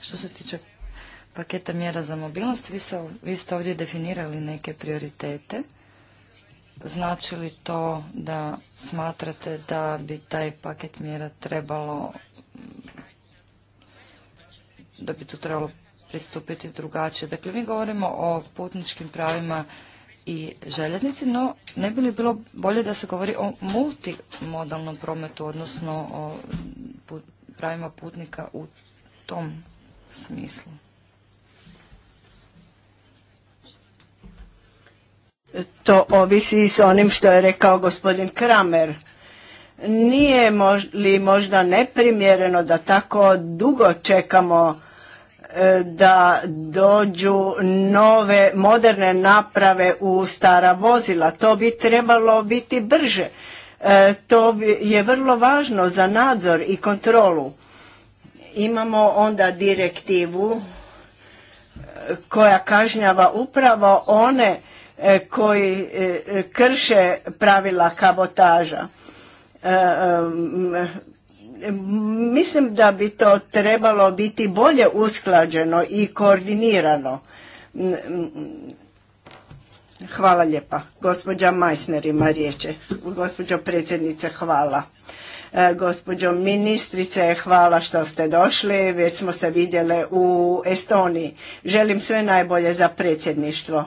Što se tiče paketa mjera za mobilnost, vi ste ovdje definirali neke prioritete. Znači li to da smatrate da bi taj paket mjera trebalo da bi tu trebalo pristupiti drugačije. Dakle, mi govorimo o putničkim pravima i željeznici, no ne bi li bilo bolje da se govori o multimodalnom prometu, odnosno o pravima putnika u tom smislu? To ovisi i s onim što je rekao gospodin Kramer. Nije li možda neprimjereno da tako dugo čekamo da dođu nove moderne naprave u stara vozila. To bi trebalo biti brže. E, to je vrlo važno za nadzor i kontrolu. Imamo onda direktivu e, koja kažnjava upravo one e, koji krše pravila kabotaža Mislim da bi to trebalo biti bolje usklađeno i koordinirano. Hvala lijepa. Gospođa Majsner ima riječe. Gospođo predsjednice, hvala. E, gospođo ministrice, hvala što ste došli. Već smo se vidjele u Estoniji. Želim sve najbolje za predsjedništvo.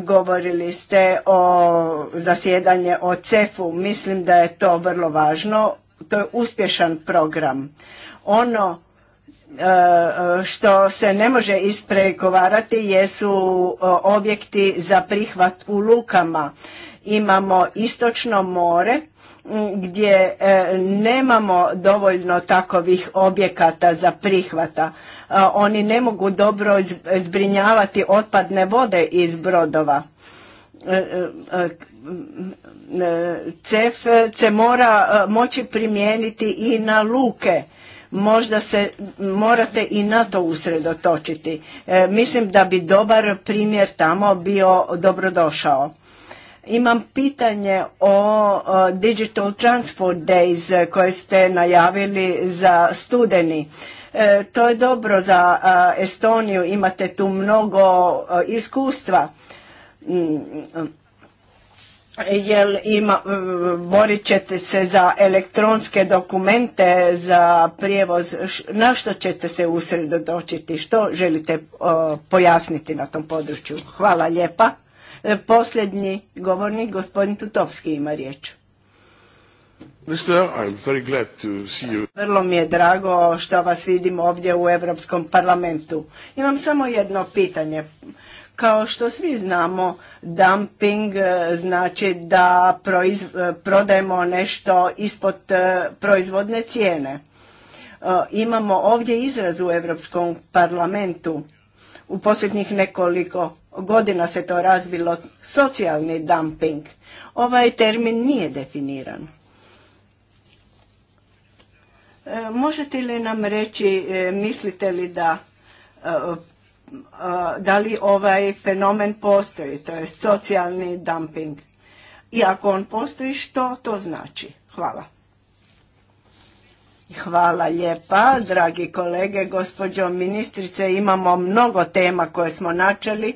Govorili ste o zasjedanje o CEF-u. Mislim da je to vrlo važno to je uspješan program. Ono e, što se ne može ispregovarati jesu e, objekti za prihvat u lukama. Imamo istočno more gdje e, nemamo dovoljno takovih objekata za prihvata. Oni ne mogu dobro zbrinjavati otpadne vode iz brodova CEF se mora e, moći primijeniti i na luke. Možda se morate i na to usredotočiti. E, mislim da bi dobar primjer tamo bio dobrodošao. Imam pitanje o e, Digital Transport Days koje ste najavili za studeni. to je dobro za Estoniju, imate tu mnogo iskustva. Mm, jel ima, borit ćete se za elektronske dokumente, za prijevoz, na što ćete se usredotočiti, što želite pojasniti na tom području? Hvala lijepa. E, posljednji govornik, gospodin Tutovski ima riječ. Mister, I'm very glad to see you. Vrlo mi je drago što vas vidim ovdje u Europskom parlamentu. Imam samo jedno pitanje. Kao što svi znamo, dumping e, znači da e, prodajemo nešto ispod e, proizvodne cijene. Imamo ovdje izraz u Europskom parlamentu. U posljednjih nekoliko godina se to razvilo socijalni dumping. Ovaj termin nije definiran. Možete li nam reći, mislite li da da li ovaj fenomen postoji, to je socijalni dumping. I ako on postoji, što to znači? Hvala. Hvala lijepa, dragi kolege, gospođo ministrice, imamo mnogo tema koje smo načeli.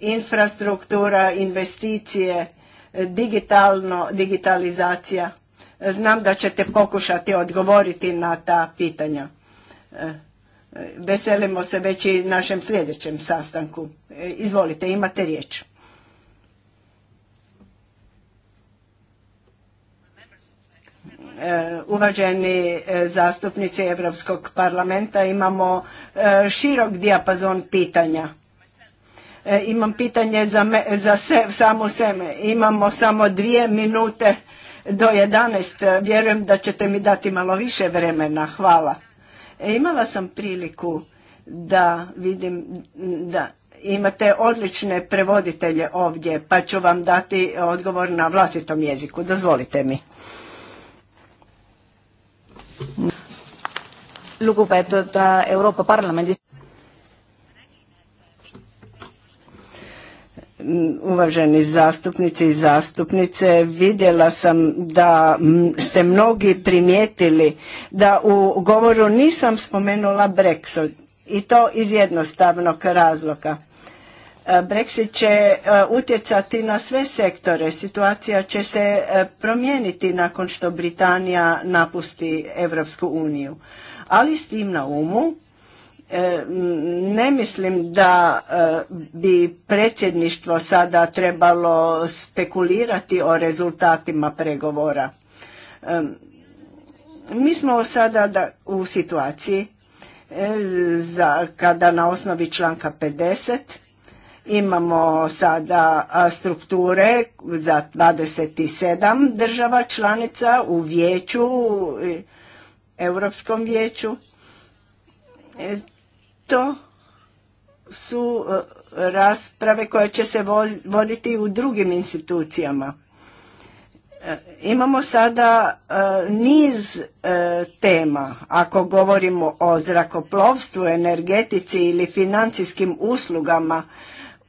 infrastruktura, investicije, digitalno, digitalizacija. Znam da ćete pokušati odgovoriti na ta pitanja. E, e, veselimo se već i našem sljedećem sastanku. E, izvolite, imate riječ. uvaženi zastupnici Europskog parlamenta imamo širok dijapazon pitanja. Imam pitanje za, me, za sebe. Imamo samo dvije minute do 11. Vjerujem da ćete mi dati malo više vremena. Hvala. E, imala sam priliku da vidim da imate odlične prevoditelje ovdje, pa ću vam dati odgovor na vlastitom jeziku. Dozvolite mi. da äh, Europa Parlamenta. uvaženi zastupnici i zastupnice, vidjela sam da ste mnogi primijetili da u govoru nisam spomenula Brexit i to iz jednostavnog razloga. E, Brexit će e, utjecati na sve sektore, situacija će se e, promijeniti nakon što Britanija napusti Europsku uniju. Ali s tim na umu E, ne mislim da e, bi predsjedništvo sada trebalo spekulirati o rezultatima pregovora. E, mi smo sada da, u situaciji za, kada na osnovi članka 50 imamo sada strukture za 27 država članica u vijeću, Europskom vijeću to su e, rasprave koje će se voditi u drugim institucijama. E, imamo sada e, niz tema, ako govorimo o zrakoplovstvu, energetici ili financijskim uslugama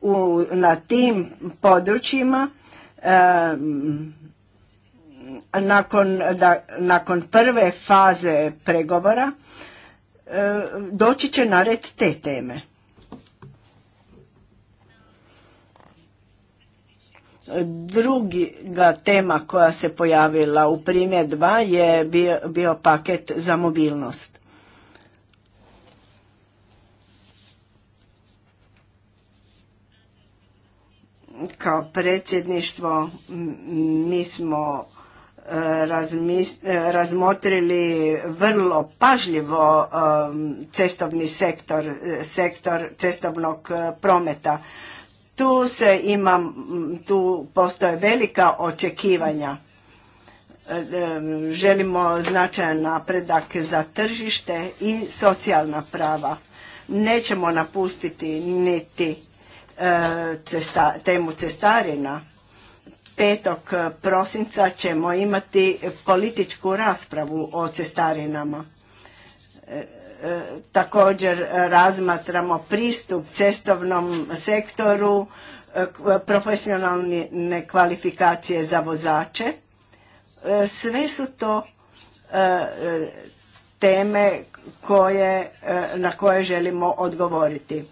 u, na tim područjima, nakon, da, nakon prve faze pregovora, E, doći će na red te teme. Druga tema koja se pojavila u dva je bio, bio paket za mobilnost. Kao predsjedništvo mi smo E, razmotrili vrlo pažljivo um, cestovni sektor, e, sektor cestovnog e, prometa. Tu se ima, tu postoje velika očekivanja. Želimo značajan napredak za tržište i socijalna prava. Nećemo napustiti niti cesta, temu cestarina petog eh, prosinca ćemo imati političku raspravu o cestarinama. Eh, eh, također razmatramo pristup cestovnom sektoru, profesionalne kvalifikacije za vozače. Sve su to teme koje, na koje želimo odgovoriti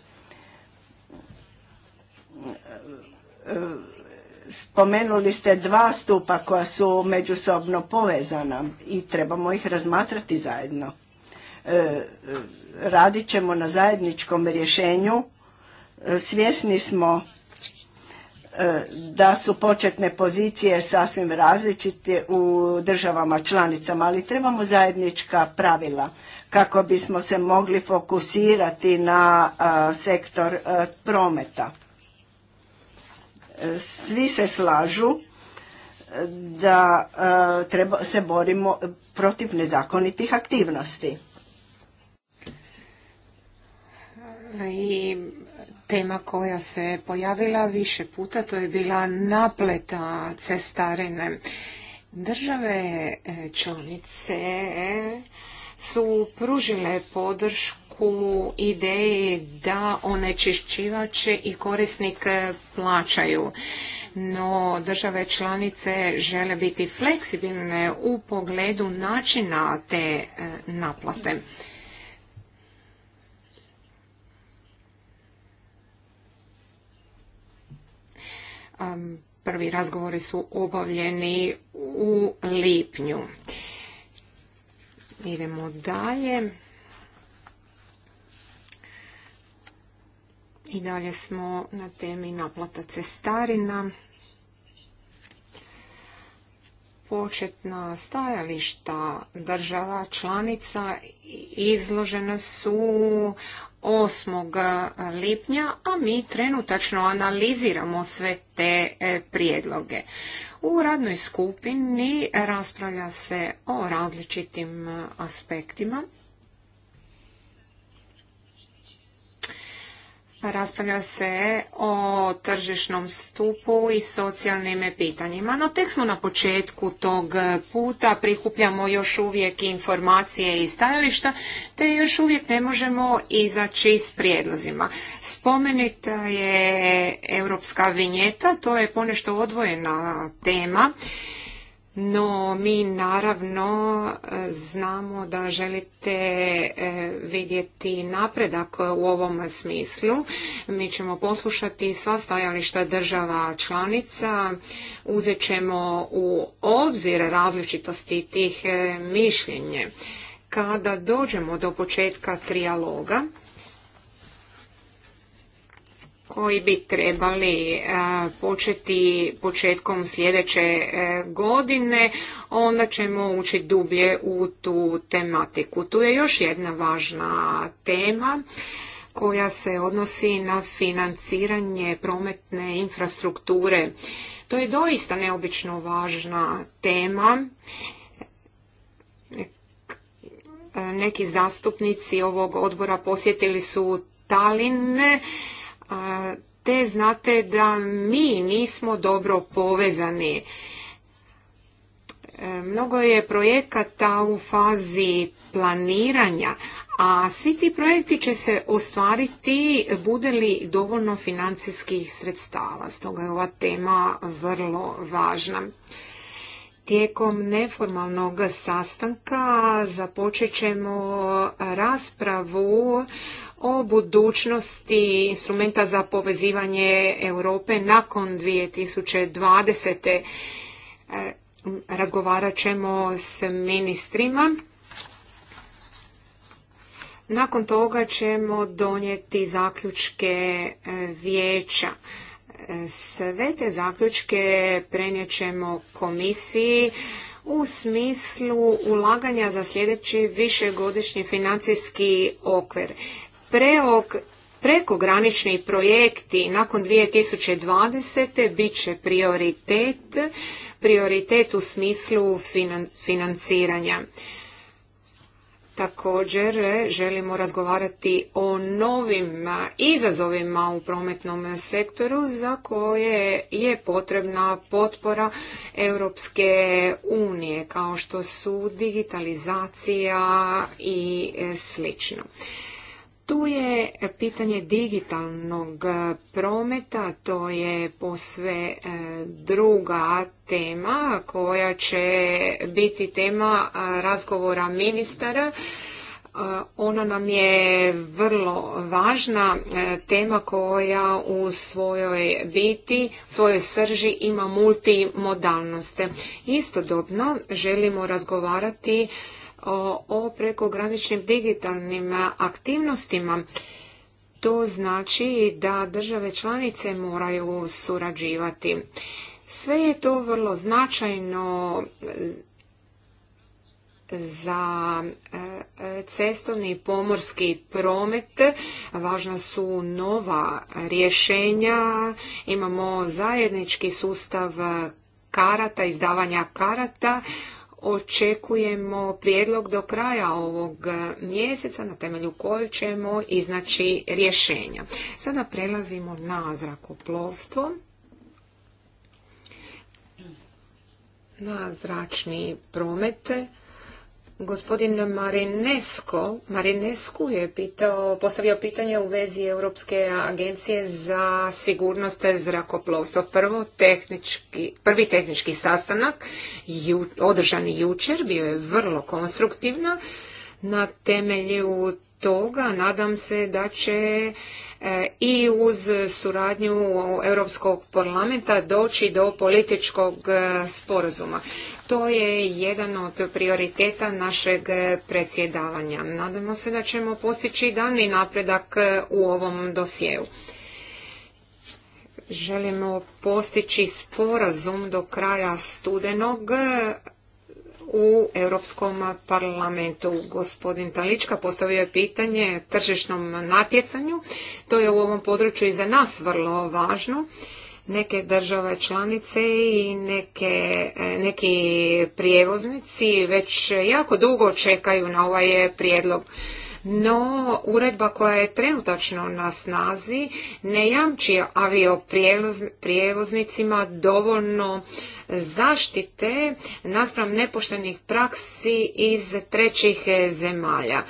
Spomenuli ste dva stupa koja su međusobno povezana i trebamo ih razmatrati zajedno. E, e, radit ćemo na zajedničkom rješenju. E, svjesni smo da su početne pozicije sasvim različite u državama članicama, ali trebamo zajednička pravila kako bismo se mogli fokusirati na sektor prometa svi se slažu da e, treba, se borimo protiv nezakonitih aktivnosti. I tema koja se pojavila više puta, to je bila napleta cestarine. Države e, članice e, su pružile podršku u ideji da onečišćivače i korisnik e, plaćaju no države članice žele biti fleksibilne u pogledu načina te e, naplate. Prvi razgovori su obavljeni u lipnju. Idemo dalje. I dalje smo na temi naplata cestarina. Početna stajališta država članica izložena su 8. lipnja, a mi trenutačno analiziramo sve te e, prijedloge. U radnoj skupini raspravlja se o različitim aspektima Raspravlja se o tržišnom stupu i socijalnim pitanjima, no tek smo na početku tog puta, prikupljamo još uvijek informacije i stajališta, te još uvijek ne možemo izaći s prijedlozima. Spomenita je europska vinjeta, to je ponešto odvojena tema no mi naravno e, znamo da želite e, vidjeti napredak u ovom smislu. Mi ćemo poslušati sva stajališta država članica, uzet ćemo u obzir različitosti tih e, mišljenje. Kada dođemo do početka trijaloga, koji bi trebali e, početi početkom sljedeće e, godine, onda ćemo ući dublje u tu tematiku. Tu je još jedna važna tema koja se odnosi na financiranje prometne infrastrukture. To je doista neobično važna tema. Neki zastupnici ovog odbora posjetili su Talinne te znate da mi nismo dobro povezani. E, mnogo je projekata u fazi planiranja, a svi ti projekti će se ostvariti bude li dovoljno financijskih sredstava. Stoga je ova tema vrlo važna. Tijekom neformalnog sastanka započećemo ćemo raspravu o budućnosti instrumenta za povezivanje Europe nakon 2020. E, razgovarat ćemo s ministrima. Nakon toga ćemo donijeti zaključke e, vijeća. E, sve te zaključke prenijet ćemo komisiji u smislu ulaganja za sljedeći višegodišnji financijski okvir preog prekogranični projekti nakon 2020. bit će prioritet, prioritet u smislu financiranja. Također želimo razgovarati o novim izazovima u prometnom sektoru za koje je potrebna potpora Europske unije kao što su digitalizacija i slično. Tu je pitanje digitalnog e, prometa, to je posve e, druga tema koja će biti tema e, razgovora ministara. Ona nam je vrlo važna tema koja u svojoj biti, svojoj srži ima multimodalnost. Istodobno želimo razgovarati o prekograničnim digitalnim aktivnostima. To znači da države članice moraju surađivati. Sve je to vrlo značajno e, za e, cestovni i pomorski promet. Važna su nova rješenja. Imamo zajednički sustav karata, izdavanja karata očekujemo prijedlog do kraja ovog mjeseca na temelju kojeg ćemo iznaći rješenja. Sada prelazimo na zrakoplovstvo. Na zračni promet Gospodin Marinesko, Marinescu je pitao, postavio pitanje u vezi Europske agencije za sigurnost zrakoplovstva. Prvo tehnički, prvi tehnički sastanak ju, održan jučer bio je vrlo konstruktivna na temelju toga nadam se da će e, i uz suradnju Europskog parlamenta doći do političkog e, sporazuma. To je jedan od prioriteta našeg predsjedavanja. Nadamo se da ćemo postići dani napredak e, u ovom dosjeu. Želimo postići sporazum do kraja studenog u Europskom parlamentu. Gospodin Talička postavio je pitanje tržišnom natjecanju. To je u ovom području i za nas vrlo važno. Neke države članice i neke, neki prijevoznici već jako dugo čekaju na ovaj prijedlog. No, uredba koja je trenutačno na snazi ne jamči avioprijevoznicima dovoljno zaštite naspram nepoštenih praksi iz trećih e, zemalja.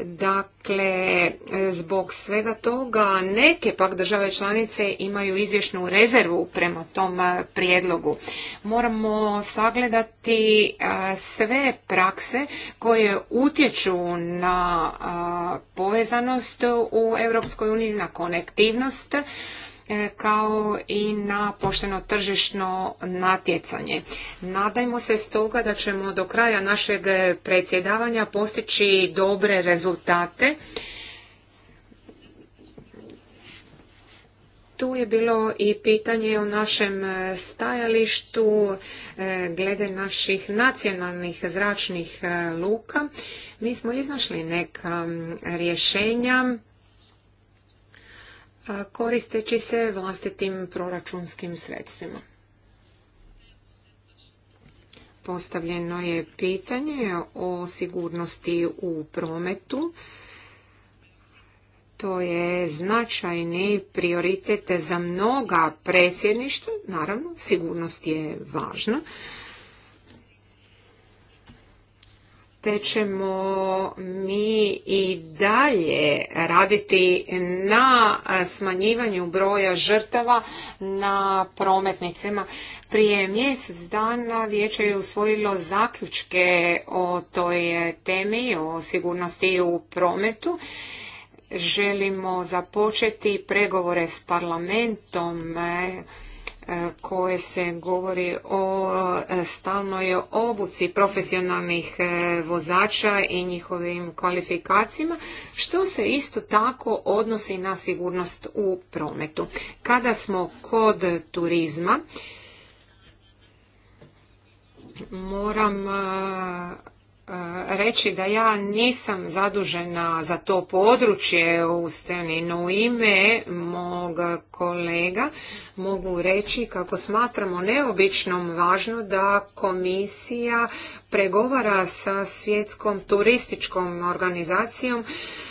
Dakle, zbog svega toga neke pak države članice imaju izvješnu rezervu prema tom e, prijedlogu. Moramo sagledati e, sve prakse koje utječu na povezanost u Europskoj uniji, na konektivnost E, kao i na pošteno tržišno natjecanje. Nadajmo se stoga da ćemo do kraja našeg predsjedavanja postići dobre rezultate. tu je bilo i pitanje o našem stajalištu e, glede naših nacionalnih zračnih e, luka. Mi smo iznašli neka rješenja koristeći se vlastitim proračunskim sredstvima. Postavljeno je pitanje o sigurnosti u prometu. To je značajni prioritet za mnoga predsjedništva. Naravno, sigurnost je važna, te ćemo mi i dalje raditi na smanjivanju broja žrtava na prometnicima. Prije mjesec dana vijeće je usvojilo zaključke o toj temi, o sigurnosti u prometu. Želimo započeti pregovore s parlamentom E, koje se govori o e, stalnoj obuci profesionalnih e, vozača i njihovim kvalifikacijama, što se isto tako odnosi na sigurnost u prometu. Kada smo kod turizma, moram E, reći da ja nisam zadužena za to područje u Steninu ime mog kolega mogu reći kako smatramo neobično važno da komisija pregovara sa svjetskom turističkom organizacijom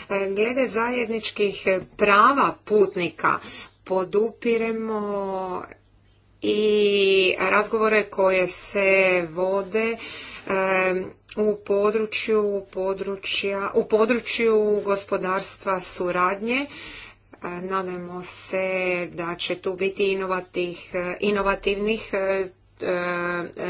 e, glede zajedničkih prava putnika podupiremo i razgovore koje se vode e, u području, područja, u području gospodarstva suradnje. E, nadamo se da će tu biti e, inovativnih, inovativnih e,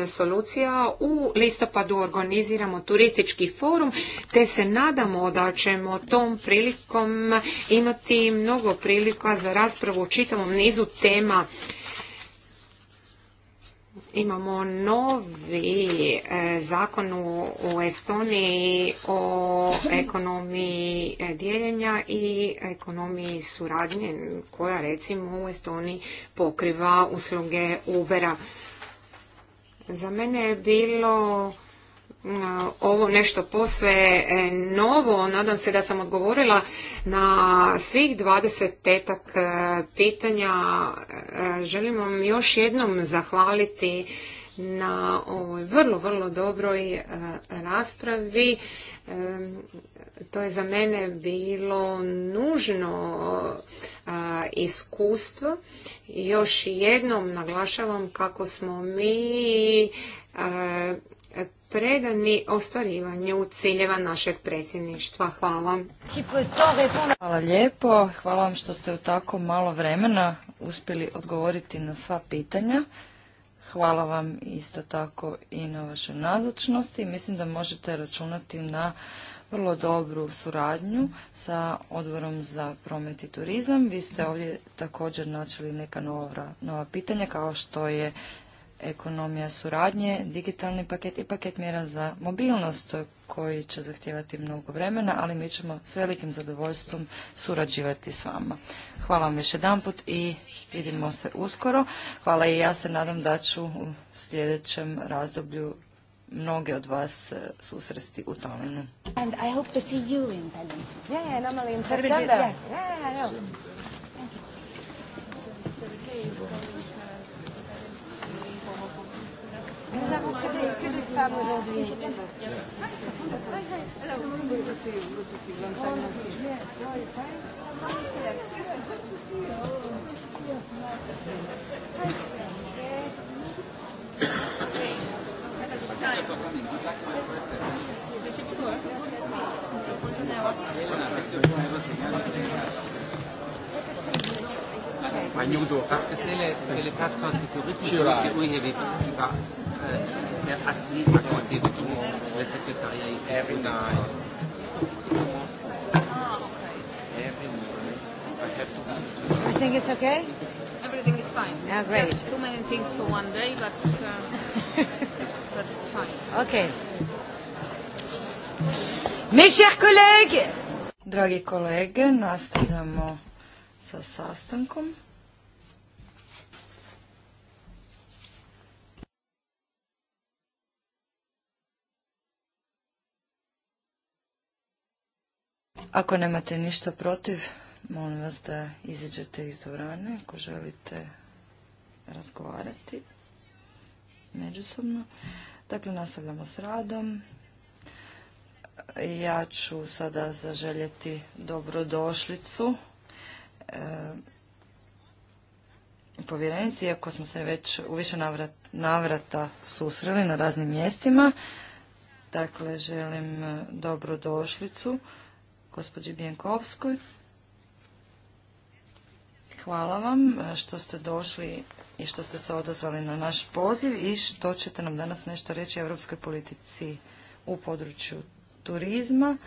solucija. U listopadu organiziramo turistički forum te se nadamo da ćemo tom prilikom imati mnogo prilika za raspravu u čitavom nizu tema Imamo novi e, zakon u Estoniji o ekonomiji e, dijeljenja i ekonomiji suradnje koja recimo u Estoniji pokriva usluge Ubera. Za mene je bilo ovo nešto posve e, novo. Nadam se da sam odgovorila na svih 20 tetak e, pitanja. E, želim vam još jednom zahvaliti na ovoj vrlo, vrlo dobroj raspravi. To je za mene bilo nužno iskustvo. Još jednom naglašavam kako smo mi predani ostvarivanju ciljeva našeg predsjedništva. Hvala. Hvala lijepo. Hvala vam što ste u tako malo vremena uspjeli odgovoriti na sva pitanja. Hvala vam isto tako i na vašoj nazočnosti. Mislim da možete računati na vrlo dobru suradnju sa odborom za promet i turizam. Vi ste ovdje također načeli neka nova pitanja kao što je ekonomija suradnje, digitalni paket i paket mjera za mobilnost koji će zahtijevati mnogo vremena, ali mi ćemo s velikim zadovoljstvom surađivati s vama. Hvala vam još jedanput i vidimo se uskoro. Hvala i ja se nadam da ću u sljedećem razdoblju mnoge od vas e, susresti u Talinu. And I Nous avons que des femmes aujourd'hui. Merci beaucoup. Agnudo. Parce que c'est le, c'est le passe-passe tourisme, c'est où il a des qui va euh, assis à côté de tout le monde. Le secrétariat ici, c'est dans... I think it's okay. Everything is fine. Oh, great. There's too many things for one day, but uh, but it's fine. Okay. Mes chers collègues, dragi kolege, nastavljamo sa sastankom. Ako nemate ništa protiv, molim vas da iziđete iz dvorane ako želite razgovarati međusobno. Dakle, nastavljamo s radom. Ja ću sada zaželjeti dobrodošlicu e, povjerenici, iako smo se već u više navrata susreli na raznim mjestima. Dakle, želim e, dobrodošlicu gospođi Bjenkovskoj. Hvala vam e, što ste došli i što ste se odozvali na naš poziv i što ćete nam danas nešto reći o europskoj politici u području turizma.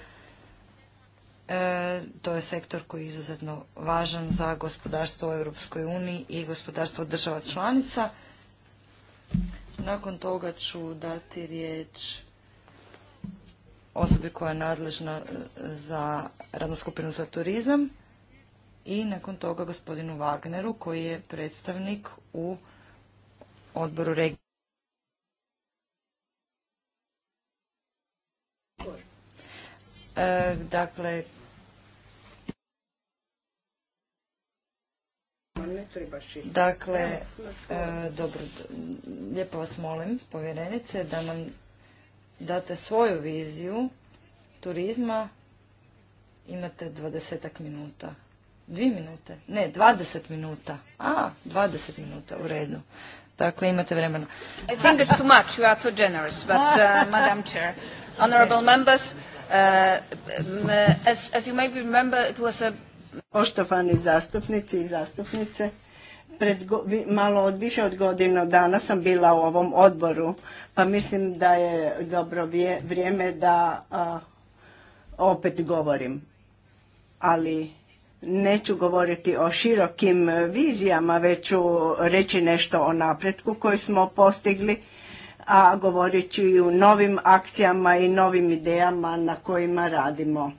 E, to je sektor koji je izuzetno važan za gospodarstvo u Europskoj uniji i gospodarstvo država članica. Nakon toga ću dati riječ osobi koja je nadležna e, za radnu skupinu za turizam i nakon toga gospodinu Wagneru koji je predstavnik u odboru regije. E, dakle, Dakle, e, dobro, lijepo vas molim, povjerenice, da nam date svoju viziju turizma, imate dvadesetak minuta. Dvi minute? Ne, dvadeset minuta. A, dvadeset minuta, u redu. Dakle, imate vremena. I think it's too much, you are too generous, but uh, Madam Chair, honorable members, uh, as, as you may remember, it was a... Poštovani zastupnici i zastupnice, Pred malo od više od godinu dana sam bila u ovom odboru, pa mislim da je dobro vrijeme da opet govorim. Ali neću govoriti o širokim vizijama, već ću reći nešto o napretku koji smo postigli, a govorit ću i o novim akcijama i novim idejama na kojima radimo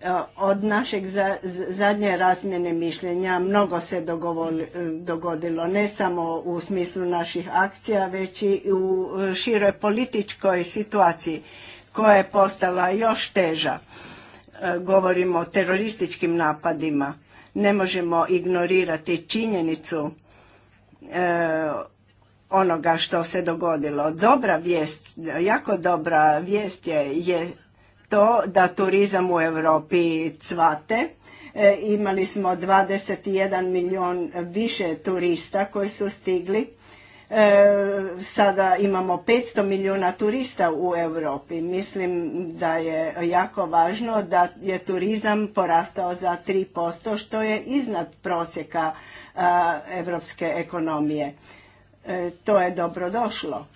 E, od našeg zadnje razmjene mišljenja mnogo se e, dogodilo, ne samo u smislu naših akcija, već i u e, široj političkoj situaciji koja je postala još teža. Govorimo o terorističkim napadima. Ne možemo ignorirati činjenicu onoga što se dogodilo. Dobra vijest, jako dobra vijest je to da turizam u Europi cvate. E, imali smo 21 milijun više turista koji su stigli. E, sada imamo 500 milijuna turista u Europi. Mislim da je jako važno da je turizam porastao za 3%, što je iznad prosjeka europske evropske ekonomije. E, to je dobro došlo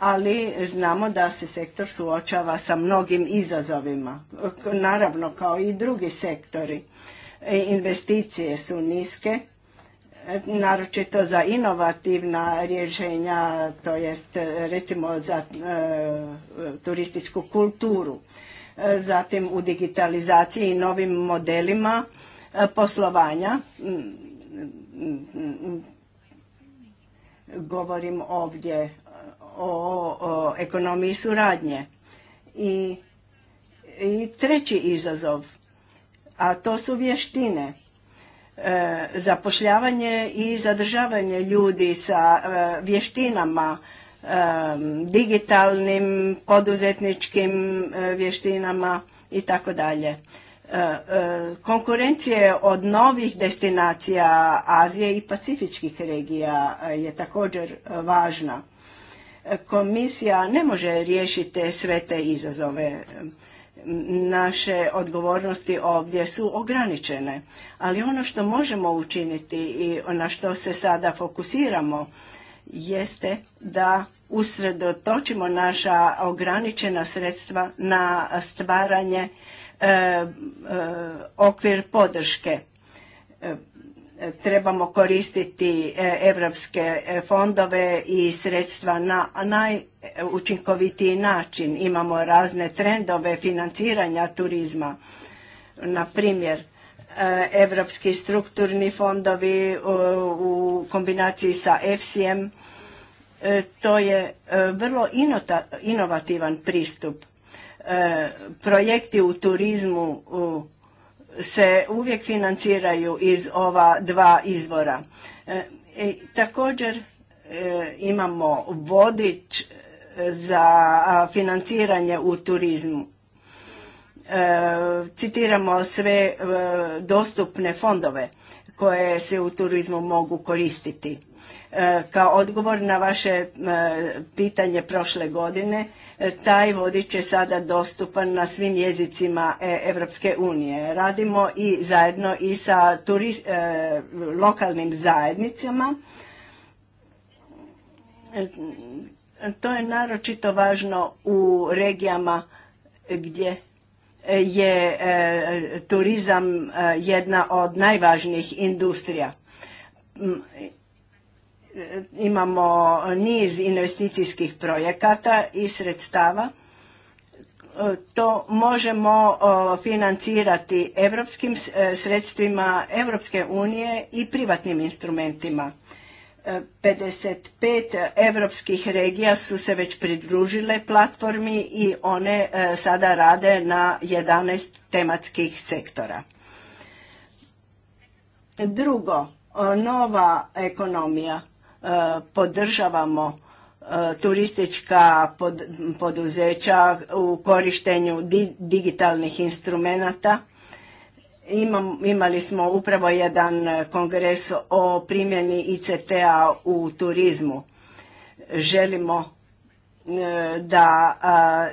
ali znamo da se sektor suočava sa mnogim izazovima, naravno kao i drugi sektori. E, investicije su niske, naročito za inovativna rješenja, to jest recimo za e, turističku kulturu. E, zatim u digitalizaciji i novim modelima poslovanja, mm, mm, mm, govorim ovdje o, ekonomiji suradnje. I, I treći izazov, a to su vještine. E, zapošljavanje i zadržavanje ljudi sa e, vještinama, e, digitalnim, poduzetničkim vještinama i tako dalje. Konkurencije od novih destinacija Azije i pacifičkih regija je također važna. Komisija ne može riješiti sve te izazove. Naše odgovornosti ovdje su ograničene, ali ono što možemo učiniti i na što se sada fokusiramo jeste da usredotočimo naša ograničena sredstva na stvaranje e, e, okvir podrške trebamo koristiti e, evropske e, fondove i sredstva na najučinkovitiji način. Imamo razne trendove financiranja turizma. Na primjer, e, evropski strukturni fondovi u kombinaciji sa FCM. to je vrlo inovativan pristup. Projekti u turizmu se uvijek financiraju iz ova dva izvora. E, e, također e, imamo vodič za financiranje u turizmu. citiramo sve dostupne fondove koje se u turizmu mogu koristiti. Kao odgovor na vaše pitanje prošle godine E, taj vodič je sada dostupan na svim jezicima e, Evropske unije. Radimo i zajedno i sa e, lokalnim zajednicama. To je naročito važno u regijama gdje je turizam jedna od najvažnijih industrija imamo niz investicijskih projekata i sredstava. To možemo financirati evropskim e, sredstvima Evropske unije i privatnim instrumentima. 55 e, evropskih regija su se već pridružile platformi i one e, sada rade na 11 tematskih sektora. Drugo, nova ekonomija E, podržavamo e, turistička poduzeća u korištenju digitalnih instrumenata. Imali smo upravo jedan kongres o primjeni ICT-a u turizmu. Želimo e, da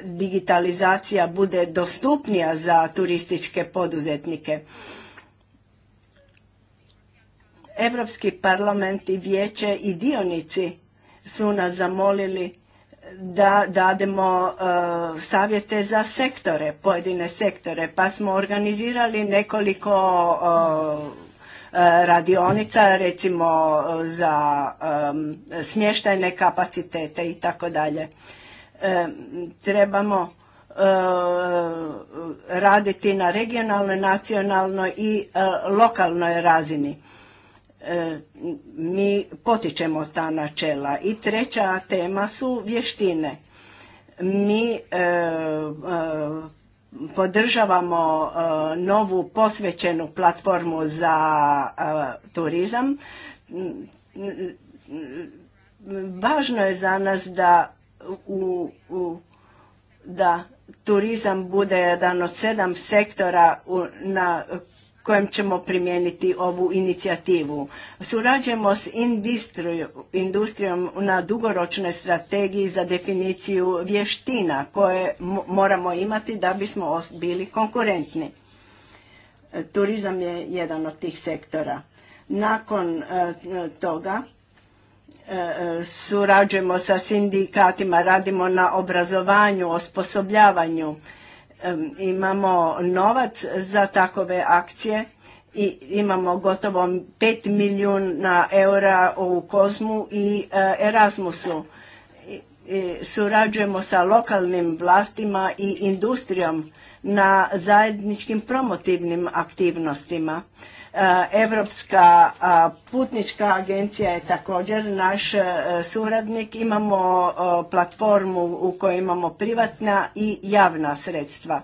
digitalizacija bude dostupnija za turističke poduzetnike Europski parlament i vijeće i dionici su nas zamolili da dademo e, savjete za sektore, pojedine sektore, pa smo organizirali nekoliko e, radionica, recimo za e, smještajne kapacitete i tako dalje. Trebamo raditi na regionalnoj, nacionalnoj i lokalnoj razini E, mi potičemo ta načela. I treća tema su vještine. Mi e, e, podržavamo novu posvećenu platformu za turizam. Važno je za nas da u, da turizam bude jedan od sedam sektora na kojem ćemo primijeniti ovu inicijativu. Surađujemo s industrijom na dugoročnoj strategiji za definiciju vještina koje moramo imati da bismo bili konkurentni. E, turizam je jedan od tih sektora. Nakon e, toga e, surađujemo sa sindikatima, radimo na obrazovanju, osposobljavanju Imamo novac za takove akcije i imamo gotovo 5 milijuna eura u Kozmu i e, Erasmusu. surađujemo sa lokalnim vlastima i industrijom na zajedničkim promotivnim aktivnostima. Europska putnička agencija je također naš e, suradnik. Imamo platformu u kojoj imamo privatna i javna sredstva.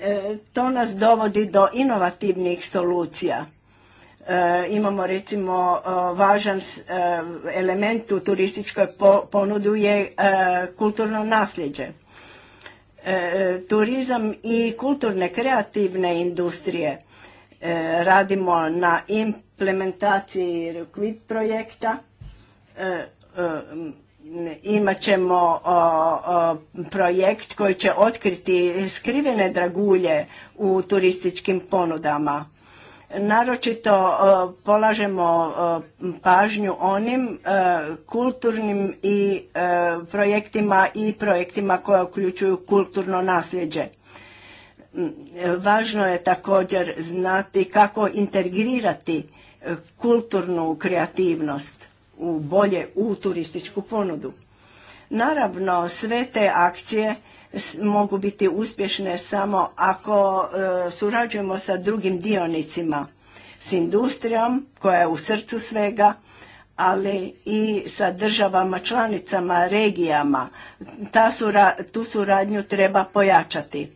E, to nas dovodi do inovativnih solucija. E, imamo recimo važan element u turističkoj ponudu je kulturno nasljeđe. Turizam i kulturne kreativne industrije E, radimo na implementaciji Quid projekta. E, e, imat ćemo projekt koji će otkriti skrivene dragulje u turističkim ponudama. Naročito polažemo pažnju onim kulturnim i projektima i projektima koje uključuju kulturno nasljeđe Važno je također znati kako integrirati e, kulturnu kreativnost u bolje u turističku ponudu. Naravno, sve te akcije mogu biti uspješne samo ako e, surađujemo sa drugim dionicima, s industrijom koja je u srcu svega, ali i sa državama, članicama, regijama. Ta tu suradnju treba pojačati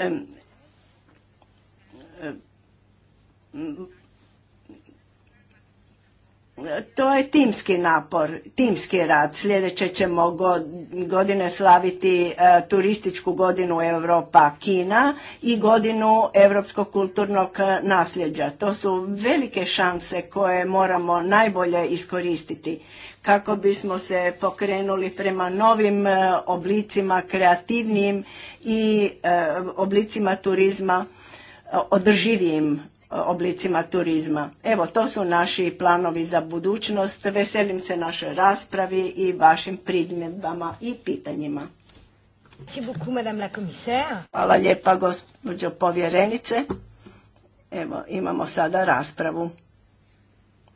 yym to je timski napor, timski rad. Sljedeće ćemo godine slaviti e, turističku godinu Europa Kina i godinu europskog kulturnog e, nasljeđa. To su velike šanse koje moramo najbolje iskoristiti kako bismo se pokrenuli prema novim e, oblicima kreativnim i oblicima turizma održivijim oblicima turizma. Evo, to su naši planovi za budućnost. Veselim se našoj raspravi i vašim primjedbama i pitanjima. Hvala lijepa, gospođo povjerenice. Evo, imamo sada raspravu.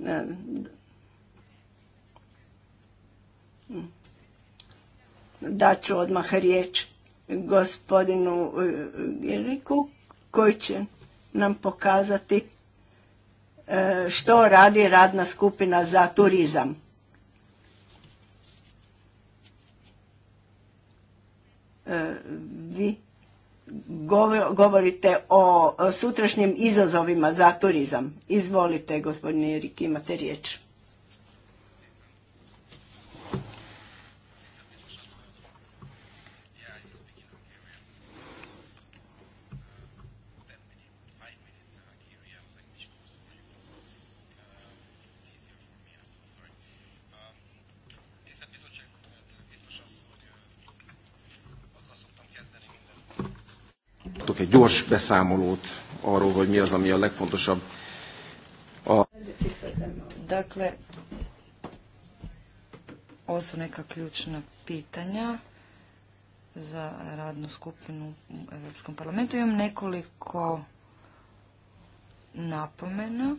E, Daću odmah riječ gospodinu e, Iliku koji će nam pokazati e, što radi radna skupina za turizam. E, vi govorite o sutrašnjim izazovima za turizam. Izvolite, gospodine Erik, imate riječ. To egy gyors beszámolót arról, hogy mi az, ami a legfontosabb. A... Dakle, ovo su neka ključna pitanja za radnu skupinu u Europskom parlamentu. Imam nekoliko napomena.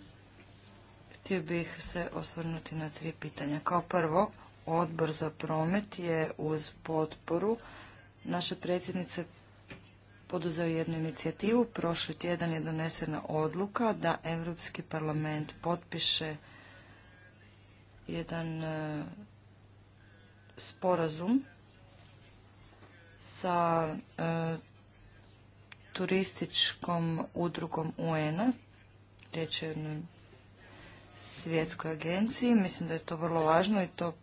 Htio bih se osvrnuti na tri pitanja. Kao prvo, odbor za promet je uz potporu naše predsjednice poduzeo jednu inicijativu. Prošli tjedan je donesena odluka da Europski parlament potpiše jedan e, sporazum sa e, turističkom udrugom UN-a, riječ je o jednoj svjetskoj agenciji. Mislim da je to vrlo važno i to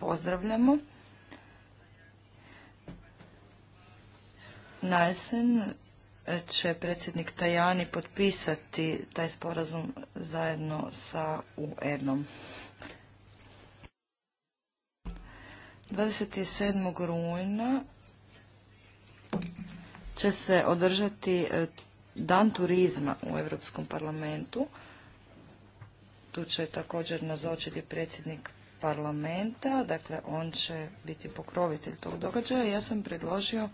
pozdravljamo. na jesen će predsjednik Tajani potpisati taj sporazum zajedno sa UN-om. 27. rujna će se održati e, Dan turizma u Europskom parlamentu. Tu će također nazočiti predsjednik parlamenta, dakle on će biti pokrovitelj tog događaja. Ja sam predložio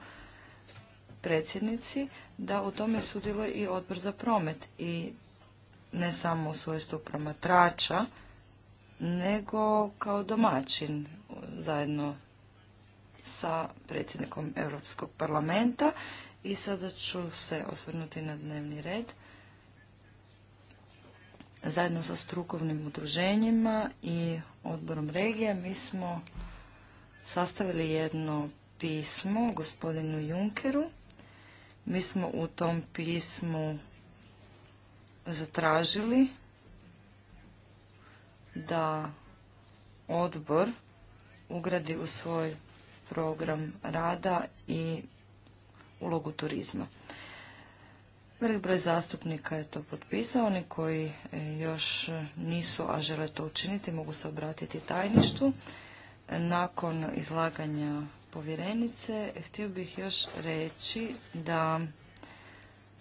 predsjednici da u tome sudjeluje i odbor za promet i ne samo u svojstvu promatrača, nego kao domaćin zajedno sa predsjednikom Europskog parlamenta. I sada ću se osvrnuti na dnevni red. Zajedno sa strukovnim udruženjima i odborom regija mi smo sastavili jedno pismo gospodinu Junkeru mi smo u tom pismu zatražili da odbor ugradi u svoj program rada i ulogu turizma. Velik broj zastupnika je to potpisao, oni koji e, još nisu, a žele to učiniti, mogu se obratiti tajništvu. Nakon izlaganja povjerenice. Htio bih još reći da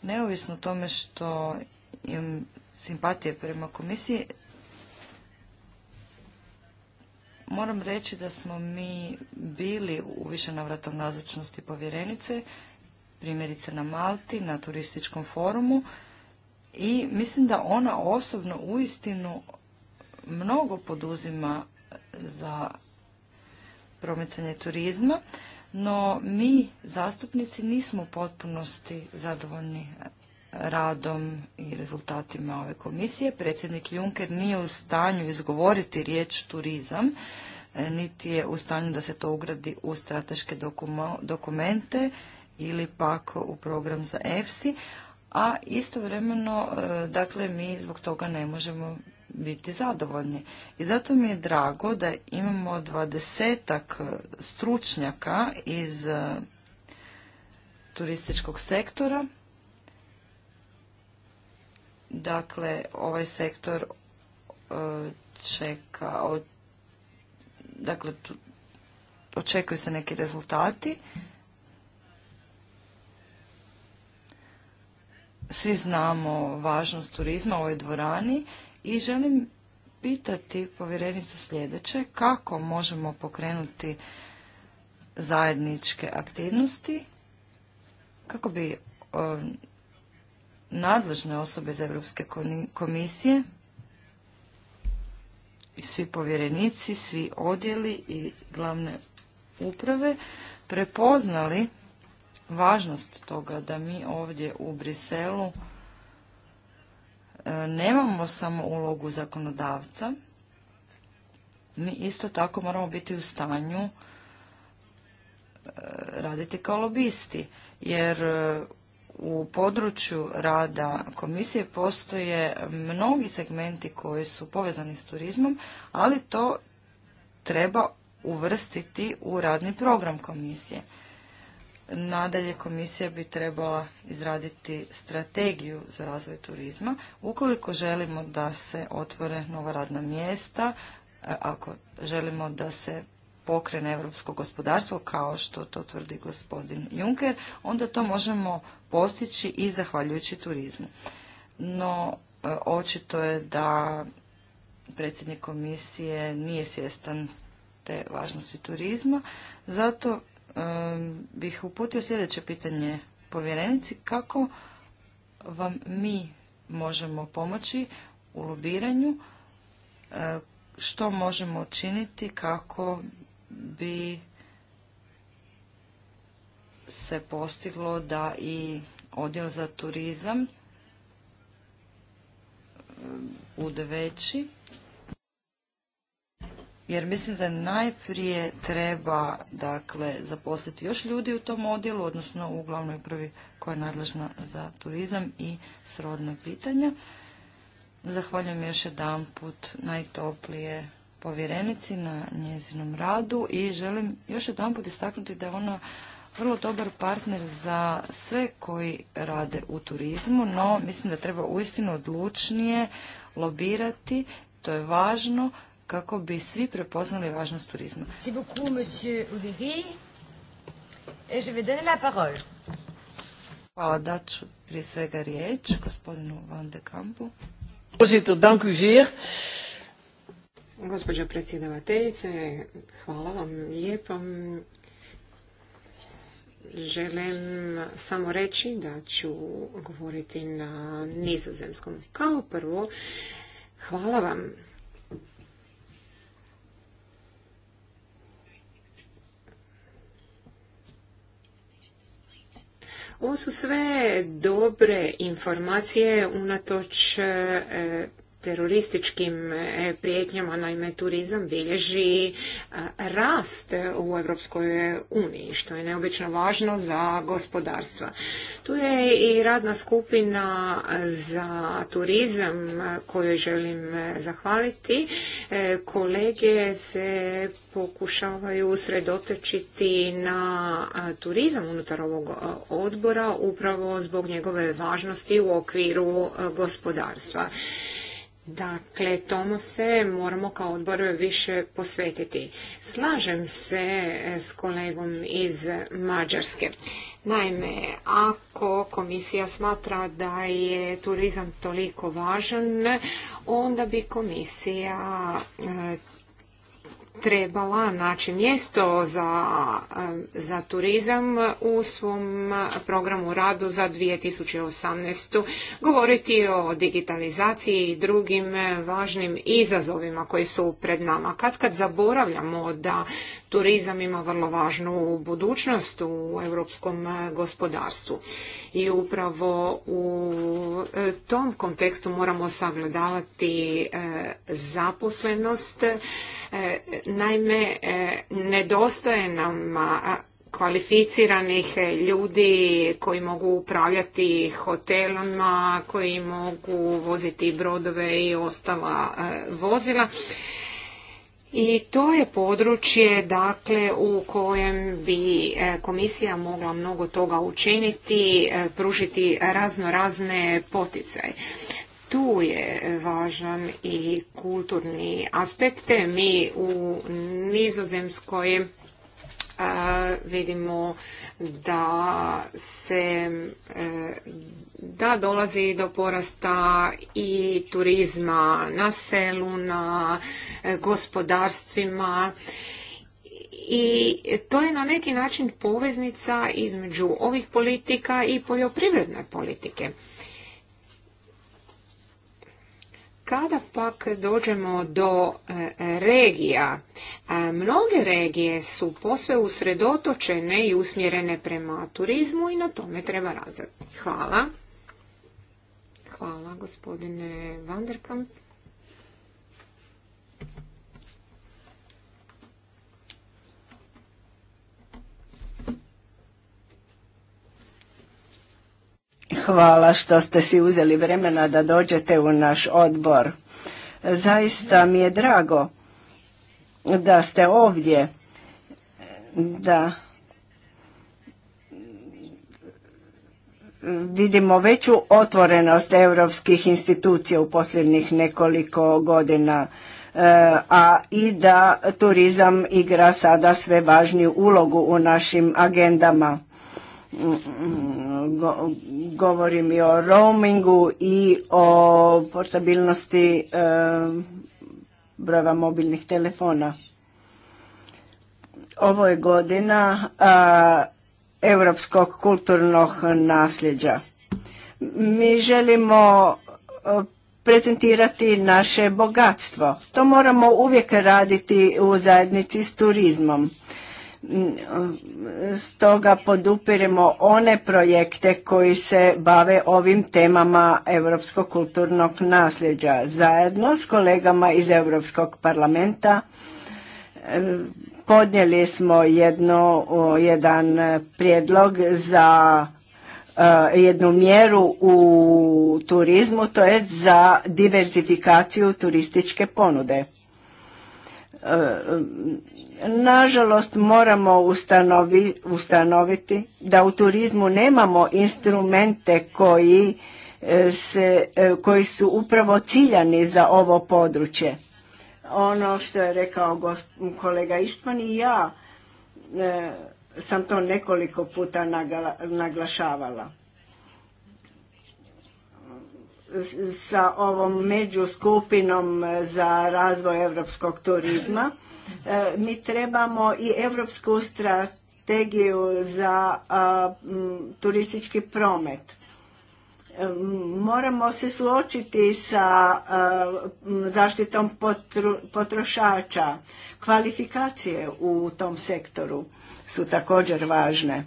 neovisno tome što imam simpatije prema komisiji, moram reći da smo mi bili u više navratom nazvačnosti povjerenice, primjerice na Malti, na turističkom forumu i mislim da ona osobno uistinu mnogo poduzima za promicanje turizma, no mi zastupnici nismo u potpunosti zadovoljni radom i rezultatima ove komisije. Predsjednik Juncker nije u stanju izgovoriti riječ turizam, e, niti je u stanju da se to ugradi u strateške dokumente ili pak u program za EFSI, a istovremeno, e, dakle, mi zbog toga ne možemo biti zadovoljni. I zato mi je drago da imamo dvadesetak e, stručnjaka iz e, turističkog sektora. Dakle, ovaj sektor e, čeka, dakle, očekuju se neki rezultati. Svi znamo važnost turizma u ovoj dvorani i želim pitati povjerenicu sljedeće, kako možemo pokrenuti zajedničke aktivnosti kako bi nadležne osobe iz Europske komisije i svi povjerenici, svi odjeli i glavne uprave prepoznali važnost toga da mi ovdje u Briselu E, nemamo samo ulogu zakonodavca, mi isto tako moramo biti u stanju e, raditi kao lobisti, jer e, u području rada komisije postoje mnogi segmenti koji su povezani s turizmom, ali to treba uvrstiti u radni program komisije. Nadalje, komisija bi trebala izraditi strategiju za razvoj turizma. Ukoliko želimo da se otvore nova radna mjesta, e, ako želimo da se pokrene europsko gospodarstvo, kao što to tvrdi gospodin Juncker, onda to možemo postići i zahvaljujući turizmu. No, e, očito je da predsjednik komisije nije svjestan te važnosti turizma, zato bih uputio sljedeće pitanje povjerenici. Kako vam mi možemo pomoći u lobiranju? Što možemo učiniti kako bi se postiglo da i odjel za turizam bude veći jer mislim da najprije treba dakle zaposliti još ljudi u tom odjelu, odnosno u glavnoj upravi koja je nadležna za turizam i srodna pitanja. Zahvaljujem još jedan put najtoplije povjerenici na njezinom radu i želim još jedan put istaknuti da je ona vrlo dobar partner za sve koji rade u turizmu, no mislim da treba uistinu odlučnije lobirati, to je važno, kako bi svi prepoznali važnost turizma. Hvala, ću prije svega riječ gospodinu Van de Kampu. Gospođo predsjedavateljice, hvala vam lijepo. Želim samo reći da ću govoriti na nizozemskom. Kao prvo, hvala vam Ovo su sve dobre informacije unatoč e, terorističkim e, prijetnjama, naime turizam bilježi e, rast u Europskoj uniji, što je neobično važno za gospodarstva. Tu je i radna skupina za turizam e, kojoj želim zahvaliti. Kolege se pokušavaju usredotočiti na turizam unutar ovog odbora upravo zbog njegove važnosti u okviru gospodarstva. Dakle, tomu se moramo kao odbor više posvetiti. Slažem se e, s kolegom iz Mađarske. Naime, ako komisija smatra da je turizam toliko važan, onda bi komisija e, trebala naći mjesto za, turizam u svom programu radu za 2018. govoriti o digitalizaciji i drugim važnim izazovima koji su pred nama. Kad kad zaboravljamo da turizam ima vrlo važnu budućnost u europskom e, gospodarstvu. I upravo u e, tom kontekstu moramo sagledavati e, zaposlenost. Naime, nedostaje nam kvalificiranih ljudi koji mogu upravljati hotelama, koji mogu voziti brodove i ostala vozila i to je područje dakle u kojem bi e, komisija mogla mnogo toga učiniti, e, pružiti razno razne poticaje. Tu je važan i kulturni aspekt. Mi u Nizozemskoj vidimo da se e, da dolazi do porasta i turizma na selu, na e, gospodarstvima i to je na neki način poveznica između ovih politika i poljoprivredne politike. Kada pak dođemo do e, regija, mnoge regije su posve usredotočene i usmjerene prema turizmu i na tome treba razviti. Hvala. Hvala gospodine Vanderkamp. Hvala što ste si uzeli vremena da dođete u naš odbor. Zaista mi je drago da ste ovdje, da vidimo veću otvorenost europskih institucija u posljednjih nekoliko godina, e, a i da turizam igra sada sve važniju ulogu u našim agendama Mm, govorim i o roamingu i o portabilnosti brojeva mobilnih telefona. Ovo je godina europskog kulturnog nasljeđa. Mi želimo prezentirati naše bogatstvo. To moramo uvijek raditi u zajednici s turizmom. Stoga podupiremo one projekte koji se bave ovim temama europskog kulturnog nasljeđa. Zajedno s kolegama iz Europskog parlamenta e, podnijeli smo jedno, jedan prijedlog za e, jednu mjeru u turizmu, to je za diversifikaciju turističke ponude. Nažalost moramo ustanovi, ustanoviti da u turizmu nemamo instrumente koji, e, se, e, koji su upravo ciljani za ovo područje. Ono što je rekao kolega Istvan i ja e, sam to nekoliko puta naglašavala sa ovom međuskupinom e, za razvoj evropskog turizma. E, mi trebamo i europsku strategiju za turistički promet. E, moramo se suočiti sa zaštitom potrošača. Kvalifikacije u tom sektoru su također važne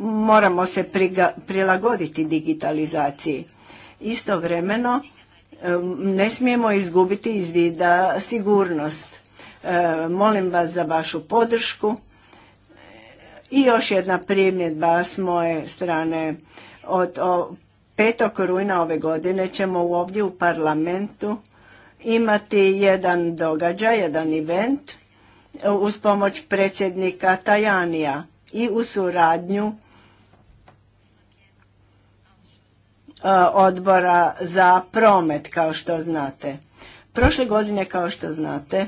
moramo se prilagoditi digitalizaciji. Istovremeno ne smijemo izgubiti iz vida sigurnost. E, molim vas za vašu podršku. I još jedna primjedba s moje strane. Od 5. rujna ove godine ćemo ovdje u parlamentu imati jedan događaj, jedan event uz pomoć predsjednika Tajanija i u suradnju e, odbora za promet, kao što znate. Prošle godine, kao što znate,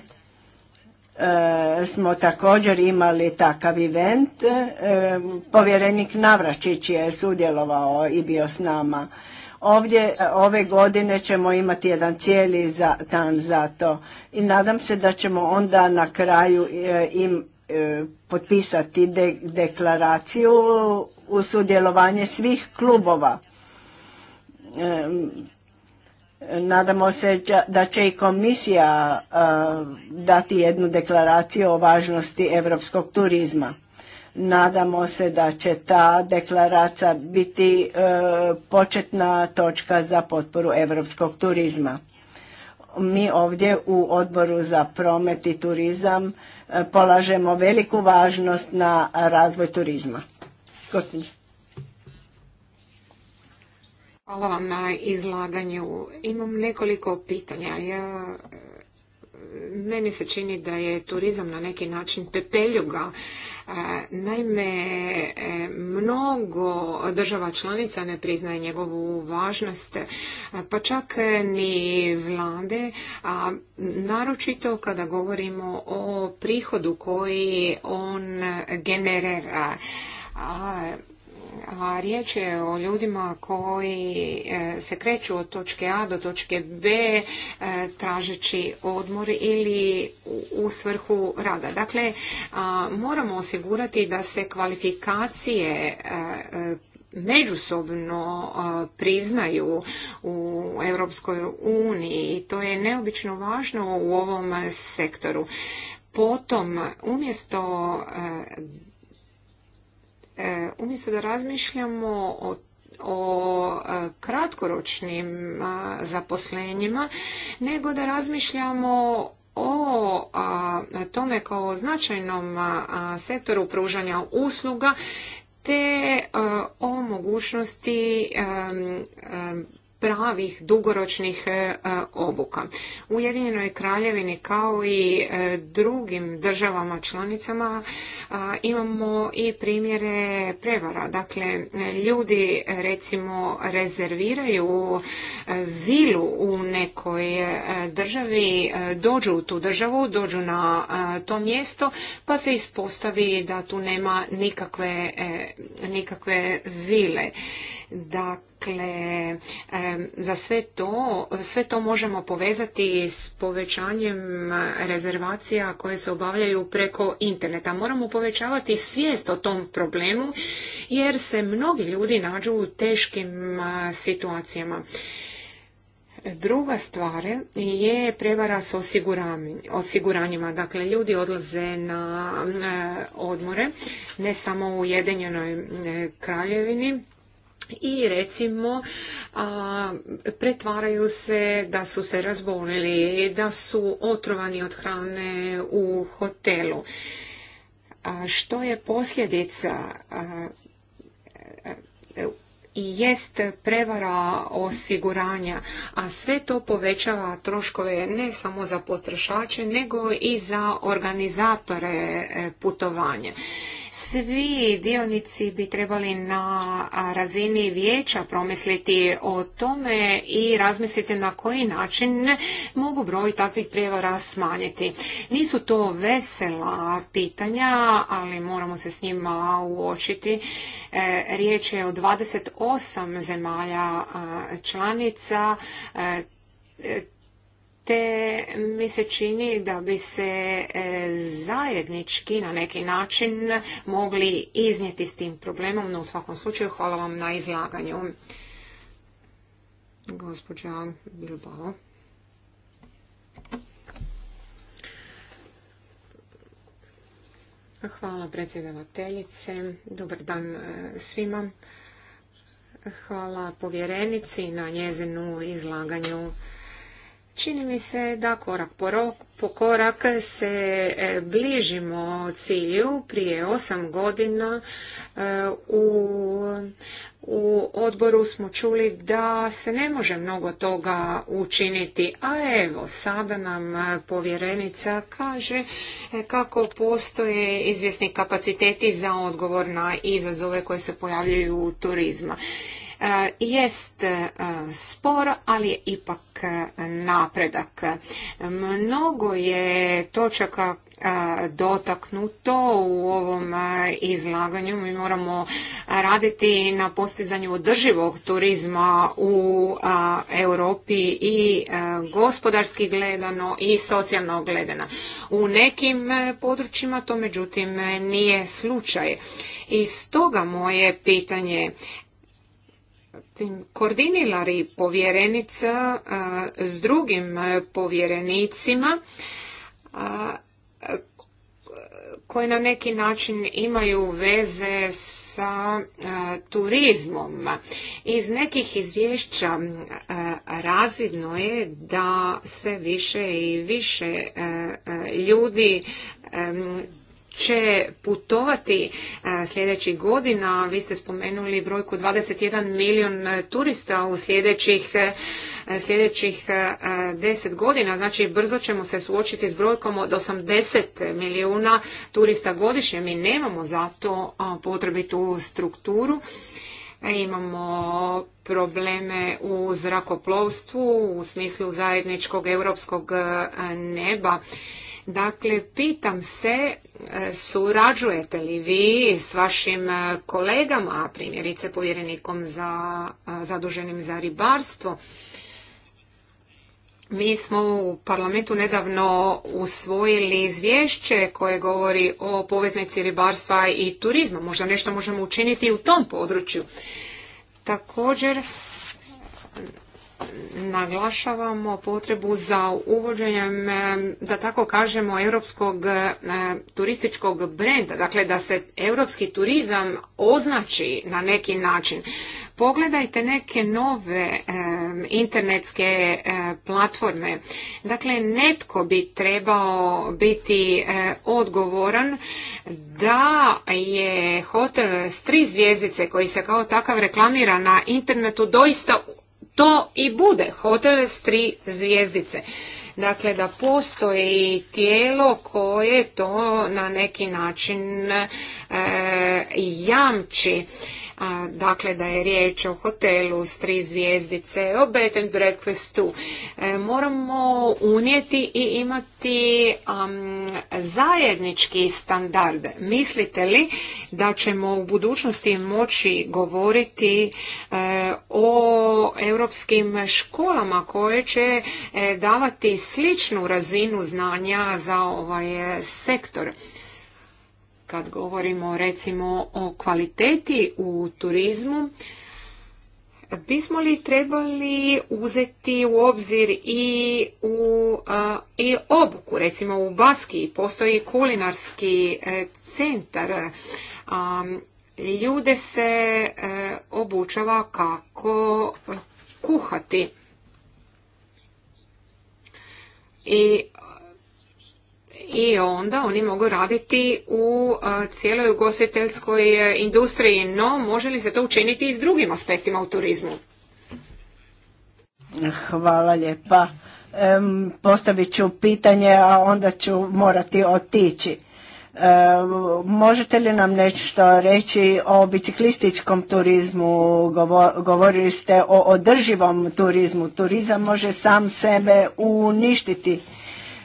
e, smo također imali takav event. E, povjerenik Navračić je sudjelovao i bio s nama. Ovdje e, ove godine ćemo imati jedan cijeli za, dan za to i nadam se da ćemo onda na kraju e, im e, potpisati deklaraciju u sudjelovanje svih klubova. nadamo se da će i komisija dati jednu deklaraciju o važnosti europskog turizma Nadamo se da će ta deklaracija biti e, početna točka za potporu europskog turizma. Mi ovdje u odboru za promet i turizam e, polažemo veliku važnost na razvoj turizma. Hvala vam na izlaganju. Imam nekoliko pitanja. Ja meni se čini da je turizam na neki način pepeljuga. E, naime, e, mnogo država članica ne priznaje njegovu važnost, e, pa čak ni vlade, a naročito kada govorimo o prihodu koji on generira a riječ je o ljudima koji e, se kreću od točke A do točke B e, tražeći odmor ili u svrhu rada. Dakle, moramo osigurati da se kvalifikacije e, međusobno priznaju u Europskoj uniji. To je neobično važno u ovom sektoru. Potom, umjesto E, umjesto da razmišljamo o e, kratkoročnim zaposlenjima, nego da razmišljamo o tome kao značajnom sektoru pružanja usluga te e, o mogućnosti pravih dugoročnih e, e, obuka. U Jedinjenoj kraljevini kao i e, drugim državama članicama imamo i primjere prevara. Dakle, ljudi recimo rezerviraju vilu u nekoj državi, dođu u tu državu, dođu na to mjesto, pa se ispostavi da tu nema nikakve, nikakve vile. Dakle, Dakle, za sve to, sve to možemo povezati s povećanjem rezervacija koje se obavljaju preko interneta. Moramo povećavati svijest o tom problemu jer se mnogi ljudi nađu u teškim situacijama. Druga stvar je prevara s osiguranjima. Dakle, ljudi odlaze na e, odmore, ne samo u Ujedinjenoj e, kraljevini, i recimo pretvaraju se da su se razbolili, da su otrovani od hrane u hotelu. što je posljedica? i jest prevara osiguranja, a sve to povećava troškove ne samo za potrošače, nego i za organizatore e, putovanja. Svi dionici bi trebali na razini vijeća promisliti o tome i razmisliti na koji način mogu broj takvih prijevara smanjiti. Nisu to vesela pitanja, ali moramo se s njima uočiti. E, riječ je o osam zemalja članica e, te mi se čini da bi se e, zajednički na neki način mogli iznijeti s tim problemom, no u svakom slučaju hvala vam na izlaganju. Gospođa Bilbao. Hvala predsjedavateljice. Dobar dan e, svima. Hvala povjerenici na njezinu izlaganju. Čini mi se da korak po, korak se e, bližimo cilju prije osam godina e, u u odboru smo čuli da se ne može mnogo toga učiniti, a evo sada nam povjerenica kaže e, kako postoje izvjesni kapaciteti za odgovor na izazove koje se pojavljuju u turizma. E, jest e, spor, ali je ipak e, napredak. Mnogo je točaka dotaknuto u ovom izlaganju. Mi moramo raditi na postizanju održivog turizma u Europi i gospodarski gledano i socijalno gledano. U nekim područjima to međutim nije slučaj. I stoga moje pitanje Koordinirali povjerenica s drugim povjerenicima koji na neki način imaju veze sa turizmom. Iz nekih izvješća razvidno je da sve više i više ljudi će putovati e, sljedećih godina. Vi ste spomenuli brojku 21 milijun e, turista u sljedećih, e, sljedećih godina. Znači, brzo ćemo se suočiti s brojkom od 80 milijuna turista godišnje. Mi nemamo za to potrebitu strukturu. Imamo probleme u zrakoplovstvu u smislu zajedničkog europskog neba. Dakle, pitam se, e, surađujete li vi s vašim e, kolegama, primjerice povjerenikom za, e, zaduženim za ribarstvo, mi smo u parlamentu nedavno usvojili izvješće koje govori o poveznici ribarstva i turizma. Možda nešto možemo učiniti i u tom području. Također naglašavamo potrebu za uvođenjem, e, da tako kažemo, europskog e, turističkog brenda, dakle da se europski turizam označi na neki način. Pogledajte neke nove e, internetske platforme. Dakle, netko bi trebao biti odgovoran da je hotel s tri zvijezdice koji se kao takav reklamira na internetu doista to i bude hotel s tri zvijezdice Dakle, da postoji tijelo koje to na neki način e, jamči. dakle da je riječ o hotelu s tri zvijezdice, o bed and breakfastu. E, moramo unijeti i imati zajednički standard. Mislite li da ćemo u budućnosti moći govoriti e, o europskim školama koje će davati sličnu razinu znanja za ovaj e, sektor. Kad govorimo recimo o kvaliteti u turizmu, bismo li trebali uzeti u obzir i u i obuku recimo u Baski postoji kulinarski e, centar ljude se e, obučava kako kuhati i i onda oni mogu raditi u cijeloj ugostiteljskoj e, industriji, no može li se to učiniti i s drugim aspektima u turizmu? Hvala lijepa. Postavit ću pitanje, a onda ću morati otići. Možete li nam nešto reći o biciklističkom turizmu? Govorili ste o održivom turizmu. Turizam može sam sebe uništiti.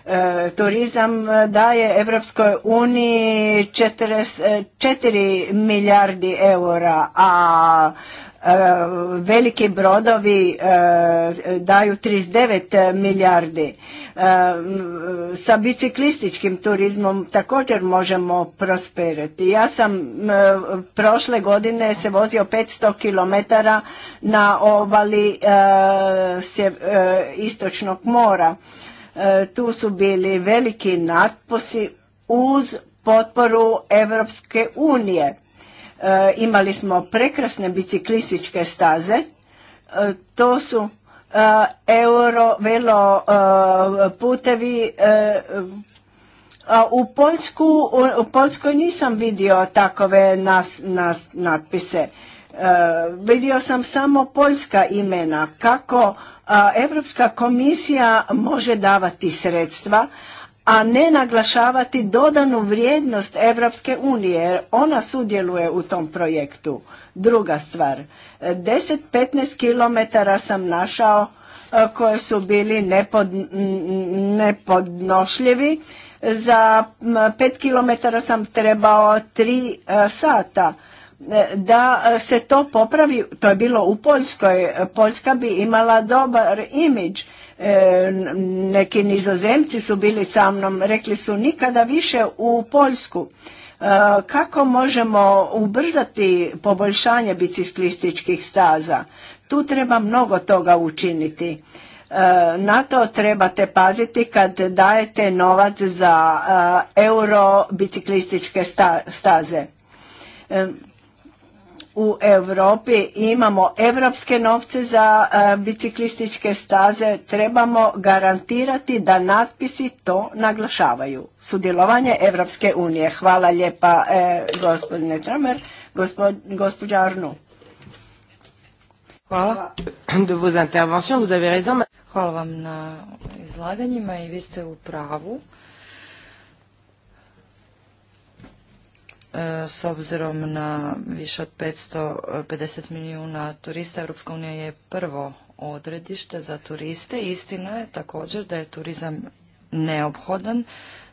E, turizam daje Evropskoj uniji 4 e, milijardi eura, a Eh, veliki brodovi eh, daju 39 milijardi. Eh, sa biciklističkim turizmom također možemo prosperiti. Ja sam prošle godine se vozio 500 km na obali Istočnog mora. Tu su bili veliki natposi uz potporu Evropske unije Eh, imali smo prekrasne biciklističke staze, eh, to su eh, euro velo putevi u, Poljsku, u, Poljskoj nisam vidio takove nas, natpise. vidio sam samo poljska imena. Kako Europska Evropska komisija može davati sredstva a ne naglašavati dodanu vrijednost Evropske unije, jer ona sudjeluje u tom projektu. Druga stvar, 10-15 km sam našao e, koje su bili nepod, nepodnošljivi. Za 5 km sam trebao 3 e, sata. E, da se to popravi, to je bilo u Poljskoj, Poljska bi imala dobar imidž E, neki nizozemci su bili sa mnom, rekli su nikada više u Poljsku. E, kako možemo ubrzati poboljšanje biciklističkih staza? Tu treba mnogo toga učiniti. E, na to trebate paziti kad dajete novac za euro biciklističke staze u Europi imamo evropske novce za e, biciklističke staze, trebamo garantirati da natpisi to naglašavaju. Sudjelovanje Evropske unije. Hvala lijepa e, gospodine Tramer, Arnu. Hvala. Hvala vam na izlaganjima i vi ste u pravu. E, s obzirom na više od 550 milijuna turista, Europska unija je prvo odredište za turiste. Istina je također da je turizam neophodan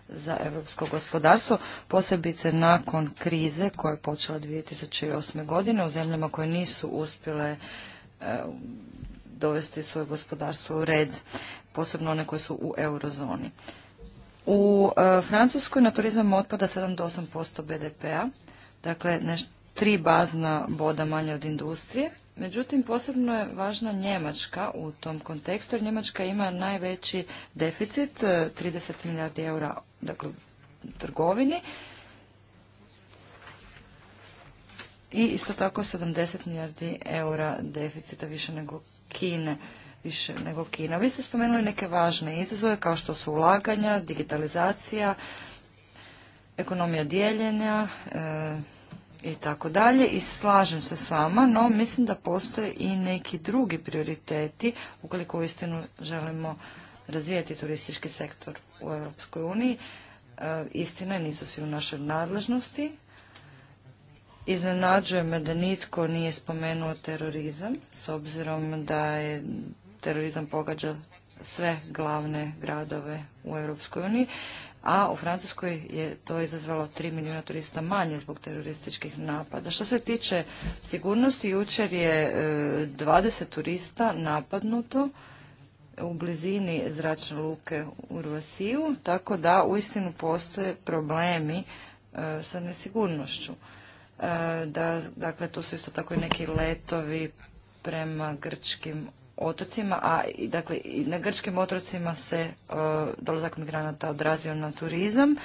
za europsko gospodarstvo, posebice nakon krize koja je počela 2008. godine u zemljama koje nisu uspjele e, dovesti svoje gospodarstvo u red, posebno one koje su u eurozoni. U e, Francuskoj na turizam otpada 7 8% BDP-a, dakle nešto tri bazna boda manje od industrije. Međutim, posebno je važna Njemačka u tom kontekstu, jer Njemačka ima najveći deficit, 30 e, milijardi eura dakle, u trgovini i isto tako 70 milijardi eura deficita više nego Kine više nego Kina. Vi ste spomenuli neke važne izazove kao što su ulaganja, digitalizacija, ekonomija dijeljenja e, i tako dalje i slažem se s vama, no mislim da postoje i neki drugi prioriteti ukoliko uistinu želimo razvijati turistički sektor u Europskoj uniji. E, istina nisu svi u našoj nadležnosti. Iznenađuje me da nitko nije spomenuo terorizam, s obzirom da je terorizam pogađa sve glavne gradove u Europskoj uniji, a u Francuskoj je to izazvalo 3 milijuna turista manje zbog terorističkih napada. Što se tiče sigurnosti, jučer je 20 e, turista napadnuto u blizini zračne luke u Rosiju, tako da uistinu postoje problemi e, sa nesigurnošću. E, da, dakle, tu su isto tako i neki letovi prema grčkim otocima, a dakle i na grčkim otocima se e, dolazak migranata odrazio na turizam.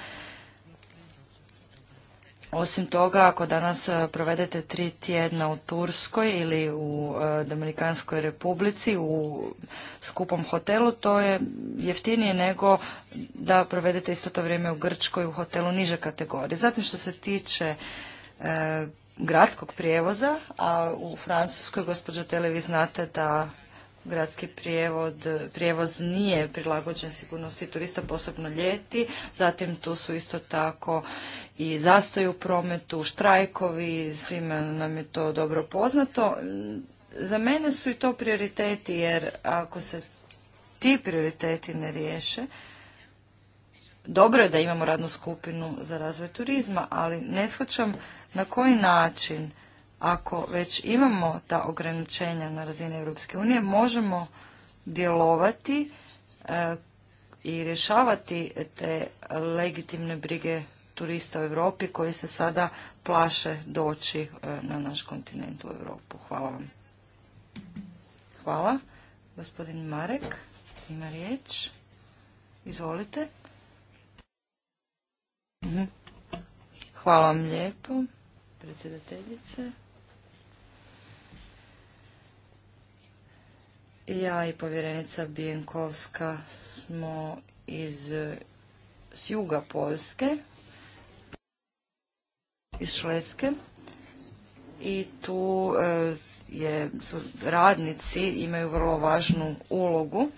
Osim toga, ako danas e, provedete tri tjedna u Turskoj ili u e, Dominikanskoj republici u skupom hotelu, to je jeftinije nego da provedete isto to vrijeme u Grčkoj u hotelu niže kategorije. Zatim što se tiče gradskog prijevoza, a u Francuskoj, gospođo Tele, vi znate da gradski prijevod, prijevoz nije prilagođen sigurnosti turista, posebno ljeti. Zatim tu su isto tako i zastoji u prometu, štrajkovi, svima nam je to dobro poznato. Za mene su i to prioriteti, jer ako se ti prioriteti ne riješe, dobro je da imamo radnu skupinu za razvoj turizma, ali ne shvaćam na koji način ako već imamo ta ograničenja na razini Europske unije, možemo djelovati e, i rješavati te legitimne brige turista u Europi koji se sada plaše doći e, na naš kontinent u Europu. Hvala vam. Hvala. Gospodin Marek ima riječ. Izvolite. Mhm. Hvala vam lijepo, predsjedateljice. Ja i povjerenica Bijenkovska smo iz s juga Poljske, iz Šleske i tu e, je, su, radnici imaju vrlo važnu ulogu.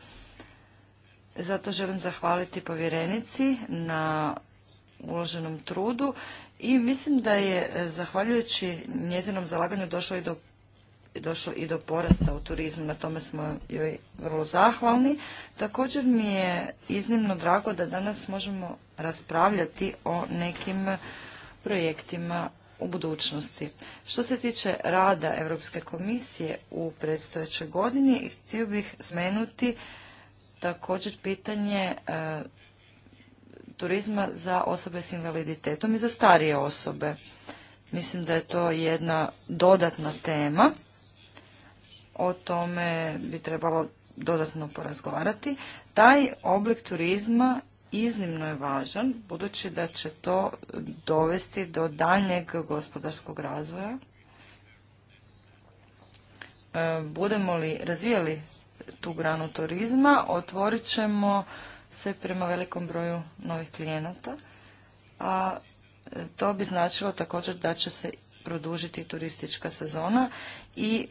Zato želim zahvaliti povjerenici na uloženom trudu i mislim da je e, zahvaljujući njezinom zalaganju došlo i do došlo i do porasta u turizmu, na tome smo joj vrlo zahvalni. Također mi je iznimno drago da danas možemo raspravljati o nekim projektima u budućnosti. Što se tiče rada Europske komisije u predstojećoj godini, htio bih smenuti također pitanje e, turizma za osobe s invaliditetom i za starije osobe. Mislim da je to jedna dodatna tema o tome bi trebalo dodatno porazgovarati. Taj oblik turizma iznimno je važan, budući da će to dovesti do daljnjeg gospodarskog razvoja. E, budemo li razvijali tu granu turizma, otvorit ćemo se prema velikom broju novih klijenata, a e, to bi značilo također da će se produžiti turistička sezona i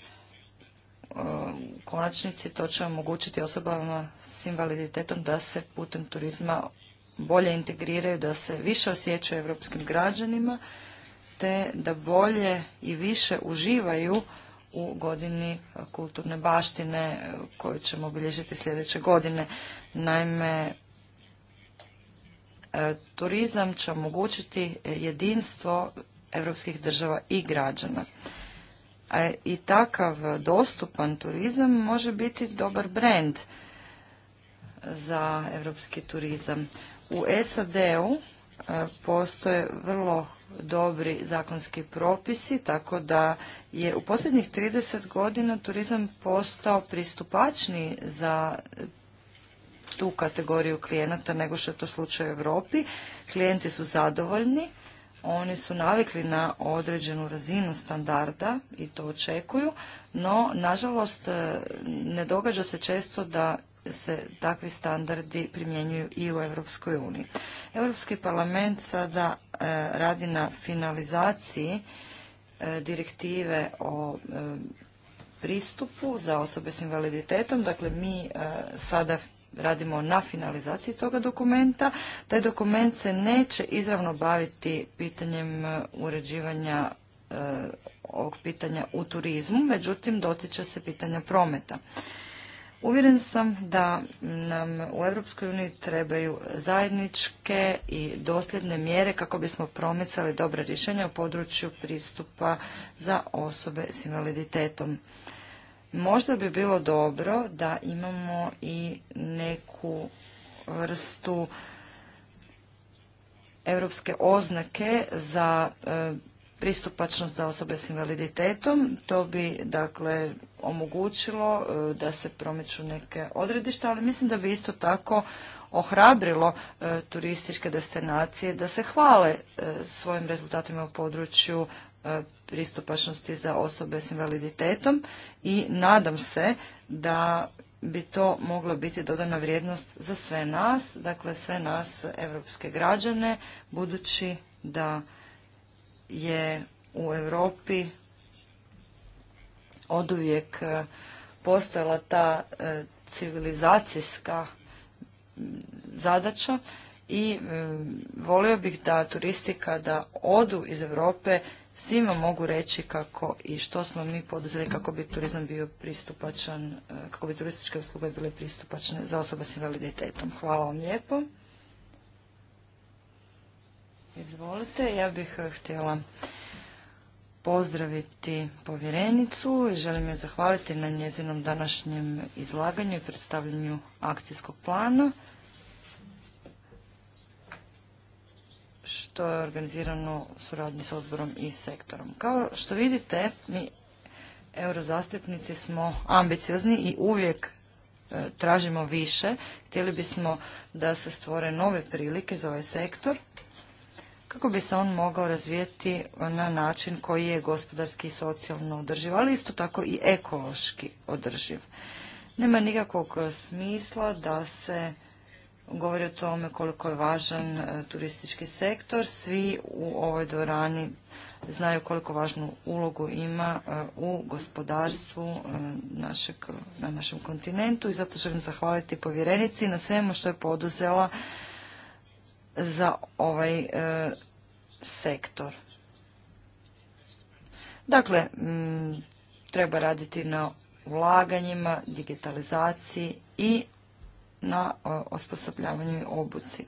konačnici to će omogućiti osobama s invaliditetom da se putem turizma bolje integriraju, da se više osjećaju europskim građanima, te da bolje i više uživaju u godini kulturne baštine e, koju ćemo obilježiti sljedeće godine. Naime, e, turizam će omogućiti jedinstvo europskih država i građana i takav dostupan turizam može biti dobar brend za europski turizam. U SAD-u e, postoje vrlo dobri zakonski propisi, tako da je u posljednjih 30 godina turizam postao pristupačni za tu kategoriju klijenata nego što je to slučaj u Europi. Klijenti su zadovoljni oni su navikli na određenu razinu standarda i to očekuju, no nažalost e, ne događa se često da se takvi standardi primjenjuju i u Europskoj uniji. Europski parlament sada e, radi na finalizaciji e, direktive o pristupu za osobe s invaliditetom. Dakle, mi sada radimo na finalizaciji toga dokumenta. Taj dokument se neće izravno baviti pitanjem e, uređivanja e, ovog pitanja u turizmu, međutim dotiče se pitanja prometa. Uvjeren sam da nam u Europskoj uniji trebaju zajedničke i dosljedne mjere kako bismo promicali dobre rješenja u području pristupa za osobe s invaliditetom. Možda bi bilo dobro da imamo i neku vrstu europske oznake za e, pristupačnost za osobe s invaliditetom. To bi dakle omogućilo e, da se promiču neke odredišta, ali mislim da bi isto tako ohrabrilo e, turističke destinacije da se hvale svojim rezultatima u području E, pristupačnosti za osobe s invaliditetom i nadam se da bi to moglo biti dodana vrijednost za sve nas, dakle sve nas evropske građane, budući da je u Europi oduvijek e, postojala ta e, civilizacijska zadaća i volio bih da turisti kada odu iz Europe svima mogu reći kako i što smo mi poduzeli kako bi turizam bio pristupačan, e, kako bi turističke usluge bile pristupačne za osobe s invaliditetom. Hvala vam lijepo. Izvolite, ja bih e, htjela pozdraviti povjerenicu i želim je zahvaliti na njezinom današnjem izlaganju i predstavljanju akcijskog plana. To je organizirano u suradnji s odborom i sektorom. Kao što vidite, mi eurozastupnici smo ambiciozni i uvijek e, tražimo više. Htjeli bismo da se stvore nove prilike za ovaj sektor kako bi se on mogao razvijeti na način koji je gospodarski i socijalno održiv, ali isto tako i ekološki održiv. Nema nikakvog smisla da se govori o tome koliko je važan e, turistički sektor. Svi u ovoj dvorani znaju koliko važnu ulogu ima e, u gospodarstvu e, na našem kontinentu i zato želim zahvaliti povjerenici na svemu što je poduzela za ovaj sektor. Dakle, treba raditi na ulaganjima, digitalizaciji i na e, osposobljavanju i obuci.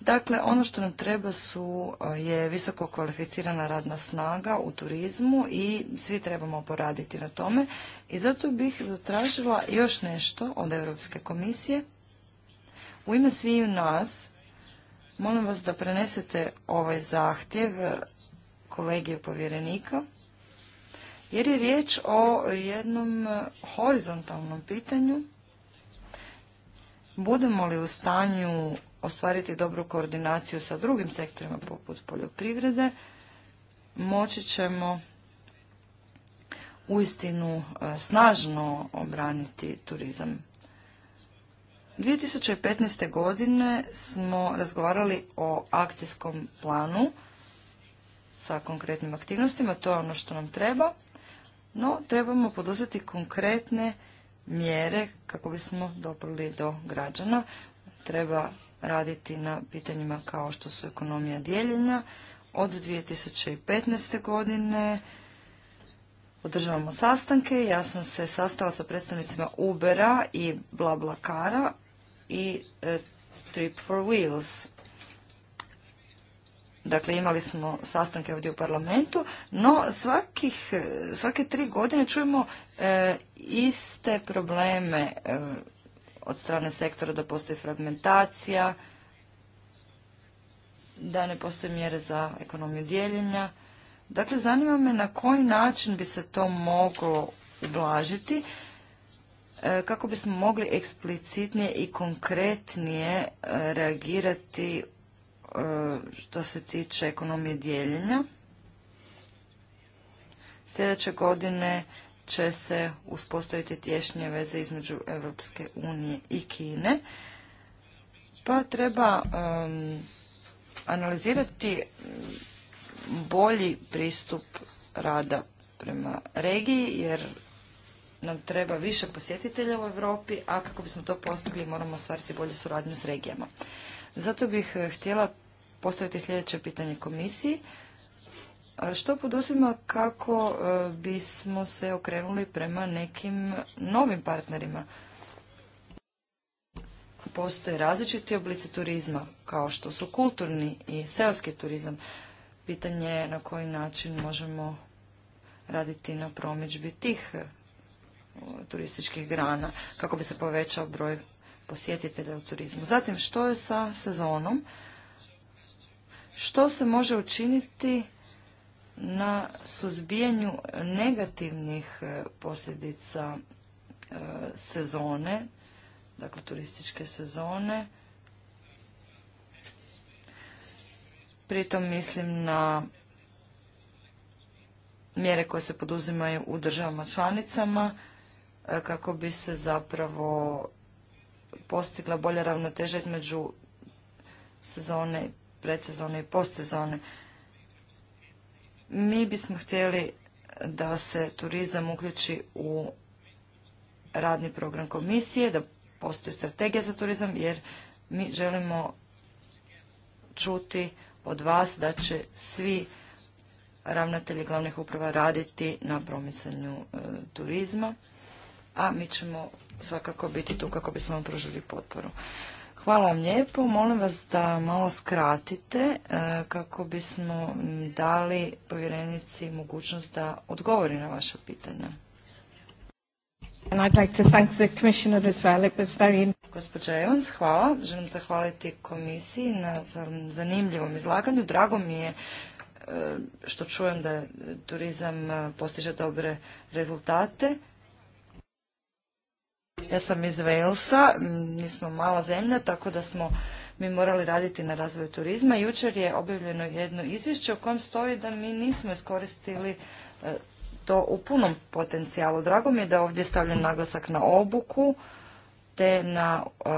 Dakle, ono što nam treba su, e, je visoko kvalificirana radna snaga u turizmu i svi trebamo poraditi na tome. I zato bih zatražila još nešto od Europske komisije. U ime sviju nas, molim vas da prenesete ovaj zahtjev kolegije povjerenika, jer je riječ o jednom horizontalnom pitanju budemo li u stanju ostvariti dobru koordinaciju sa drugim sektorima poput poljoprivrede, moći ćemo uistinu e, snažno obraniti turizam. 2015. godine smo razgovarali o akcijskom planu sa konkretnim aktivnostima, to je ono što nam treba, no trebamo poduzeti konkretne mjere kako bismo doprli do građana. Treba raditi na pitanjima kao što su ekonomija dijeljenja. Od 2015. godine održavamo sastanke. Ja sam se sastala sa predstavnicima Ubera i BlaBlaCara i e, Trip for Wheels. Dakle, imali smo sastanke ovdje u parlamentu, no svakih, e, svake tri godine čujemo e, iste probleme e, od strane sektora da postoji fragmentacija, da ne postoje mjere za ekonomiju dijeljenja. Dakle, zanima me na koji način bi se to moglo ublažiti e, kako bismo mogli eksplicitnije i konkretnije e, reagirati što se tiče ekonomije dijeljenja. Sljedeće godine će se uspostaviti tješnje veze između Europske unije i Kine. Pa treba analizirati bolji pristup rada prema regiji, jer nam treba više posjetitelja u Europi, a kako bismo to postigli moramo ostvariti bolju suradnju s regijama. Zato bih eh, htjela postaviti sljedeće pitanje komisiji. Što poduzima kako e, bismo se okrenuli prema nekim novim partnerima? Postoje različiti oblici turizma, kao što su kulturni i seoski turizam. Pitanje je na koji način možemo raditi na promjeđbi tih e, turističkih grana, kako bi se povećao broj posjetitelja u turizmu. Zatim, što je sa sezonom? Što se može učiniti na suzbijanju negativnih e, posljedica e, sezone, dakle turističke sezone. Pritom mislim na mjere koje se poduzimaju u državama članicama e, kako bi se zapravo postigla bolja ravnoteža između sezone, predsezone i postsezone. Mi bismo htjeli da se turizam uključi u radni program komisije, da postoji strategija za turizam, jer mi želimo čuti od vas da će svi ravnatelji glavnih uprava raditi na promicanju e, turizma, a mi ćemo svakako biti tu kako bismo vam pružili potporu. Hvala vam lijepo. Molim vas da malo skratite e, kako bismo dali povjerenici mogućnost da odgovori na vaša pitanja. Gospođa Evans, hvala. Želim zahvaliti komisiji na zanimljivom izlaganju. Drago mi je e, što čujem da turizam e, postiže dobre rezultate. Ja sam iz Walesa, mi smo mala zemlja, tako da smo mi morali raditi na razvoju turizma. Jučer je objavljeno jedno izvješće u kojem stoji da mi nismo iskoristili e, to u punom potencijalu. Drago mi je da je ovdje stavljen naglasak na obuku te na e,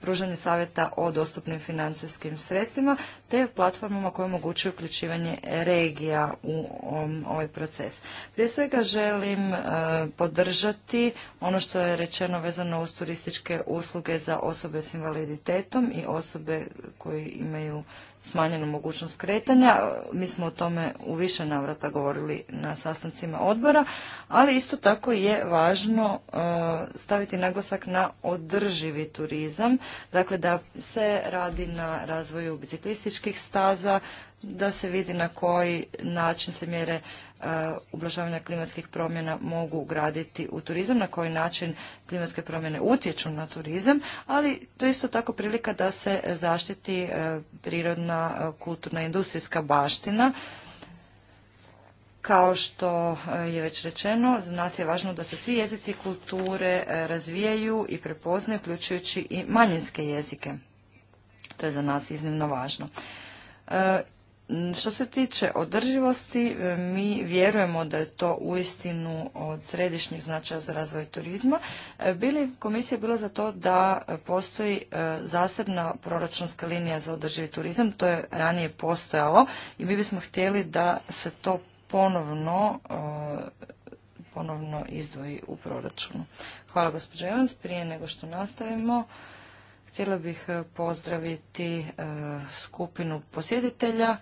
pružanje savjeta o dostupnim financijskim sredstvima te platformama koje omogućuju uključivanje regija u um, ovaj proces. Prije svega želim e, podržati ono što je rečeno vezano uz turističke usluge za osobe s invaliditetom i osobe koji imaju smanjenu mogućnost kretanja. Mi smo o tome u više navrata govorili na sastancima odbora, ali isto tako je važno e, staviti naglasak na održivi turizam, dakle da se radi na razvoju biciklističkih staza, da se vidi na koji način se mjere e, ublažavanja klimatskih promjena mogu ugraditi u turizam, na koji način klimatske promjene utječu na turizam, ali to je isto tako prilika da se zaštiti e, prirodna e, kulturna industrijska baština. Kao što je već rečeno, za nas je važno da se svi jezici kulture razvijaju i prepoznaju, uključujući i manjinske jezike. To je za nas iznimno važno. E, što se tiče održivosti, e, mi vjerujemo da je to uistinu od središnjih značaja za razvoj turizma. E, Bili, komisija je bila za to da postoji zasebna proračunska linija za održivi turizam, to je ranije postojalo i mi bismo htjeli da se to ponovno ponovno izdvoji u proračunu. Hvala gospođo Evans. Prije nego što nastavimo, Htjela bih e, pozdraviti e, skupinu posjeditelja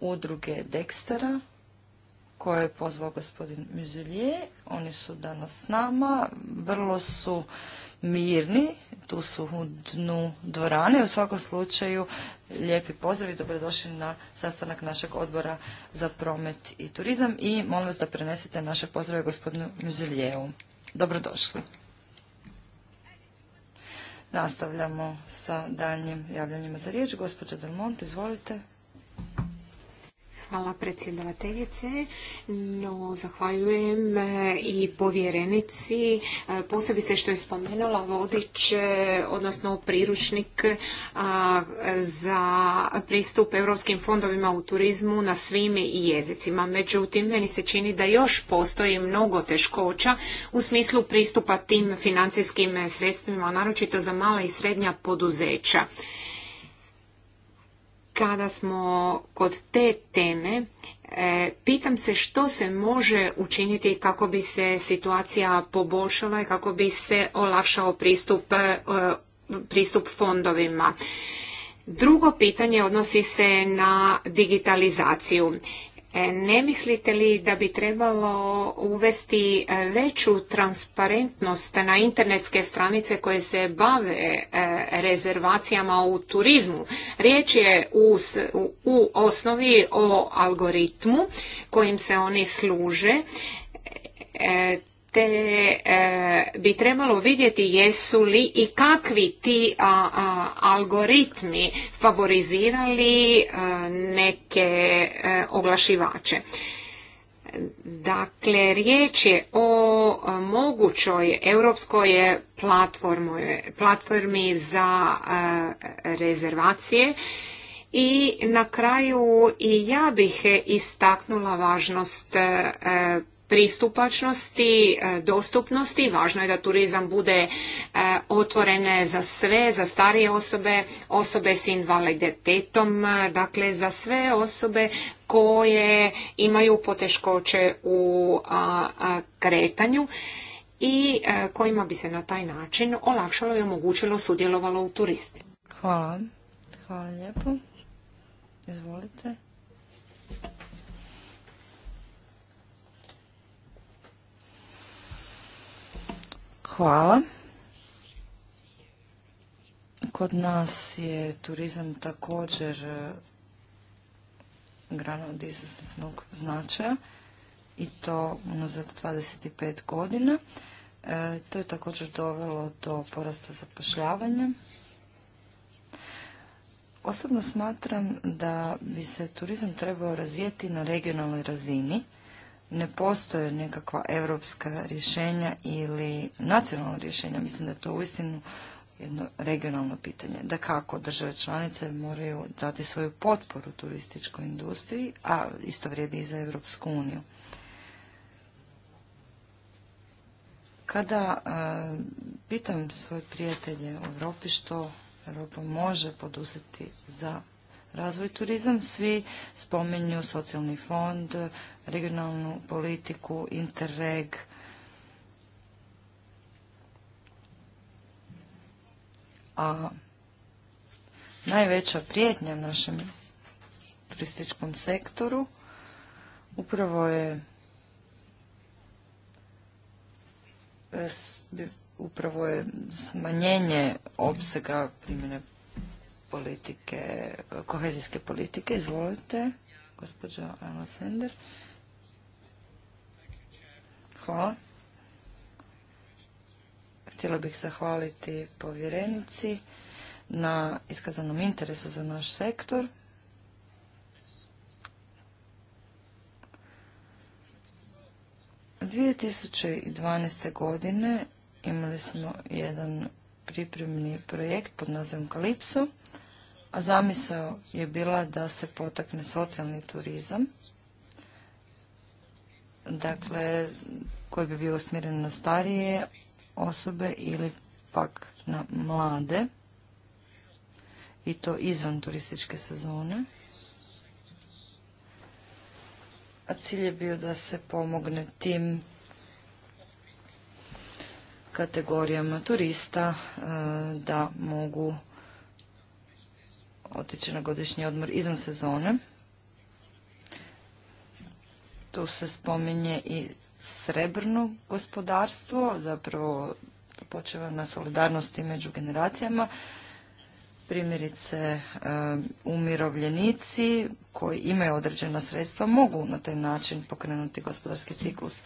udruge Dextera koje je pozvao gospodin Muzilje. Oni su danas s nama. Vrlo su mirni. Tu su u dnu dvorane. U svakom slučaju lijepi pozdrav i dobrodošli na sastanak našeg odbora za promet i turizam. I molim vas da prenesete naše pozdrave gospodinu dobro Dobrodošli. Nastavljamo sa daljnjim javljanjima za riječ. Gospođa Delmonte, izvolite. Hvala predsjedavateljice, no zahvaljujem e, i povjerenici, e, posebice što je spomenula vodič, e, odnosno priručnik za pristup europskim fondovima u turizmu na svim jezicima. Međutim, meni se čini da još postoji mnogo teškoća u smislu pristupa tim financijskim sredstvima, naročito za mala i srednja poduzeća kada smo kod te teme, e, pitam se što se može učiniti kako bi se situacija poboljšala i kako bi se olakšao pristup, e, pristup fondovima. Drugo pitanje odnosi se na digitalizaciju. E, ne mislite li da bi trebalo uvesti e, veću transparentnost na internetske stranice koje se bave e, rezervacijama u turizmu? Riječ je u, u osnovi o algoritmu kojim se oni služe te e, bi trebalo vidjeti jesu li i kakvi ti algoritmi favorizirali e, neke e, oglašivače. Dakle, riječ je o mogućoj europskoj platformi za rezervacije i na kraju i ja bih istaknula važnost pristupačnosti, e, dostupnosti. Važno je da turizam bude e, otvorene za sve, za starije osobe, osobe s invaliditetom, e, dakle za sve osobe koje imaju poteškoće u kretanju i kojima bi se na taj način olakšalo i omogućilo sudjelovalo u turisti. Hvala. Hvala lijepo. Izvolite. Hvala. Kod nas je turizam također e, grana od izuzetnog značaja i to unazad 25 godina. E, to je također dovelo do porasta zapošljavanja. Osobno smatram da bi se turizam trebao razvijeti na regionalnoj razini ne postoje nekakva europska rješenja ili nacionalna rješenja. Mislim da je to uistinu jedno regionalno pitanje. Da kako države članice moraju dati svoju potporu turističkoj industriji, a isto vrijedi i za Europsku uniju. Kada e, pitam svoje prijatelje u Europi što Europa može poduzeti za razvoj turizam. Svi spominju socijalni fond, regionalnu politiku, interreg. A najveća prijetnja našem turističkom sektoru upravo je upravo je smanjenje opsega primjene politike, kohezijske politike. Izvolite, gospođo Anna Sender. Hvala. Htjela bih zahvaliti povjerenici na iskazanom interesu za naš sektor. U 2012. godine imali smo jedan pripremni projekt pod nazivom Kalipso a zamisao je bila da se potakne socijalni turizam, dakle, koji bi bio usmjeren na starije osobe ili pak na mlade, i to izvan turističke sezone. A cilj je bio da se pomogne tim kategorijama turista e, da mogu otići na godišnji odmor izvan sezone. Tu se spominje i srebrno gospodarstvo, zapravo počeva na solidarnosti među generacijama. Primjerice, e, umirovljenici koji imaju određena sredstva mogu na taj način pokrenuti gospodarski ciklus.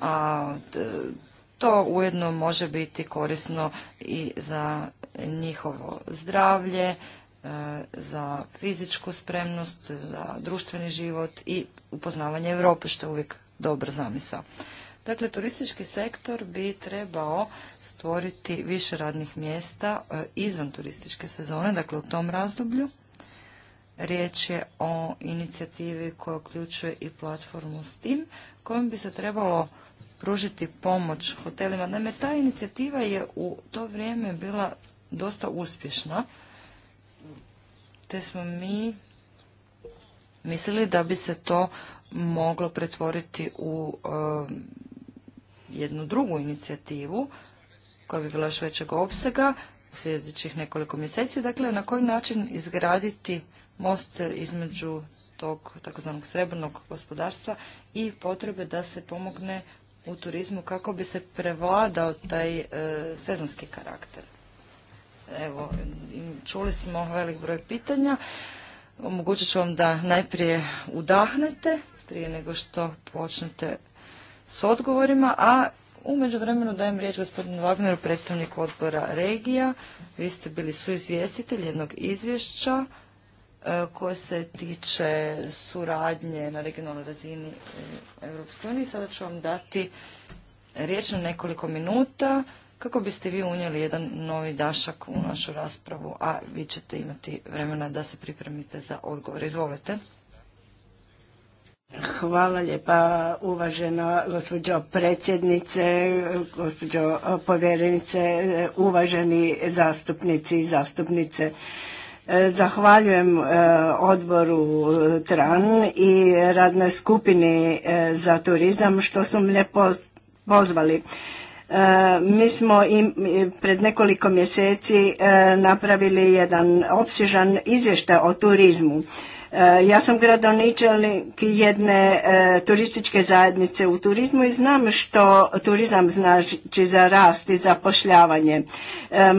A to ujedno može biti korisno i za njihovo zdravlje, e, za fizičku spremnost, za društveni život i upoznavanje Europe, što je uvijek dobra zamisao. Dakle, turistički sektor bi trebao stvoriti više radnih mjesta e, izvan turističke sezone, dakle u tom razdoblju. Riječ je o inicijativi koja uključuje i platformu STEAM, kojom bi se trebalo pružiti pomoć hotelima. Naime, ta inicijativa je u to vrijeme bila dosta uspješna, te smo mi mislili da bi se to moglo pretvoriti u um, jednu drugu inicijativu koja bi bila još većeg opsega u sljedećih nekoliko mjeseci. Dakle, na koji način izgraditi most između tog takozvanog srebrnog gospodarstva i potrebe da se pomogne u turizmu kako bi se prevladao taj e, sezonski karakter. Evo, čuli smo velik broj pitanja. Omogućit ću vam da najprije udahnete prije nego što počnete s odgovorima, a u međuvremenu dajem riječ gospodinu Wagneru, predstavniku odbora regija. Vi ste bili suizvjestitelj jednog izvješća E, koje se tiče suradnje na regionalnoj razini e, Europske unije. Sada ću vam dati riječ na nekoliko minuta kako biste vi unijeli jedan novi dašak u našu raspravu, a vi ćete imati vremena da se pripremite za odgovor. Izvolite. Hvala lijepa uvažena gospođo predsjednice, gospođo povjerenice, uvaženi zastupnici i zastupnice. E, zahvaljujem e, odboru e, TRAN i radnoj skupini za turizam što su me pozvali. Mi smo i pred nekoliko mjeseci napravili jedan opsižan izvještaj o turizmu. Eh, ja sam gradoničelnik jedne eh, turističke zajednice u turizmu i znam što turizam znači za rast i zapošljavanje. Eh,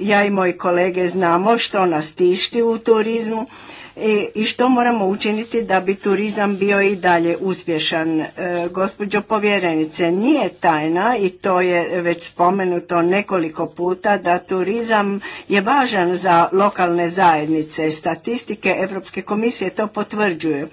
ja i moji kolege znamo što nas tišti u turizmu E, i što moramo učiniti da bi turizam bio i dalje uspješan. E, gospođo povjerenice, nije tajna i to je već spomenuto nekoliko puta da turizam je važan za lokalne zajednice. Statistike Europske komisije to potvrđuju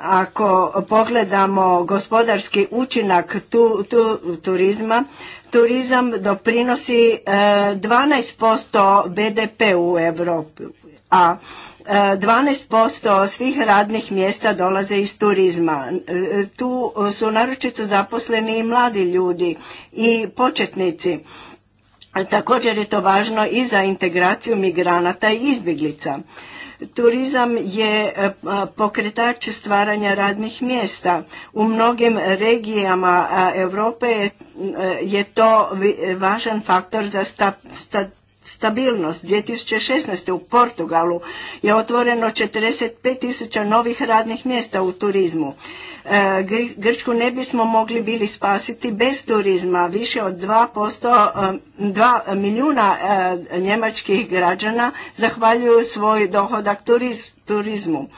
ako pogledamo gospodarski učinak tu, tu, turizma, turizam doprinosi 12% e, BDP u Europi, a 12% svih radnih mjesta dolaze iz turizma. Tu su naročito zaposleni i mladi ljudi i početnici. Također je to važno i za integraciju migranata i izbjeglica. Turizam je e, pokretač stvaranja radnih mjesta. U mnogim regijama Europe je e, to važan faktor za stabilnost stabilnost. 2016. u Portugalu je otvoreno 45 tisuća novih radnih mjesta u turizmu. E, Grčku ne bismo mogli bili spasiti bez turizma. Više od 2%, 2 e, milijuna e, njemačkih građana zahvaljuju svoj dohodak turizmu.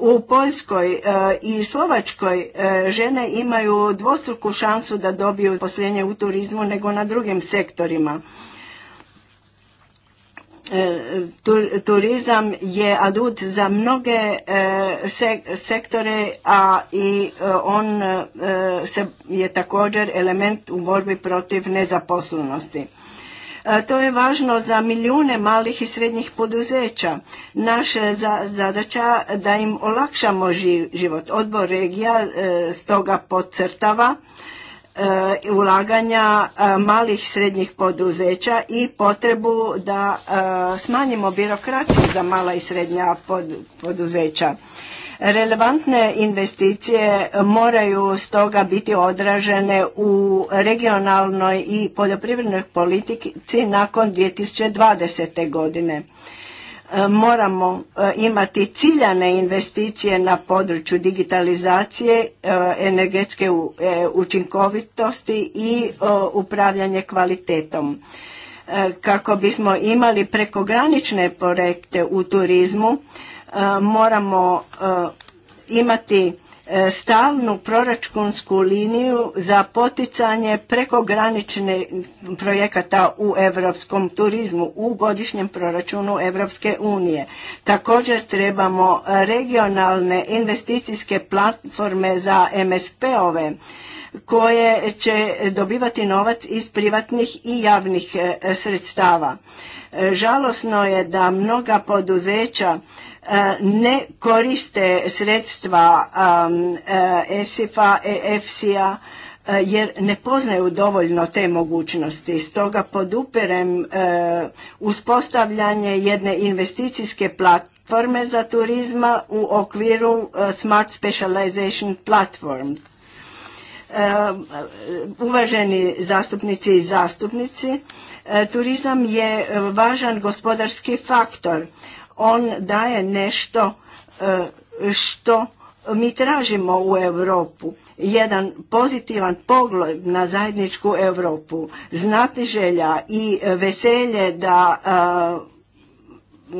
U Poljskoj i Slovačkoj žene imaju dvostruku šansu da dobiju zaposlenje u turizmu nego na drugim sektorima. E, turizam je adut za mnoge e, sektore, a i e, on se je također element u borbi protiv nezaposlenosti. To je važno za milijune malih i srednjih poduzeća. Naša zadaća da im olakšamo život. Odbor regija stoga podcrtava E, ulaganja e, malih srednjih poduzeća i potrebu da e, smanjimo birokraciju za mala i srednja poduzeća. Relevantne investicije moraju stoga biti odražene u regionalnoj i poljoprivrednoj politici nakon 2020. godine. E, moramo e, imati ciljane investicije na području digitalizacije, e, energetske učinkovitosti i upravljanje kvalitetom. Kako bismo imali prekogranične projekte u turizmu, moramo imati E, stalnu proračunsku liniju za poticanje prekogranične projekata u europskom turizmu u godišnjem proračunu Europske unije. Također trebamo regionalne investicijske platforme za MSP-ove koje će dobivati novac iz privatnih i javnih e, sredstava. E, žalosno je da mnoga poduzeća E, ne koriste sredstva e, ESIF-a, EFSI-a, e, jer ne poznaju dovoljno te mogućnosti. Stoga podupirem uspostavljanje jedne investicijske platforme za turizma u okviru Smart Specialization Platform. Uvaženi zastupnici i zastupnici, turizam je važan gospodarski faktor on daje nešto e, što mi tražimo u Europu jedan pozitivan pogled na zajedničku Europu, znati želja i veselje da e,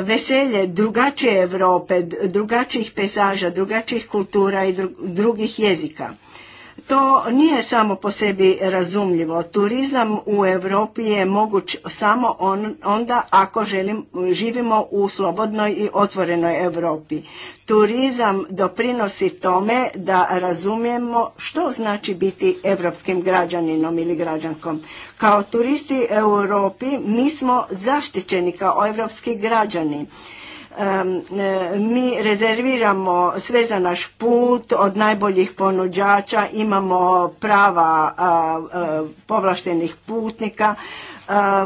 veselje drugačije Europe, drugačijih pesaža, drugačijih kultura i drugih jezika. To nije samo po sebi razumljivo. Turizam u Europi je moguć samo onda ako želim, živimo u slobodnoj i otvorenoj Europi. Turizam doprinosi tome da razumijemo što znači biti europskim građaninom ili građankom. Kao turisti Europi mi smo zaštićeni kao europski građani E, mi rezerviramo sve za naš put od najboljih ponuđača, imamo prava povlaštenih putnika,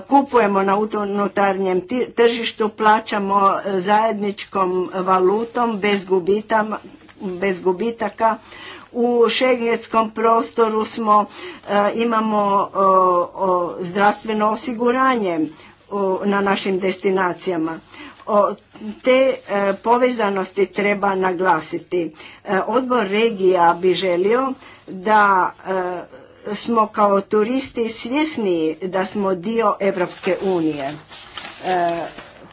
kupujemo na unutarnjem tržištu, plaćamo zajedničkom valutom bez, gubitaka. U šegnjetskom prostoru smo, e, imamo zdravstveno osiguranje na našim destinacijama te e, povezanosti treba naglasiti. E, odbor regija bi želio da e, smo kao turisti svjesni da smo dio Evropske unije.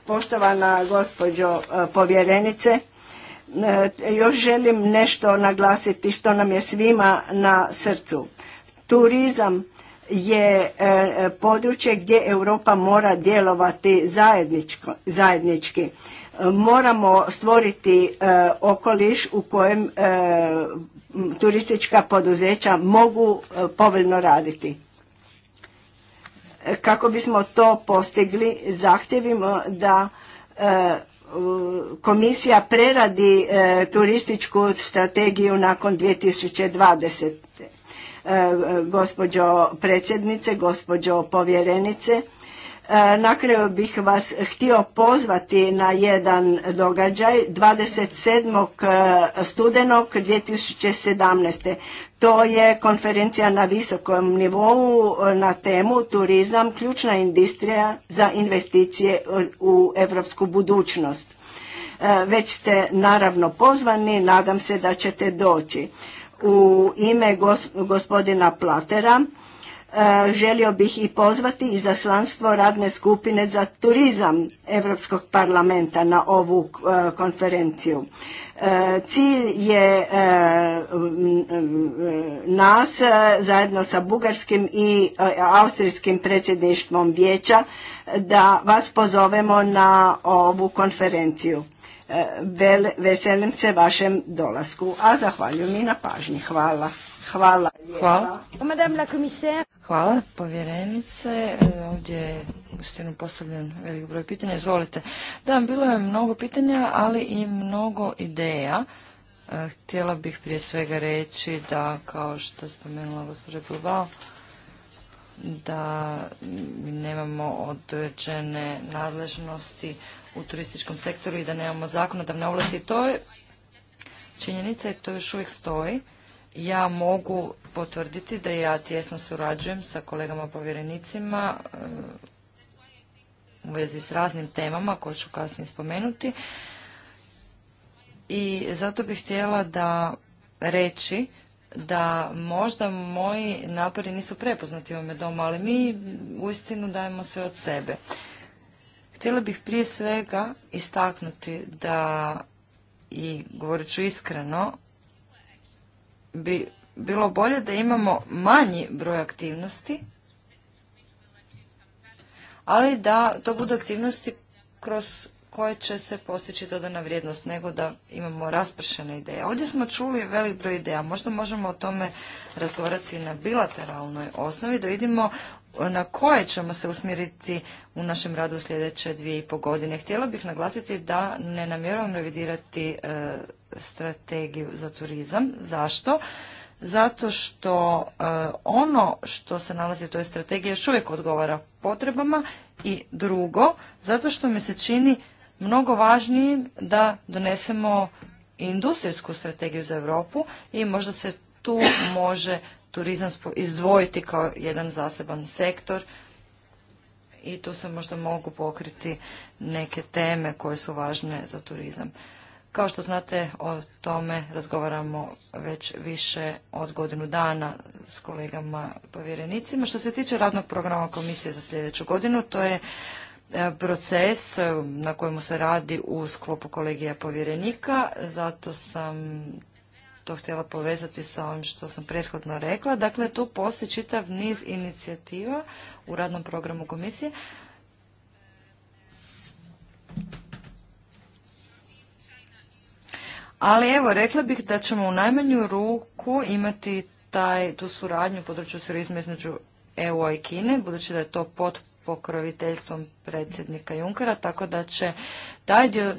Poštovana gospođo povjerenice, još želim nešto naglasiti što nam je svima na srcu. Turizam je e, područje gdje Europa mora djelovati zajednički. Moramo stvoriti e, okoliš u kojem e, turistička poduzeća mogu povoljno raditi. Kako bismo to postigli, zahtjevimo da komisija preradi turističku strategiju nakon 2020. E, gospođo predsjednice, gospođo povjerenice. E, na kraju bih vas htio pozvati na jedan događaj 27. E, studenog 2017. To je konferencija na visokom nivou na temu turizam, ključna industrija za investicije u europsku budućnost. Već ste naravno pozvani, nadam se da ćete doći. U ime gospodina Platera e, želio bih i pozvati izaslanstvo radne skupine za turizam Europskog parlamenta na ovu e, konferenciju. E, cilj je nas zajedno sa bugarskim i austrijskim predsjedništvom vijeća da vas pozovemo na ovu konferenciju. E, veselim se vašem dolasku, a zahvaljujem i na pažnji. Hvala. Hvala. Hvala. Hvala, povjerenice. E, ovdje je ustinu postavljen velik broj pitanja. Izvolite. Da, bilo je mnogo pitanja, ali i mnogo ideja. E, htjela bih prije svega reći da, kao što je spomenula gospođa Bilbao, da nemamo određene nadležnosti u turističkom sektoru i da nemamo zakonodavne ovlasti. To je činjenica i to još uvijek stoji. Ja mogu potvrditi da ja tjesno surađujem sa kolegama povjerenicima e, u vezi s raznim temama koje ću kasnije spomenuti. I zato bih htjela da reći da možda moji napori nisu prepoznati u ovome domu, ali mi uistinu dajemo sve od sebe. Htjela bih prije svega istaknuti da, i govorit ću iskreno, bi bilo bolje da imamo manji broj aktivnosti, ali da to budu aktivnosti kroz koje će se postići dodana vrijednost, nego da imamo raspršene ideje. Ovdje smo čuli velik broj ideja, možda možemo o tome razgovarati na bilateralnoj osnovi, da vidimo na koje ćemo se usmjeriti u našem radu u sljedeće dvije i godine. Htjela bih naglasiti da ne namjeravam revidirati e, strategiju za turizam. Zašto? Zato što e, ono što se nalazi u toj strategiji još uvijek odgovara potrebama i drugo, zato što mi se čini mnogo važnijim da donesemo industrijsku strategiju za Europu i možda se tu može turizam izdvojiti kao jedan zaseban sektor i tu se možda mogu pokriti neke teme koje su važne za turizam. Kao što znate, o tome razgovaramo već više od godinu dana s kolegama povjerenicima. Što se tiče radnog programa komisije za sljedeću godinu, to je e, proces e, na kojemu se radi u sklopu kolegija povjerenika, zato sam to htjela povezati sa ovim što sam prethodno rekla. Dakle, tu postoji čitav niz inicijativa u radnom programu komisije. Ali evo, rekla bih da ćemo u najmanju ruku imati taj, tu suradnju u području surizme između EU i Kine, budući da je to pod pokroviteljstvom predsjednika Junkera, tako da će taj dio e,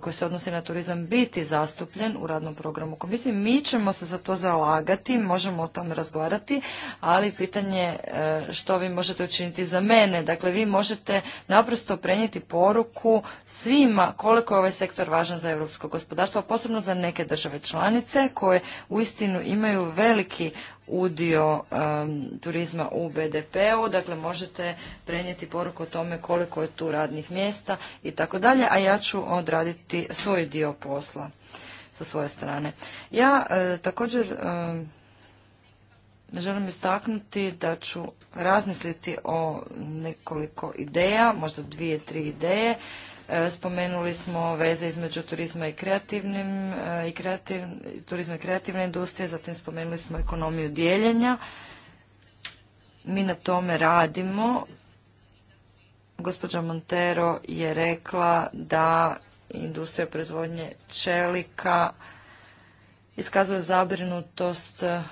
koji se odnosi na turizam biti zastupljen u radnom programu komisije. Mi ćemo se za to zalagati, možemo o tome razgovarati, ali pitanje e, što vi možete učiniti za mene. Dakle, vi možete naprosto prenijeti poruku svima koliko je ovaj sektor važan za europsko gospodarstvo, posebno za neke države članice koje uistinu imaju veliki udio e, turizma u BDP-u. Dakle, možete prenijeti poruku o tome koliko je tu radnih mjesta i tako dalje, a ja ću odraditi svoj dio posla sa svoje strane. Ja e, također e, želim istaknuti da ću razmisliti o nekoliko ideja, možda dvije, tri ideje. E, spomenuli smo veze između turizma i kreativnim, e, i kreativ, turizma i kreativne industrije, zatim spomenuli smo ekonomiju dijeljenja. Mi na tome radimo Gospođa Montero je rekla da industrija proizvodnje čelika iskazuje zabrinutost e,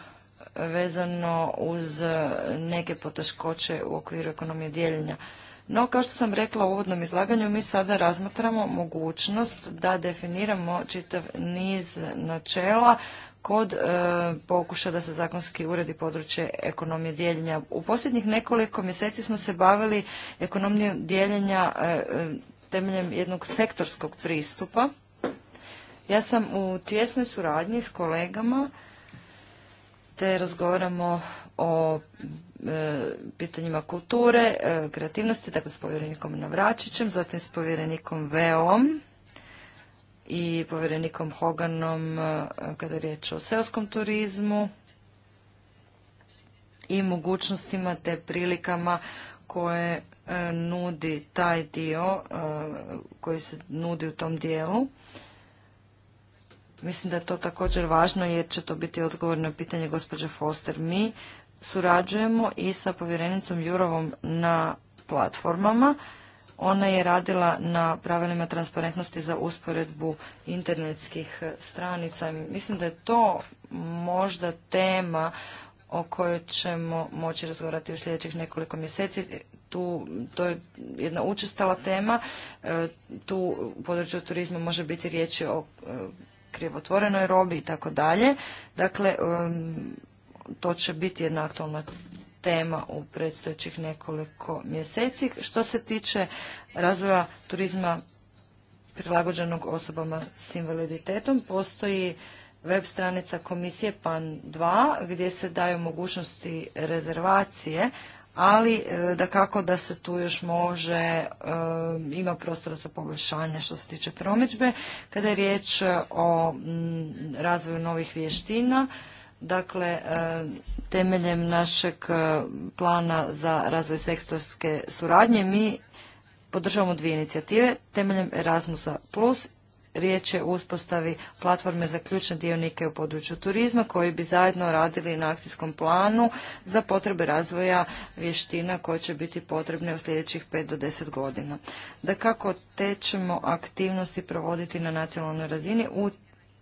vezano uz e, neke poteškoće u okviru ekonomije dijeljenja. No, kao što sam rekla u uvodnom izlaganju, mi sada razmatramo mogućnost da definiramo čitav niz načela kod e, pokuša da se zakonski uredi područje ekonomije dijeljenja. U posljednjih nekoliko mjeseci smo se bavili ekonomijom dijeljenja e, e, temeljem jednog sektorskog pristupa. Ja sam u tijesnoj suradnji s kolegama te razgovaramo o e, pitanjima kulture, kreativnosti, dakle s povjerenikom Navračićem, zatim s povjerenikom Veom i povjerenikom Hoganom e, kada je riječ o seoskom turizmu i mogućnostima te prilikama koje e, nudi taj dio e, koji se nudi u tom dijelu. Mislim da je to također važno jer će to biti odgovor na pitanje gospođe Foster. Mi surađujemo i sa povjerenicom Jurovom na platformama ona je radila na pravilima transparentnosti za usporedbu internetskih eh, stranica. Mislim da je to možda tema o kojoj ćemo moći razgovarati u sljedećih nekoliko mjeseci. Tu, to je jedna učestala tema. Eh, tu u području turizma može biti riječi o eh, krivotvorenoj robi i tako dalje. Dakle, to će biti jedna aktualna tema u predstojećih nekoliko mjeseci. Što se tiče razvoja turizma prilagođenog osobama s invaliditetom, postoji web stranica komisije PAN 2 gdje se daju mogućnosti rezervacije, ali e, da kako da se tu još može, e, ima prostora za poboljšanje što se tiče promidžbe. Kada je riječ o razvoju novih vještina, Dakle, e, temeljem našeg e, plana za razvoj sektorske suradnje mi podržavamo dvije inicijative. Temeljem Erasmusa Plus riječ je o uspostavi platforme za ključne dionike u području turizma koji bi zajedno radili na akcijskom planu za potrebe razvoja vještina koje će biti potrebne u sljedećih 5 do 10 godina. Da kako te ćemo aktivnosti provoditi na nacionalnoj razini u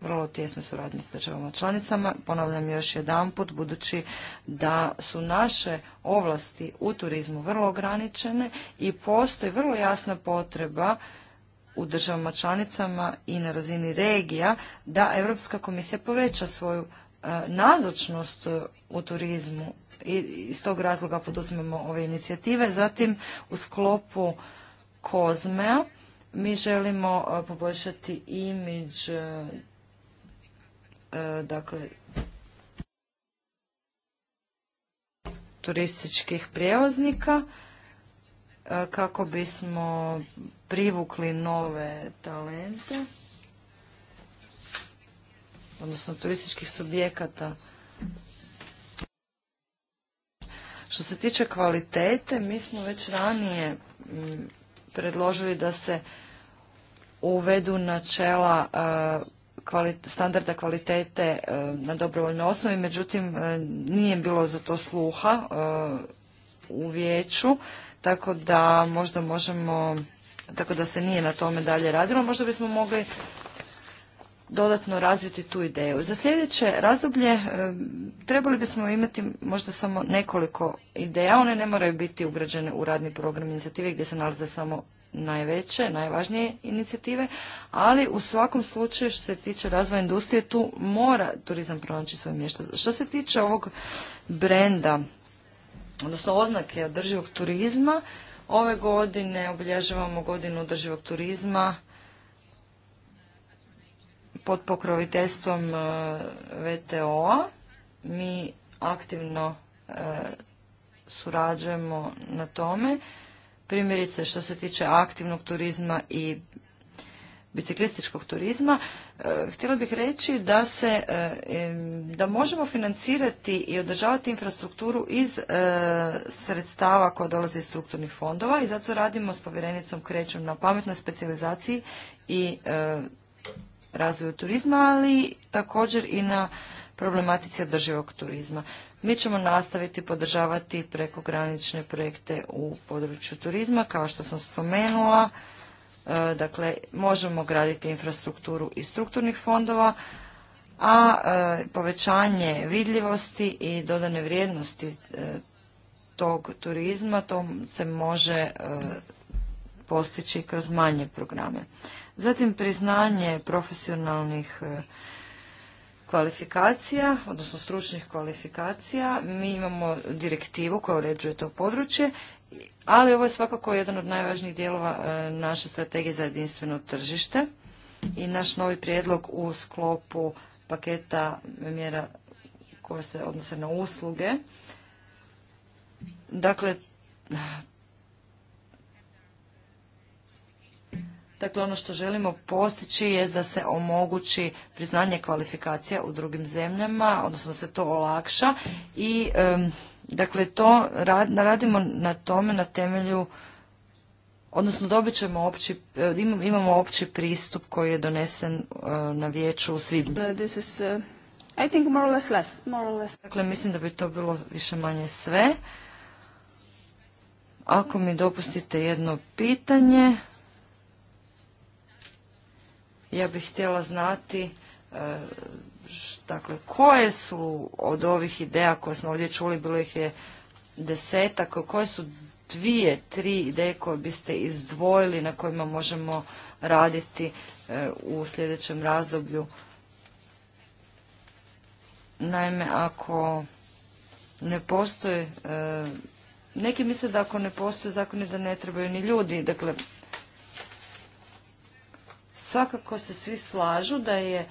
vrlo su suradnji s državama članicama. Ponavljam još jedan put, budući da su naše ovlasti u turizmu vrlo ograničene i postoji vrlo jasna potreba u državama članicama i na razini regija da Europska komisija poveća svoju e, nazočnost e, u turizmu i iz tog razloga poduzmemo ove inicijative. Zatim u sklopu Kozmea mi želimo e, poboljšati imidž E, dakle, turističkih prijevoznika e, kako bismo privukli nove talente, odnosno turističkih subjekata. Što se tiče kvalitete, mi smo već ranije predložili da se uvedu načela e, standarda kvalitete e, na dobrovoljnoj osnovi, međutim e, nije bilo za to sluha e, u vijeću, tako da možda možemo, tako da se nije na tome dalje radilo, možda bismo mogli dodatno razviti tu ideju. Za sljedeće razdoblje trebali bismo imati možda samo nekoliko ideja, one ne moraju biti ugrađene u radni program inicijative gdje se nalaze samo najveće, najvažnije inicijative, ali u svakom slučaju što se tiče razvoja industrije tu mora turizam pronaći svoje mjesto. Što se tiče ovog brenda, odnosno oznake održivog turizma, ove godine obilježavamo godinu održivog turizma pod pokroviteljstvom e, VTO-a. Mi aktivno e, surađujemo na tome primjerice što se tiče aktivnog turizma i biciklističkog turizma, e, htjela bih reći da se, e, da možemo financirati i održavati infrastrukturu iz e, sredstava koja dolaze iz strukturnih fondova i zato radimo s povjerenicom krećom na pametnoj specijalizaciji i razvoju turizma, ali također i na problematici održivog turizma. Mi ćemo nastaviti podržavati prekogranične projekte u području turizma, kao što sam spomenula. E, dakle, možemo graditi infrastrukturu iz strukturnih fondova, a e, povećanje vidljivosti i dodane vrijednosti e, tog turizma, to se može postići kroz manje programe. Zatim priznanje profesionalnih kvalifikacija, odnosno stručnih kvalifikacija. Mi imamo direktivu koja uređuje to područje, ali ovo je svakako jedan od najvažnijih dijelova e, naše strategije za jedinstveno tržište i naš novi prijedlog u sklopu paketa mjera koja se odnose na usluge. Dakle, Dakle, ono što želimo postići je da se omogući priznanje kvalifikacija u drugim zemljama, odnosno da se to olakša i dakle to radimo na tome na temelju odnosno dobit ćemo opći, eh, imamo opći pristup koji je donesen eh, na vijeću u svibnju. Dakle, mislim da bi to bilo više manje sve. Ako mi dopustite jedno pitanje, ja bih htjela znati e, dakle, koje su od ovih ideja koje smo ovdje čuli, bilo ih je desetak, koje su dvije, tri ideje koje biste izdvojili na kojima možemo raditi e, u sljedećem razdoblju. Naime, ako ne postoje, e, neki misle da ako ne postoje zakoni da ne trebaju ni ljudi, dakle Svakako se svi slažu da je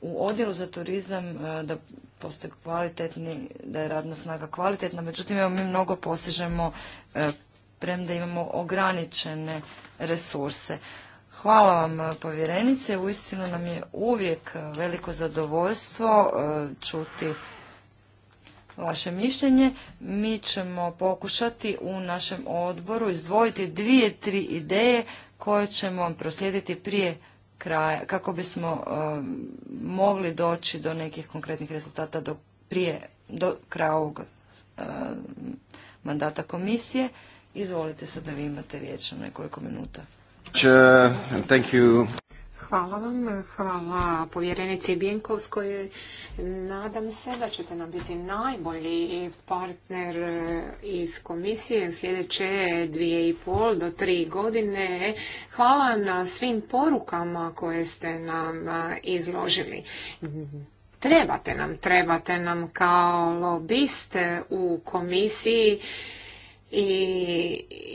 u odjelu za turizam e, da postoje kvalitetni, da je radna snaga kvalitetna, međutim evo mi mnogo postižemo e, premda imamo ograničene resurse. Hvala vam e, povjerenice, uistinu nam je uvijek veliko zadovoljstvo čuti vaše mišljenje. Mi ćemo pokušati u našem odboru izdvojiti dvije, tri ideje koje ćemo proslijediti prije kraja, kako bismo e, mogli doći do nekih konkretnih rezultata do, prije, do kraja ovog e, mandata komisije. Izvolite sad da vi imate riječ na nekoliko minuta. Thank you. Hvala vam, hvala povjerenici Bjenkovskoj. Nadam se da ćete nam biti najbolji partner iz komisije sljedeće dvije i pol do tri godine. Hvala na svim porukama koje ste nam izložili trebate nam, trebate nam kao lobiste u komisiji i,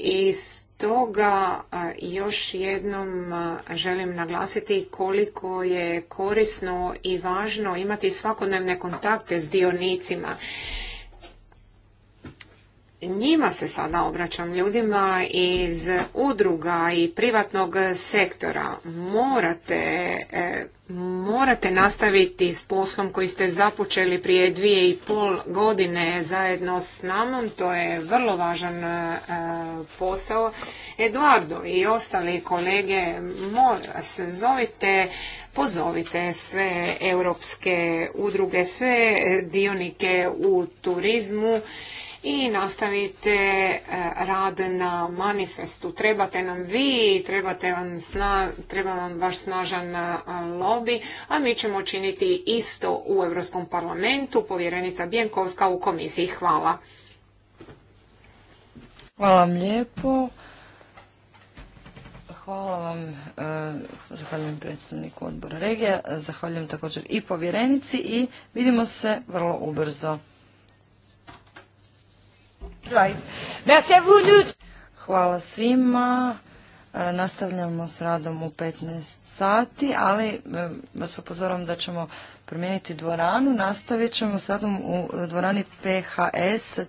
i toga još jednom želim naglasiti koliko je korisno i važno imati svakodnevne kontakte s dionicima njima se sada obraćam ljudima iz udruga i privatnog sektora morate e, morate nastaviti s poslom koji ste započeli prije dvije i pol godine zajedno s nama. to je vrlo važan e, posao Eduardo i ostali kolege molim vas zovite pozovite sve europske udruge sve dionike u turizmu i nastavite e, rad na manifestu. Trebate nam vi, trebate vam sna, treba vam vaš snažan e, lobby, a mi ćemo činiti isto u Europskom parlamentu, povjerenica Bjenkovska u komisiji. Hvala. Hvala vam lijepo. Hvala vam, e, zahvaljujem predstavniku odbora regija, zahvaljujem također i povjerenici i vidimo se vrlo ubrzo. Hvala svima. E, nastavljamo s radom u 15 sati, ali e, vas upozoram da ćemo promijeniti dvoranu. Nastavit ćemo s radom u e, dvorani PHS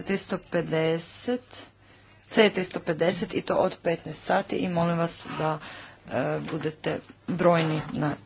350, C350 i to od 15 sati i molim vas da budete brojni na to.